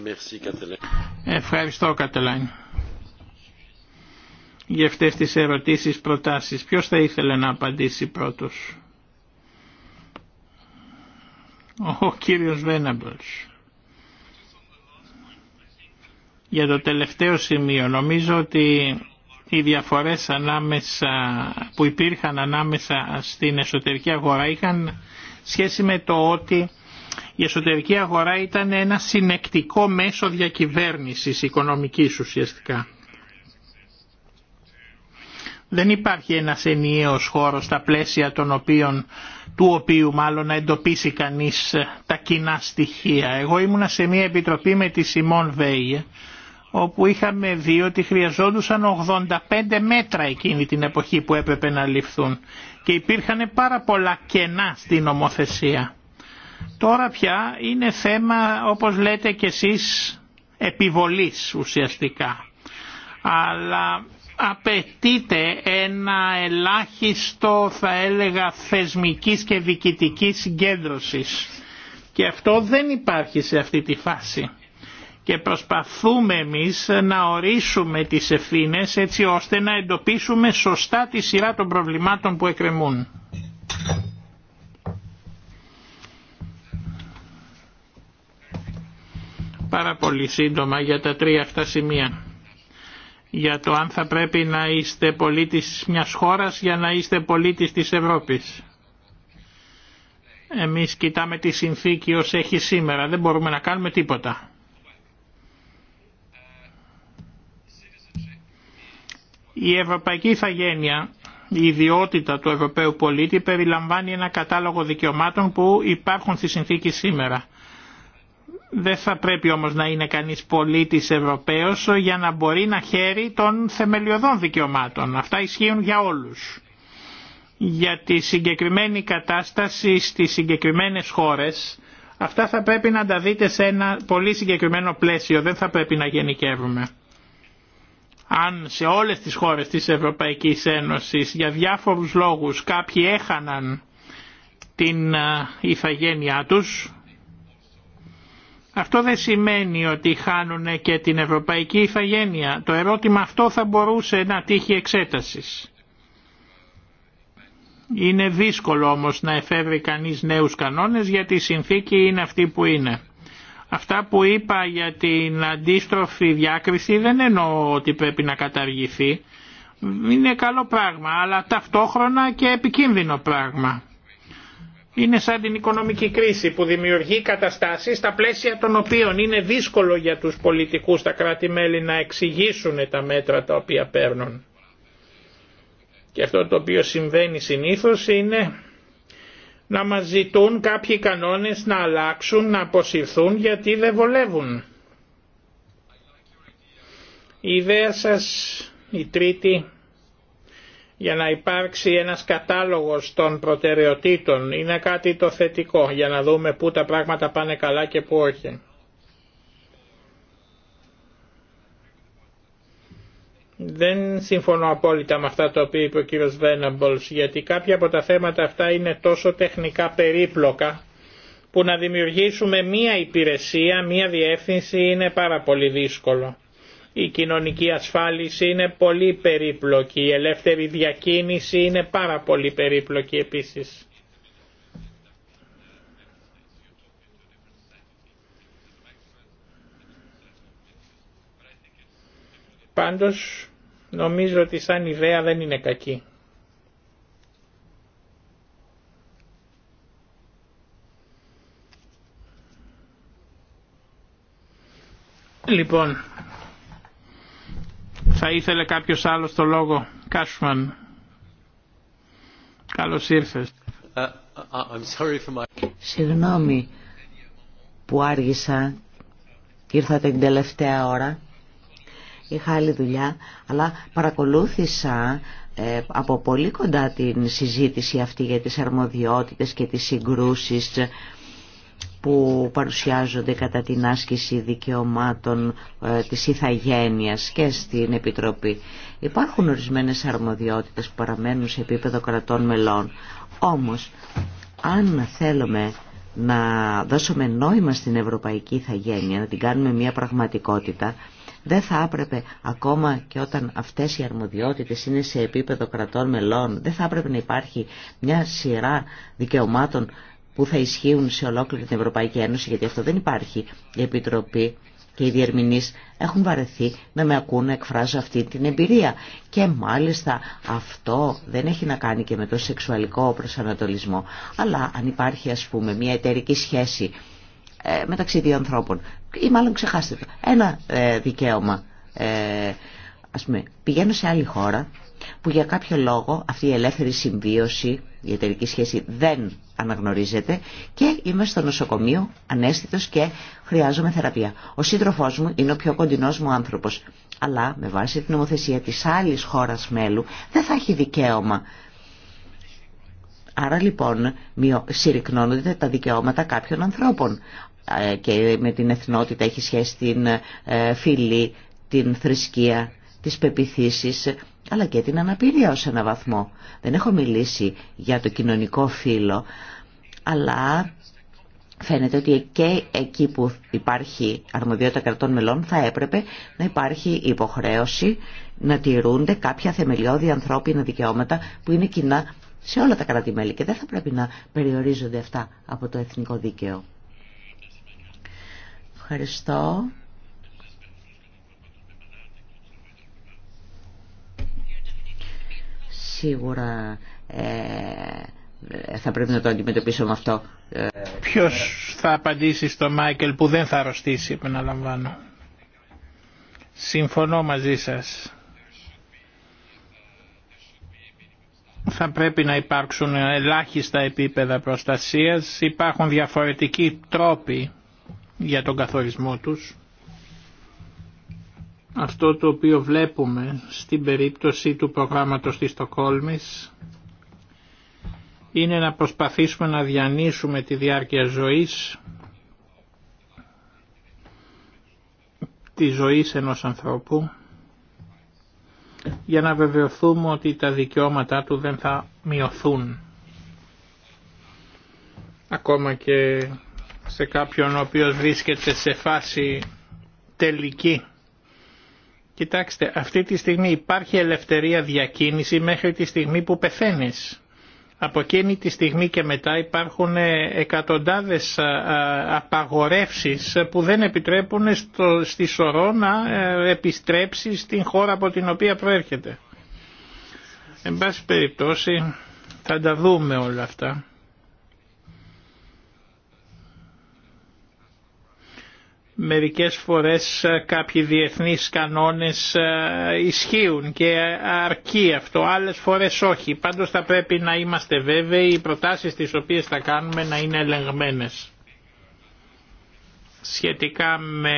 Ευχαριστώ Κατελάιν για αυτές τις ερωτήσεις προτάσεις. Ποιος θα ήθελε να απαντήσει πρώτος. Ο κύριος Βέναμπλς. Για το τελευταίο σημείο νομίζω ότι οι διαφορές ανάμεσα, που υπήρχαν ανάμεσα στην εσωτερική αγορά είχαν σχέση με το ότι η εσωτερική αγορά ήταν ένα συνεκτικό μέσο διακυβέρνησης οικονομικής ουσιαστικά. Δεν υπάρχει ένας ενιαίος χώρος στα πλαίσια των οποίων, του οποίου μάλλον να εντοπίσει κανείς ε, τα κοινά στοιχεία. Εγώ ήμουνα σε μια επιτροπή με τη Σιμών Βέιε, όπου είχαμε δει ότι χρειαζόντουσαν 85 μέτρα εκείνη την εποχή που έπρεπε να ληφθούν και υπήρχαν πάρα πολλά κενά στην νομοθεσία. Τώρα πια είναι θέμα, όπως λέτε κι εσείς, επιβολής ουσιαστικά. Αλλά απαιτείται ένα ελάχιστο, θα έλεγα, θεσμικής και δικητικής συγκέντρωσης. Και αυτό δεν υπάρχει σε αυτή τη φάση. Και προσπαθούμε εμείς να ορίσουμε τις ευθύνε έτσι ώστε να εντοπίσουμε σωστά τη σειρά των προβλημάτων που εκκρεμούν. Πάρα πολύ σύντομα για τα τρία αυτά σημεία. Για το αν θα πρέπει να είστε πολίτης μιας χώρας για να είστε πολίτης της Ευρώπης. Εμείς κοιτάμε τη συνθήκη ως έχει σήμερα. Δεν μπορούμε να κάνουμε τίποτα. Η ευρωπαϊκή ηθαγένεια, η ιδιότητα του Ευρωπαίου πολίτη περιλαμβάνει ένα κατάλογο δικαιωμάτων που υπάρχουν στη συνθήκη σήμερα. Δεν θα πρέπει όμως να είναι κανείς πολίτης Ευρωπαίος για να μπορεί να χαίρει των θεμελιωδών δικαιωμάτων. Αυτά ισχύουν για όλους. Για τη συγκεκριμένη κατάσταση στις συγκεκριμένες χώρες, αυτά θα πρέπει να τα δείτε σε ένα πολύ συγκεκριμένο πλαίσιο, δεν θα πρέπει να γενικεύουμε. Αν σε όλες τις χώρες της Ευρωπαϊκής Ένωσης για διάφορους λόγους κάποιοι έχαναν την ε, ηθαγένειά τους, αυτό δεν σημαίνει ότι χάνουν και την ευρωπαϊκή ηθαγένεια. Το ερώτημα αυτό θα μπορούσε να τύχει εξέτασης. Είναι δύσκολο όμως να εφεύρει κανείς νέους κανόνες γιατί η συνθήκη είναι αυτή που είναι. Αυτά που είπα για την αντίστροφη διάκριση δεν εννοώ ότι πρέπει να καταργηθεί. Είναι καλό πράγμα αλλά ταυτόχρονα και επικίνδυνο πράγμα είναι σαν την οικονομική κρίση που δημιουργεί καταστάσεις στα πλαίσια των οποίων είναι δύσκολο για τους πολιτικούς τα κράτη-μέλη να εξηγήσουν τα μέτρα τα οποία παίρνουν. Και αυτό το οποίο συμβαίνει συνήθως είναι να μας ζητούν κάποιοι κανόνες να αλλάξουν, να αποσυρθούν γιατί δεν βολεύουν. Η ιδέα σας, η τρίτη, για να υπάρξει ένας κατάλογος των προτεραιοτήτων είναι κάτι το θετικό για να δούμε πού τα πράγματα πάνε καλά και πού όχι. Δεν συμφωνώ απόλυτα με αυτά τα οποία είπε ο κύριος Βέναμπολς γιατί κάποια από τα θέματα αυτά είναι τόσο τεχνικά περίπλοκα που να δημιουργήσουμε μία υπηρεσία, μία διεύθυνση είναι πάρα πολύ δύσκολο. Η κοινωνική ασφάλιση είναι πολύ περίπλοκη, η ελεύθερη διακίνηση είναι πάρα πολύ περίπλοκη επίσης. Πάντως νομίζω ότι σαν ιδέα δεν είναι κακή. Λοιπόν, θα ήθελε κάποιος άλλος το λόγο. Κάσμαν. Καλώς ήρθες. Ε, Συγγνώμη που άργησα και ήρθα την τελευταία ώρα. Είχα άλλη δουλειά, αλλά παρακολούθησα ε, από πολύ κοντά την συζήτηση αυτή για τις αρμοδιότητες και τις συγκρούσεις που παρουσιάζονται κατά την άσκηση δικαιωμάτων ε, της ηθαγένειας και στην Επιτροπή. Υπάρχουν ορισμένες αρμοδιότητες που παραμένουν σε επίπεδο κρατών μελών. Όμως, αν θέλουμε να δώσουμε νόημα στην ευρωπαϊκή ηθαγένεια, να την κάνουμε μια πραγματικότητα, δεν θα έπρεπε ακόμα και όταν αυτές οι αρμοδιότητες είναι σε επίπεδο κρατών μελών, δεν θα έπρεπε να υπάρχει μια σειρά δικαιωμάτων που θα ισχύουν σε ολόκληρη την Ευρωπαϊκή Ένωση, γιατί αυτό δεν υπάρχει. Η Επιτροπή και οι διερμηνείς έχουν βαρεθεί να με ακούν να εκφράζω αυτή την εμπειρία. Και μάλιστα αυτό δεν έχει να κάνει και με το σεξουαλικό προσανατολισμό. Αλλά αν υπάρχει ας πούμε μια εταιρική σχέση ε, μεταξύ δύο ανθρώπων ή μάλλον ξεχάστε το, ένα ε, δικαίωμα ε, ας πούμε πηγαίνω σε άλλη χώρα που για κάποιο λόγο αυτή η ελεύθερη συμβίωση, η εταιρική σχέση δεν αναγνωρίζεται και είμαι στο νοσοκομείο ανέστητος και χρειάζομαι θεραπεία. Ο σύντροφός μου είναι ο πιο κοντινός μου άνθρωπος, αλλά με βάση την νομοθεσία της άλλης χώρας μέλου δεν θα έχει δικαίωμα. Άρα λοιπόν συρρυκνώνονται τα δικαιώματα κάποιων ανθρώπων ε, και με την εθνότητα έχει σχέση την ε, φίλη, την θρησκεία, τις πεπιθήσεις αλλά και την αναπηρία ως ένα βαθμό. Δεν έχω μιλήσει για το κοινωνικό φύλλο, αλλά φαίνεται ότι και εκεί που υπάρχει αρμοδιότητα κρατών μελών θα έπρεπε να υπάρχει υποχρέωση να τηρούνται κάποια θεμελιώδη ανθρώπινα δικαιώματα που είναι κοινά σε όλα τα κράτη-μέλη και δεν θα πρέπει να περιορίζονται αυτά από το εθνικό δίκαιο. Ευχαριστώ. Σίγουρα ε, θα πρέπει να το αντιμετωπίσουμε αυτό. Ποιος θα απαντήσει στο Μάικελ που δεν θα αρρωστήσει, επαναλαμβάνω. Συμφωνώ μαζί σας. θα πρέπει να υπάρξουν ελάχιστα επίπεδα προστασίας. Υπάρχουν διαφορετικοί τρόποι για τον καθορισμό τους αυτό το οποίο βλέπουμε στην περίπτωση του προγράμματος της Στοκόλμης είναι να προσπαθήσουμε να διανύσουμε τη διάρκεια ζωής τη ζωή ενός ανθρώπου για να βεβαιωθούμε ότι τα δικαιώματά του δεν θα μειωθούν. Ακόμα και σε κάποιον ο οποίος βρίσκεται σε φάση τελική Κοιτάξτε, αυτή τη στιγμή υπάρχει ελευθερία διακίνηση μέχρι τη στιγμή που πεθαίνεις. Από εκείνη τη στιγμή και μετά υπάρχουν ε, εκατοντάδες απαγορεύσεις που δεν επιτρέπουν στο, στη σωρό να ε, επιστρέψει στην χώρα από την οποία προέρχεται. Εν πάση περιπτώσει θα τα δούμε όλα αυτά. Μερικές φορές ε, κάποιοι διεθνείς κανόνες ε, ισχύουν και αρκεί αυτό, άλλες φορές όχι. Πάντως θα πρέπει να είμαστε βέβαιοι οι προτάσεις τις οποίες θα κάνουμε να είναι ελεγμένες. Σχετικά με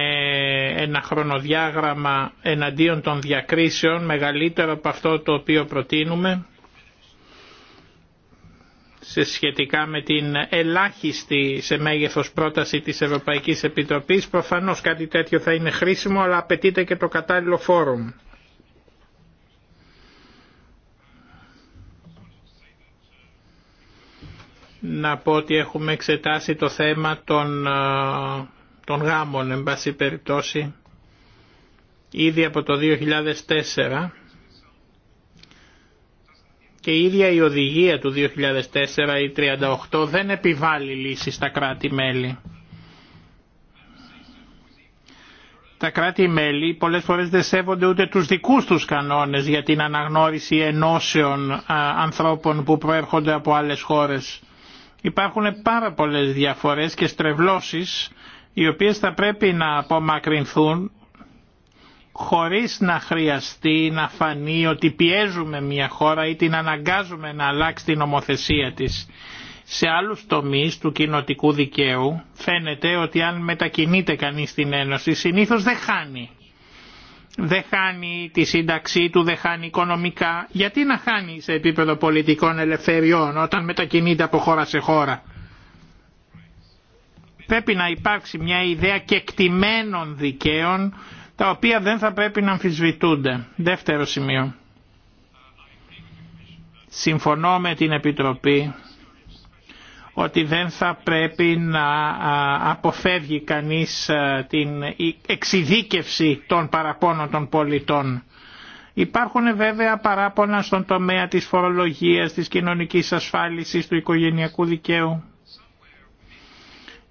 ένα χρονοδιάγραμμα εναντίον των διακρίσεων, μεγαλύτερο από αυτό το οποίο προτείνουμε, σε σχετικά με την ελάχιστη σε μέγεθος πρόταση της Ευρωπαϊκής Επιτροπής. Προφανώς κάτι τέτοιο θα είναι χρήσιμο, αλλά απαιτείται και το κατάλληλο φόρουμ. Να πω ότι έχουμε εξετάσει το θέμα των, των γάμων, εν πάση περιπτώσει, ήδη από το 2004 και η ίδια η οδηγία του 2004 η 38 δεν επιβάλλει λύσεις στα κράτη-μέλη. Τα κράτη-μέλη πολλές φορές δεν σέβονται ούτε τους δικούς τους κανόνες για την αναγνώριση ενώσεων ανθρώπων που προέρχονται από άλλες χώρες. Υπάρχουν πάρα πολλές διαφορές και στρεβλώσεις οι οποίες θα πρέπει να απομακρυνθούν χωρίς να χρειαστεί να φανεί ότι πιέζουμε μια χώρα ή την αναγκάζουμε να αλλάξει την ομοθεσία της. Σε άλλους τομείς του κοινοτικού δικαίου φαίνεται ότι αν μετακινείται κανείς στην Ένωση συνήθως δεν χάνει. Δεν χάνει τη σύνταξή του, δεν χάνει οικονομικά. Γιατί να χάνει σε επίπεδο πολιτικών ελευθεριών όταν μετακινείται από χώρα σε χώρα. Πρέπει να υπάρξει μια ιδέα κεκτημένων δικαίων τα οποία δεν θα πρέπει να αμφισβητούνται. Δεύτερο σημείο. Συμφωνώ με την Επιτροπή ότι δεν θα πρέπει να αποφεύγει κανείς την εξειδίκευση των παραπώνων των πολιτών. Υπάρχουν βέβαια παράπονα στον τομέα της φορολογίας, της κοινωνικής ασφάλισης, του οικογενειακού δικαίου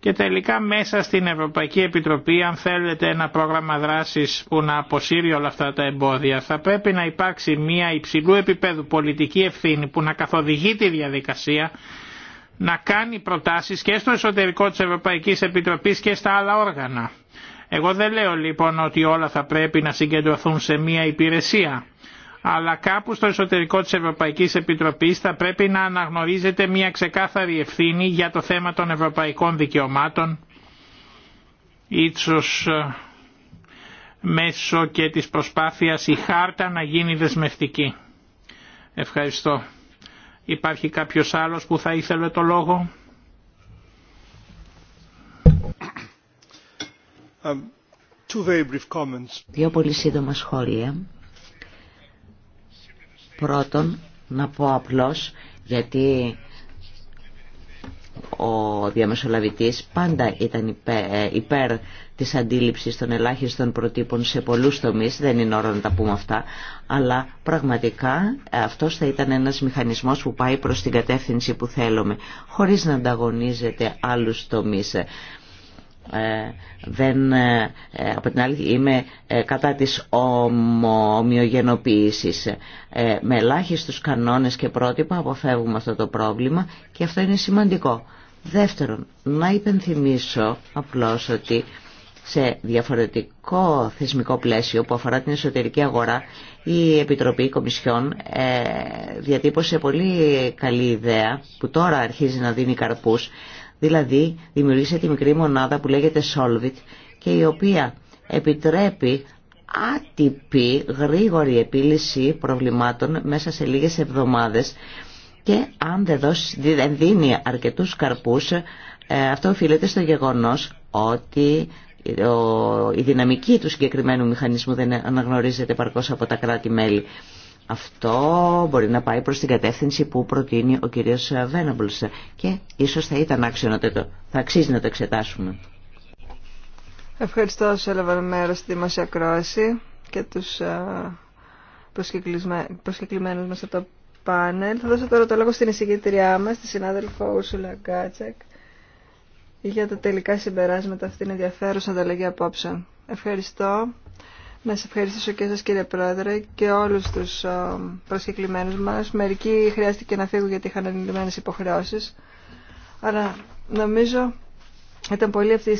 και τελικά μέσα στην Ευρωπαϊκή Επιτροπή αν θέλετε ένα πρόγραμμα δράσης που να αποσύρει όλα αυτά τα εμπόδια θα πρέπει να υπάρξει μια υψηλού επίπεδου πολιτική ευθύνη που να καθοδηγεί τη διαδικασία να κάνει προτάσεις και στο εσωτερικό της Ευρωπαϊκής Επιτροπής και στα άλλα όργανα. Εγώ δεν λέω λοιπόν ότι όλα θα πρέπει να συγκεντρωθούν σε μία υπηρεσία αλλά κάπου στο εσωτερικό της Ευρωπαϊκής Επιτροπής θα πρέπει να αναγνωρίζεται μια ξεκάθαρη ευθύνη για το θέμα των ευρωπαϊκών δικαιωμάτων, ίσως ε, μέσω και της προσπάθειας η χάρτα να γίνει δεσμευτική. Ευχαριστώ. Υπάρχει κάποιος άλλος που θα ήθελε το λόγο. Um, Δύο πολύ σύντομα σχόλια. Πρώτον, να πω απλώς, γιατί ο διαμεσολαβητής πάντα ήταν υπέρ, ε, υπέρ της αντίληψης των ελάχιστων προτύπων σε πολλούς τομείς, δεν είναι ώρα να τα πούμε αυτά, αλλά πραγματικά αυτός θα ήταν ένας μηχανισμός που πάει προς την κατεύθυνση που θέλουμε, χωρίς να ανταγωνίζεται άλλους τομείς. Ε, δεν, ε, ε, από την άλλη είμαι κατά της ομοιογενοποίησης. με ελάχιστους κανόνες και πρότυπα αποφεύγουμε αυτό το πρόβλημα και αυτό είναι σημαντικό. Δεύτερον, να υπενθυμίσω απλώς ότι σε διαφορετικό θεσμικό πλαίσιο που αφορά την εσωτερική αγορά η Επιτροπή Κομισιών διατύπωσε πολύ καλή ιδέα που τώρα αρχίζει να δίνει καρπούς Δηλαδή δημιουργήσε τη μικρή μονάδα που λέγεται Solvit και η οποία επιτρέπει άτυπη γρήγορη επίλυση προβλημάτων μέσα σε λίγες εβδομάδες και αν δεν, δίνει αρκετούς καρπούς ε, αυτό οφείλεται στο γεγονός ότι η δυναμική του συγκεκριμένου μηχανισμού δεν αναγνωρίζεται παρκώς από τα κράτη-μέλη. Αυτό μπορεί να πάει προς την κατεύθυνση που προτείνει ο κύριος Βέναμπλς και ίσως θα ήταν άξιο να το, θα αξίζει να το εξετάσουμε. Ευχαριστώ όσο έλαβαν μέρος στη δημόσια κρόαση και τους ε, προσκεκλημένους μας από το πάνελ. Θα δώσω τώρα το λόγο στην εισηγήτριά μας, τη συνάδελφο Ούρσουλα Γκάτσεκ, για τα τελικά συμπεράσματα αυτήν ενδιαφέρουσα ανταλλαγή απόψεων. Ευχαριστώ. Να σας ευχαριστήσω και σας κύριε Πρόεδρε και όλους τους προσκεκλημένους μας. Μερικοί χρειάστηκε να φύγουν γιατί είχαν ανηλυμένες υποχρεώσεις. Άρα νομίζω ήταν πολύ, αυτή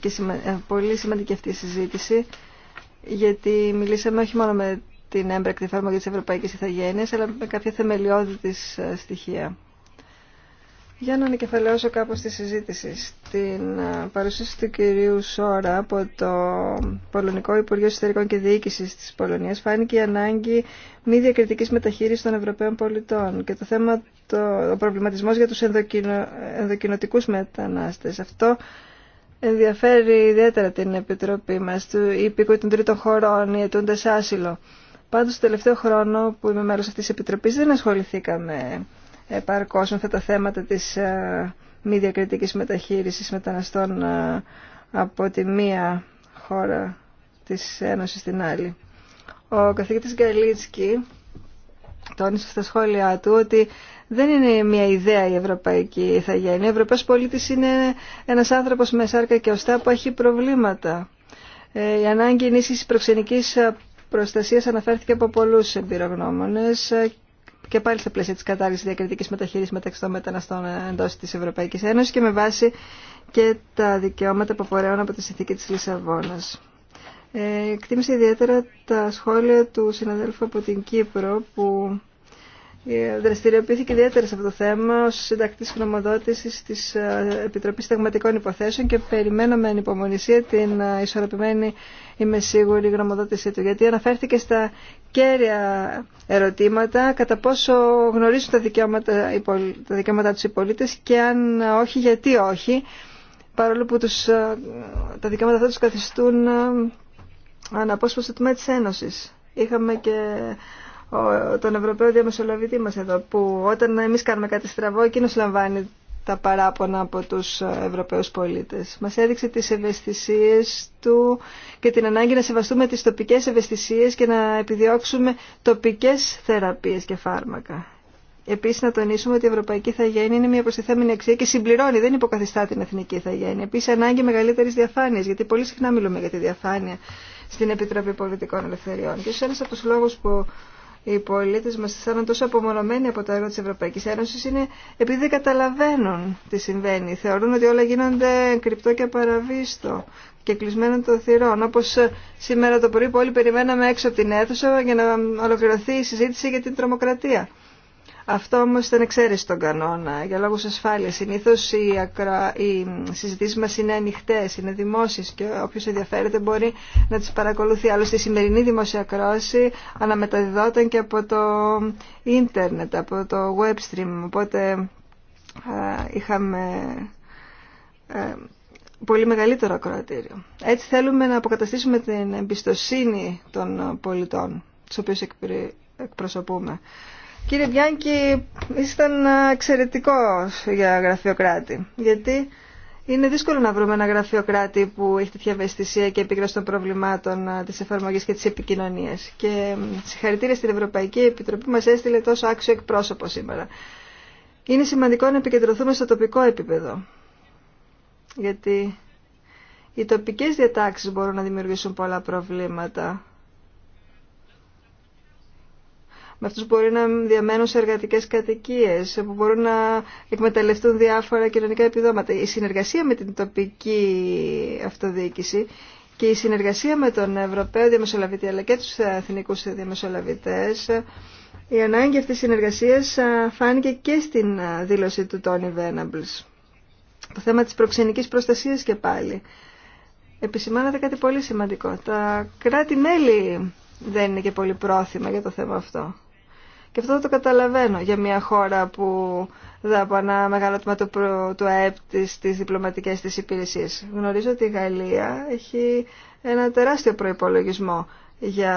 και ε, πολύ σημαντική αυτή η συζήτηση γιατί μιλήσαμε όχι μόνο με την έμπρακτη εφαρμογή της Ευρωπαϊκής Ιθαγένειας αλλά με κάποια θεμελιώδη της ε, στοιχεία. Για να ανακεφαλαιώσω κάπως τη συζήτηση στην ε, παρουσίαση του κυρίου Σόρα από το Πολωνικό Υπουργείο Εσωτερικών και Διοίκησης της Πολωνίας φάνηκε η ανάγκη μη διακριτικής μεταχείρισης των Ευρωπαίων πολιτών και το θέμα, το, ο προβληματισμός για τους ενδοκινο, ενδοκινοτικούς μετανάστες. Αυτό ενδιαφέρει ιδιαίτερα την Επιτροπή μας, του υπήκου των τρίτων χωρών, οι αιτούντε άσυλο. Πάντως, το τελευταίο χρόνο που είμαι μέρος αυτής της επιτροπή, δεν ασχοληθήκαμε επαρκώσουν αυτά τα θέματα της ε, μη διακριτικής μεταχείρισης μεταναστών ε, από τη μία χώρα της Ένωσης στην άλλη. Ο καθηγητής Γκαλίτσκι τόνισε στα σχόλιά του ότι δεν είναι μια ιδέα η ευρωπαϊκή ηθαγένεια. Ο Ευρωπαίος πολίτης είναι ένας άνθρωπος με σάρκα και οστά που έχει προβλήματα. Ε, η ανάγκη ενίσχυσης προξενικής προστασίας αναφέρθηκε από πολλούς εμπειρογνώμονες και πάλι στα πλαίσια της κατάργησης διακριτικής μεταχείρισης μεταξύ των μεταναστών εντός της Ευρωπαϊκής Ένωσης και με βάση και τα δικαιώματα που από τη συνθήκη της Λισαβόνας. Ε, εκτίμησε ιδιαίτερα τα σχόλια του συναδέλφου από την Κύπρο που ε, δραστηριοποιήθηκε ιδιαίτερα σε αυτό το θέμα ως συντακτής γνωμοδότησης της ε, Επιτροπής Σταγματικών Υποθέσεων και περιμένω με ανυπομονησία την ε, ισορροπημένη είμαι σίγουρη γνωμοδότησή του γιατί αναφέρθηκε στα κέρια ερωτήματα κατά πόσο γνωρίζουν τα δικαιώματα, τα δικαιώματα τους οι πολίτες και αν όχι γιατί όχι παρόλο που τους, τα δικαιώματα αυτά τους καθιστούν αναπόσπαστο τμήμα της Ένωσης. Είχαμε και τον Ευρωπαίο Διαμεσολαβητή μας εδώ, που όταν εμείς κάνουμε κάτι στραβό, εκείνος λαμβάνει τα παράπονα από τους Ευρωπαίους πολίτες. Μας έδειξε τις ευαισθησίες του και την ανάγκη να σεβαστούμε τις τοπικές ευαισθησίες και να επιδιώξουμε τοπικές θεραπείες και φάρμακα. Επίση, να τονίσουμε ότι η Ευρωπαϊκή Θαγένεια είναι μια προστιθέμενη αξία και συμπληρώνει, δεν υποκαθιστά την Εθνική Θαγέννη. Επίση, ανάγκη μεγαλύτερη διαφάνεια, γιατί πολύ συχνά μιλούμε για τη διαφάνεια στην Επιτροπή Πολιτικών Ελευθεριών. Και ένα από του που οι πολίτες μας αισθάνονται τόσο απομονωμένοι από το έργο τη Ευρωπαϊκή Ένωση, είναι επειδή δεν καταλαβαίνουν τι συμβαίνει. Θεωρούν ότι όλα γίνονται κρυπτό και παραβίστο και κλεισμένο των θυρών. Όπως σήμερα το πρωί που όλοι περιμέναμε έξω από την αίθουσα για να ολοκληρωθεί η συζήτηση για την τρομοκρατία. Αυτό όμω ήταν εξαίρεση τον κανόνα για λόγου ασφάλεια. Συνήθω οι, ακρα... οι συζητήσει μα είναι ανοιχτέ, είναι δημόσιε και όποιο ενδιαφέρεται μπορεί να τι παρακολουθεί. Άλλωστε η σημερινή δημόσια κρόση αναμεταδιδόταν και από το ίντερνετ, από το web stream. Οπότε είχαμε ε, πολύ μεγαλύτερο ακροατήριο. Έτσι θέλουμε να αποκαταστήσουμε την εμπιστοσύνη των πολιτών, του οποίου εκπροσωπούμε. Κύριε Μπιάνκι, ήσταν εξαιρετικό για γραφειοκράτη. Γιατί είναι δύσκολο να βρούμε ένα γραφειοκράτη που έχει τέτοια ευαισθησία και επίκριση των προβλημάτων τη εφαρμογή και τη επικοινωνία. Και συγχαρητήρια στην Ευρωπαϊκή Επιτροπή που μα έστειλε τόσο άξιο εκπρόσωπο σήμερα. Είναι σημαντικό να επικεντρωθούμε στο τοπικό επίπεδο. Γιατί οι τοπικές διατάξεις μπορούν να δημιουργήσουν πολλά προβλήματα με αυτούς που μπορεί να διαμένουν σε εργατικές κατοικίες, που μπορούν να εκμεταλλευτούν διάφορα κοινωνικά επιδόματα. Η συνεργασία με την τοπική αυτοδιοίκηση και η συνεργασία με τον Ευρωπαίο Διαμεσολαβητή αλλά και τους Εθνικούς Διαμεσολαβητές η ανάγκη αυτής της συνεργασίας φάνηκε και στην δήλωση του Τόνι Βέναμπλς. Το θέμα της προξενικής προστασίας και πάλι. Επισημάνατε κάτι πολύ σημαντικό. Τα κράτη-μέλη δεν είναι και πολύ πρόθυμα για το θέμα αυτό. Και αυτό το καταλαβαίνω για μια χώρα που δαπανά μεγάλο τμήμα του, του ΑΕΠ στις διπλωματικές της υπηρεσίες. Γνωρίζω ότι η Γαλλία έχει ένα τεράστιο προϋπολογισμό για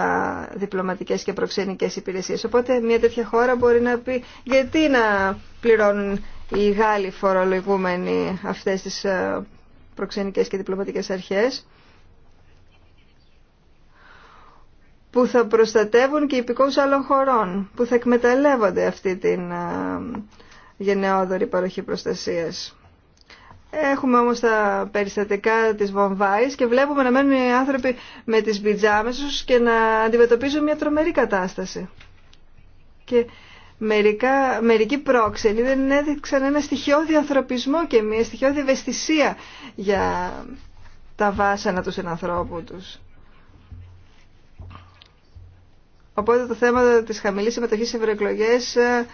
διπλωματικές και προξενικές υπηρεσίες. Οπότε μια τέτοια χώρα μπορεί να πει γιατί να πληρώνουν οι Γάλλοι φορολογούμενοι αυτές τις ε, προξενικές και διπλωματικές αρχές που θα προστατεύουν και υπηκόους άλλων χωρών, που θα εκμεταλλεύονται αυτή την γενναιόδορη παροχή προστασίας. Έχουμε όμως τα περιστατικά της Βομβάης και βλέπουμε να μένουν οι άνθρωποι με τις πιτζάμες τους και να αντιμετωπίζουν μια τρομερή κατάσταση. Και μερικά, μερικοί πρόξενοι δεν έδειξαν ένα στοιχειώδη ανθρωπισμό και μια στοιχειώδη ευαισθησία για τα βάσανα του συνανθρώπου τους. Οπότε το θέμα της χαμηλής συμμετοχής σε ευρωεκλογέ ε,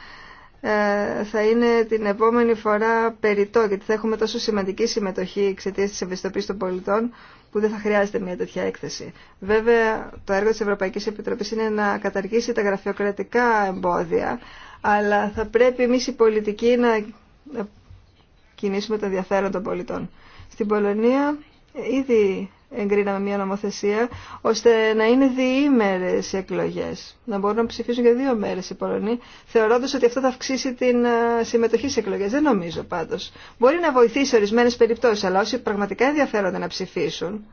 ε, θα είναι την επόμενη φορά περιττό, γιατί θα έχουμε τόσο σημαντική συμμετοχή εξαιτία τη ευαισθητοποίηση των πολιτών, που δεν θα χρειάζεται μια τέτοια έκθεση. Βέβαια, το έργο τη Ευρωπαϊκή Επιτροπή είναι να καταργήσει τα γραφειοκρατικά εμπόδια, αλλά θα πρέπει εμεί οι πολιτικοί να κινήσουμε το ενδιαφέρον των πολιτών. Στην Πολωνία ήδη εγκρίναμε μια νομοθεσία ώστε να είναι διήμερες οι εκλογές, να μπορούν να ψηφίσουν για δύο μέρες οι Πολωνοί, θεωρώντας ότι αυτό θα αυξήσει την ε, συμμετοχή σε εκλογές. Δεν νομίζω πάντως. Μπορεί να βοηθήσει ορισμένες περιπτώσεις, αλλά όσοι πραγματικά ενδιαφέρονται να ψηφίσουν,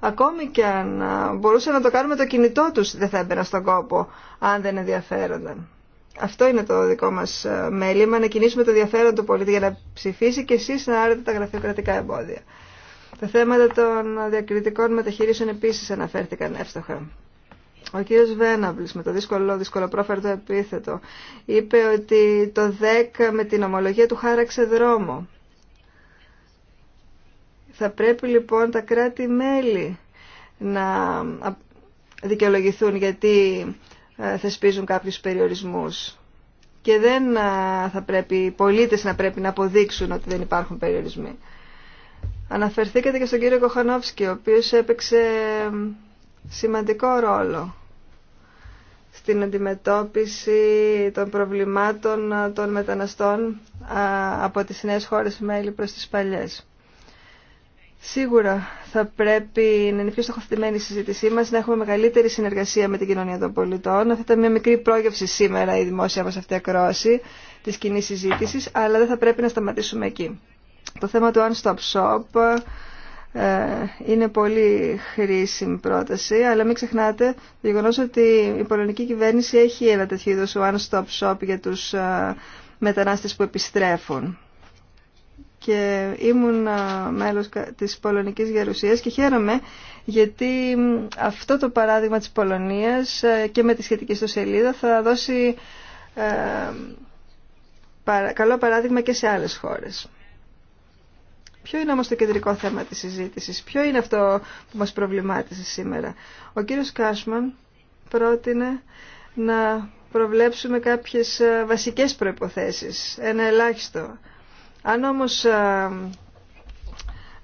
ακόμη και αν ε, μπορούσαν να το κάνουν με το κινητό τους, δεν θα έμπαιναν στον κόπο, αν δεν ενδιαφέρονταν. Αυτό είναι το δικό μας ε, μέλημα, να κινήσουμε το ενδιαφέρον του πολίτη για να ψηφίσει και εσείς να άρετε τα γραφειοκρατικά εμπόδια. Τα θέματα των διακριτικών μεταχειρήσεων επίσης αναφέρθηκαν εύστοχα. Ο κύριος Βέναβλης με το δύσκολο, πρόφερτο επίθετο είπε ότι το 10 με την ομολογία του χάραξε δρόμο. Θα πρέπει λοιπόν τα κράτη-μέλη να δικαιολογηθούν γιατί ε, θεσπίζουν κάποιους περιορισμούς. Και δεν ε, θα πρέπει οι πολίτες να πρέπει να αποδείξουν ότι δεν υπάρχουν περιορισμοί. Αναφερθήκατε και στον κύριο Κοχανόφσκι, ο οποίος έπαιξε σημαντικό ρόλο στην αντιμετώπιση των προβλημάτων ε, των μεταναστών από τις νέες χώρες μέλη προς τις παλιές. Σίγουρα θα πρέπει να είναι πιο στοχοθετημένη η συζήτησή μας, να έχουμε μεγαλύτερη συνεργασία με την κοινωνία των πολιτών. Αυτή ήταν μια μικρή πρόγευση σήμερα η δημόσια μας αυτή ακρόαση της κοινή συζήτηση, αλλά δεν θα πρέπει να σταματήσουμε εκεί. Το θέμα του One Stop Shop ε, είναι πολύ χρήσιμη πρόταση, αλλά μην ξεχνάτε το γεγονό ότι η πολωνική κυβέρνηση έχει ένα τέτοιο είδο One Stop Shop για τους ε, μετανάστες που επιστρέφουν. Και ήμουν ε, μέλος της Πολωνικής Γερουσίας και χαίρομαι γιατί αυτό το παράδειγμα της Πολωνίας και με τη σχετική σελίδα θα δώσει καλό παράδειγμα και σε άλλες χώρες. Ποιο είναι όμως το κεντρικό θέμα της συζήτησης, ποιο είναι αυτό που μας προβλημάτισε σήμερα. Ο κύριος Κάσμαν πρότεινε να προβλέψουμε κάποιες ε, βασικές προϋποθέσεις, ένα ελάχιστο. Αν όμως ε,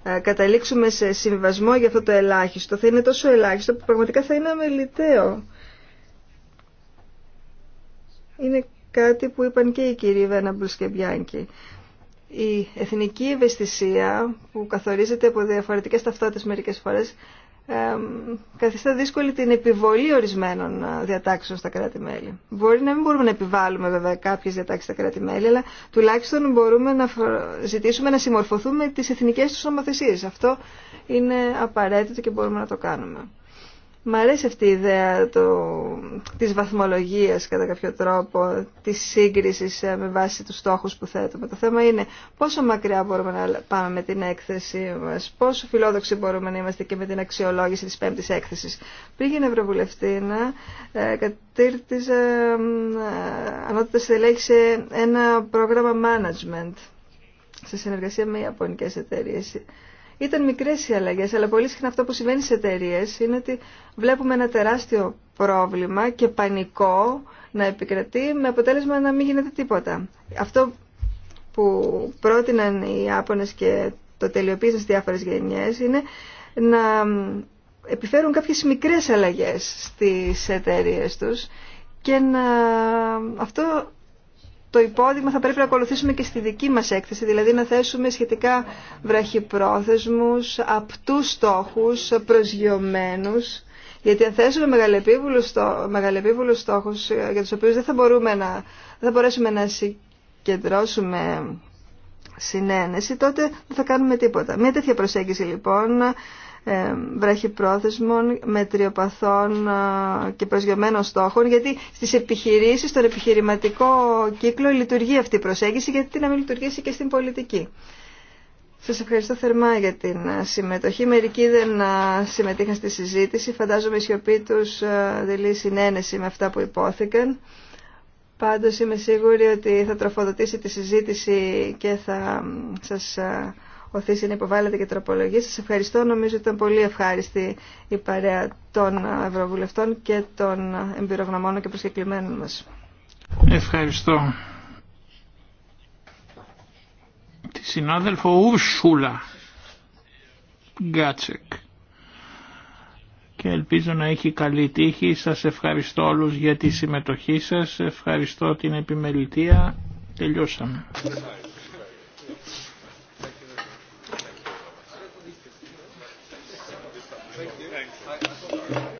ε, καταλήξουμε σε συμβασμό για αυτό το ελάχιστο, θα είναι τόσο ελάχιστο που πραγματικά θα είναι αμεληταίο. Είναι κάτι που είπαν και οι κύριοι Βέναμπλους και Μπιάνκι. Η εθνική ευαισθησία που καθορίζεται από διαφορετικές ταυτότητες μερικές φορές καθιστά δύσκολη την επιβολή ορισμένων διατάξεων στα κράτη-μέλη. Μπορεί να μην μπορούμε να επιβάλλουμε βέβαια κάποιες διατάξεις στα κράτη-μέλη, αλλά τουλάχιστον μπορούμε να ζητήσουμε να συμμορφωθούμε τις εθνικές τους νομοθεσίες. Αυτό είναι απαραίτητο και μπορούμε να το κάνουμε. Μ' αρέσει αυτή η ιδέα το, της βαθμολογίας κατά κάποιο τρόπο, της σύγκρισης ε, με βάση τους στόχους που θέτουμε. Το θέμα είναι πόσο μακριά μπορούμε να πάμε με την έκθεση μας, πόσο φιλόδοξοι μπορούμε να είμαστε και με την αξιολόγηση της πέμπτης έκθεσης. Πριν γίνει Ευρωβουλευτή ε, κατήρτιζε ε, ένα πρόγραμμα management σε συνεργασία με ιαπωνικές εταιρείες. Ήταν μικρές οι αλλαγέ, αλλά πολύ συχνά αυτό που συμβαίνει σε εταιρείε είναι ότι βλέπουμε ένα τεράστιο πρόβλημα και πανικό να επικρατεί με αποτέλεσμα να μην γίνεται τίποτα. Αυτό που πρότειναν οι Άπωνες και το τελειοποίησαν στις διάφορες γενιές είναι να επιφέρουν κάποιες μικρές αλλαγέ στις εταιρείε τους και να... αυτό το υπόδειγμα θα πρέπει να ακολουθήσουμε και στη δική μας έκθεση, δηλαδή να θέσουμε σχετικά βραχυπρόθεσμους, απτούς στόχους, προσγειωμένους, γιατί αν θέσουμε μεγαλεπίβουλους, στό, στόχους ε, για τους οποίους δεν θα, μπορούμε να, δεν θα μπορέσουμε να συγκεντρώσουμε συνένεση, τότε δεν θα κάνουμε τίποτα. Μια τέτοια προσέγγιση λοιπόν με μετριοπαθών ε, και προσγειωμένων στόχων, γιατί στις επιχειρήσεις, στον επιχειρηματικό κύκλο λειτουργεί αυτή η προσέγγιση, γιατί να μην λειτουργήσει και στην πολιτική. Σας ευχαριστώ θερμά για την ε, συμμετοχή. Μερικοί δεν ε, συμμετείχαν στη συζήτηση. Φαντάζομαι η σιωπή τους δηλεί συνένεση με αυτά που υπόθηκαν. Πάντως είμαι σίγουρη ότι θα τροφοδοτήσει τη συζήτηση και θα σας οθήσει να υποβάλλετε και τροπολογία. Σας ευχαριστώ. Νομίζω ότι ήταν πολύ ευχάριστη η παρέα των Ευρωβουλευτών και των εμπειρογνωμών και προσκεκλημένων μας. Ευχαριστώ. Τη συνάδελφο Ούρσουλα Γκάτσεκ και ελπίζω να έχει καλή τύχη. Σας ευχαριστώ όλους για τη συμμετοχή σας. Ευχαριστώ την επιμελητία. Τελειώσαμε.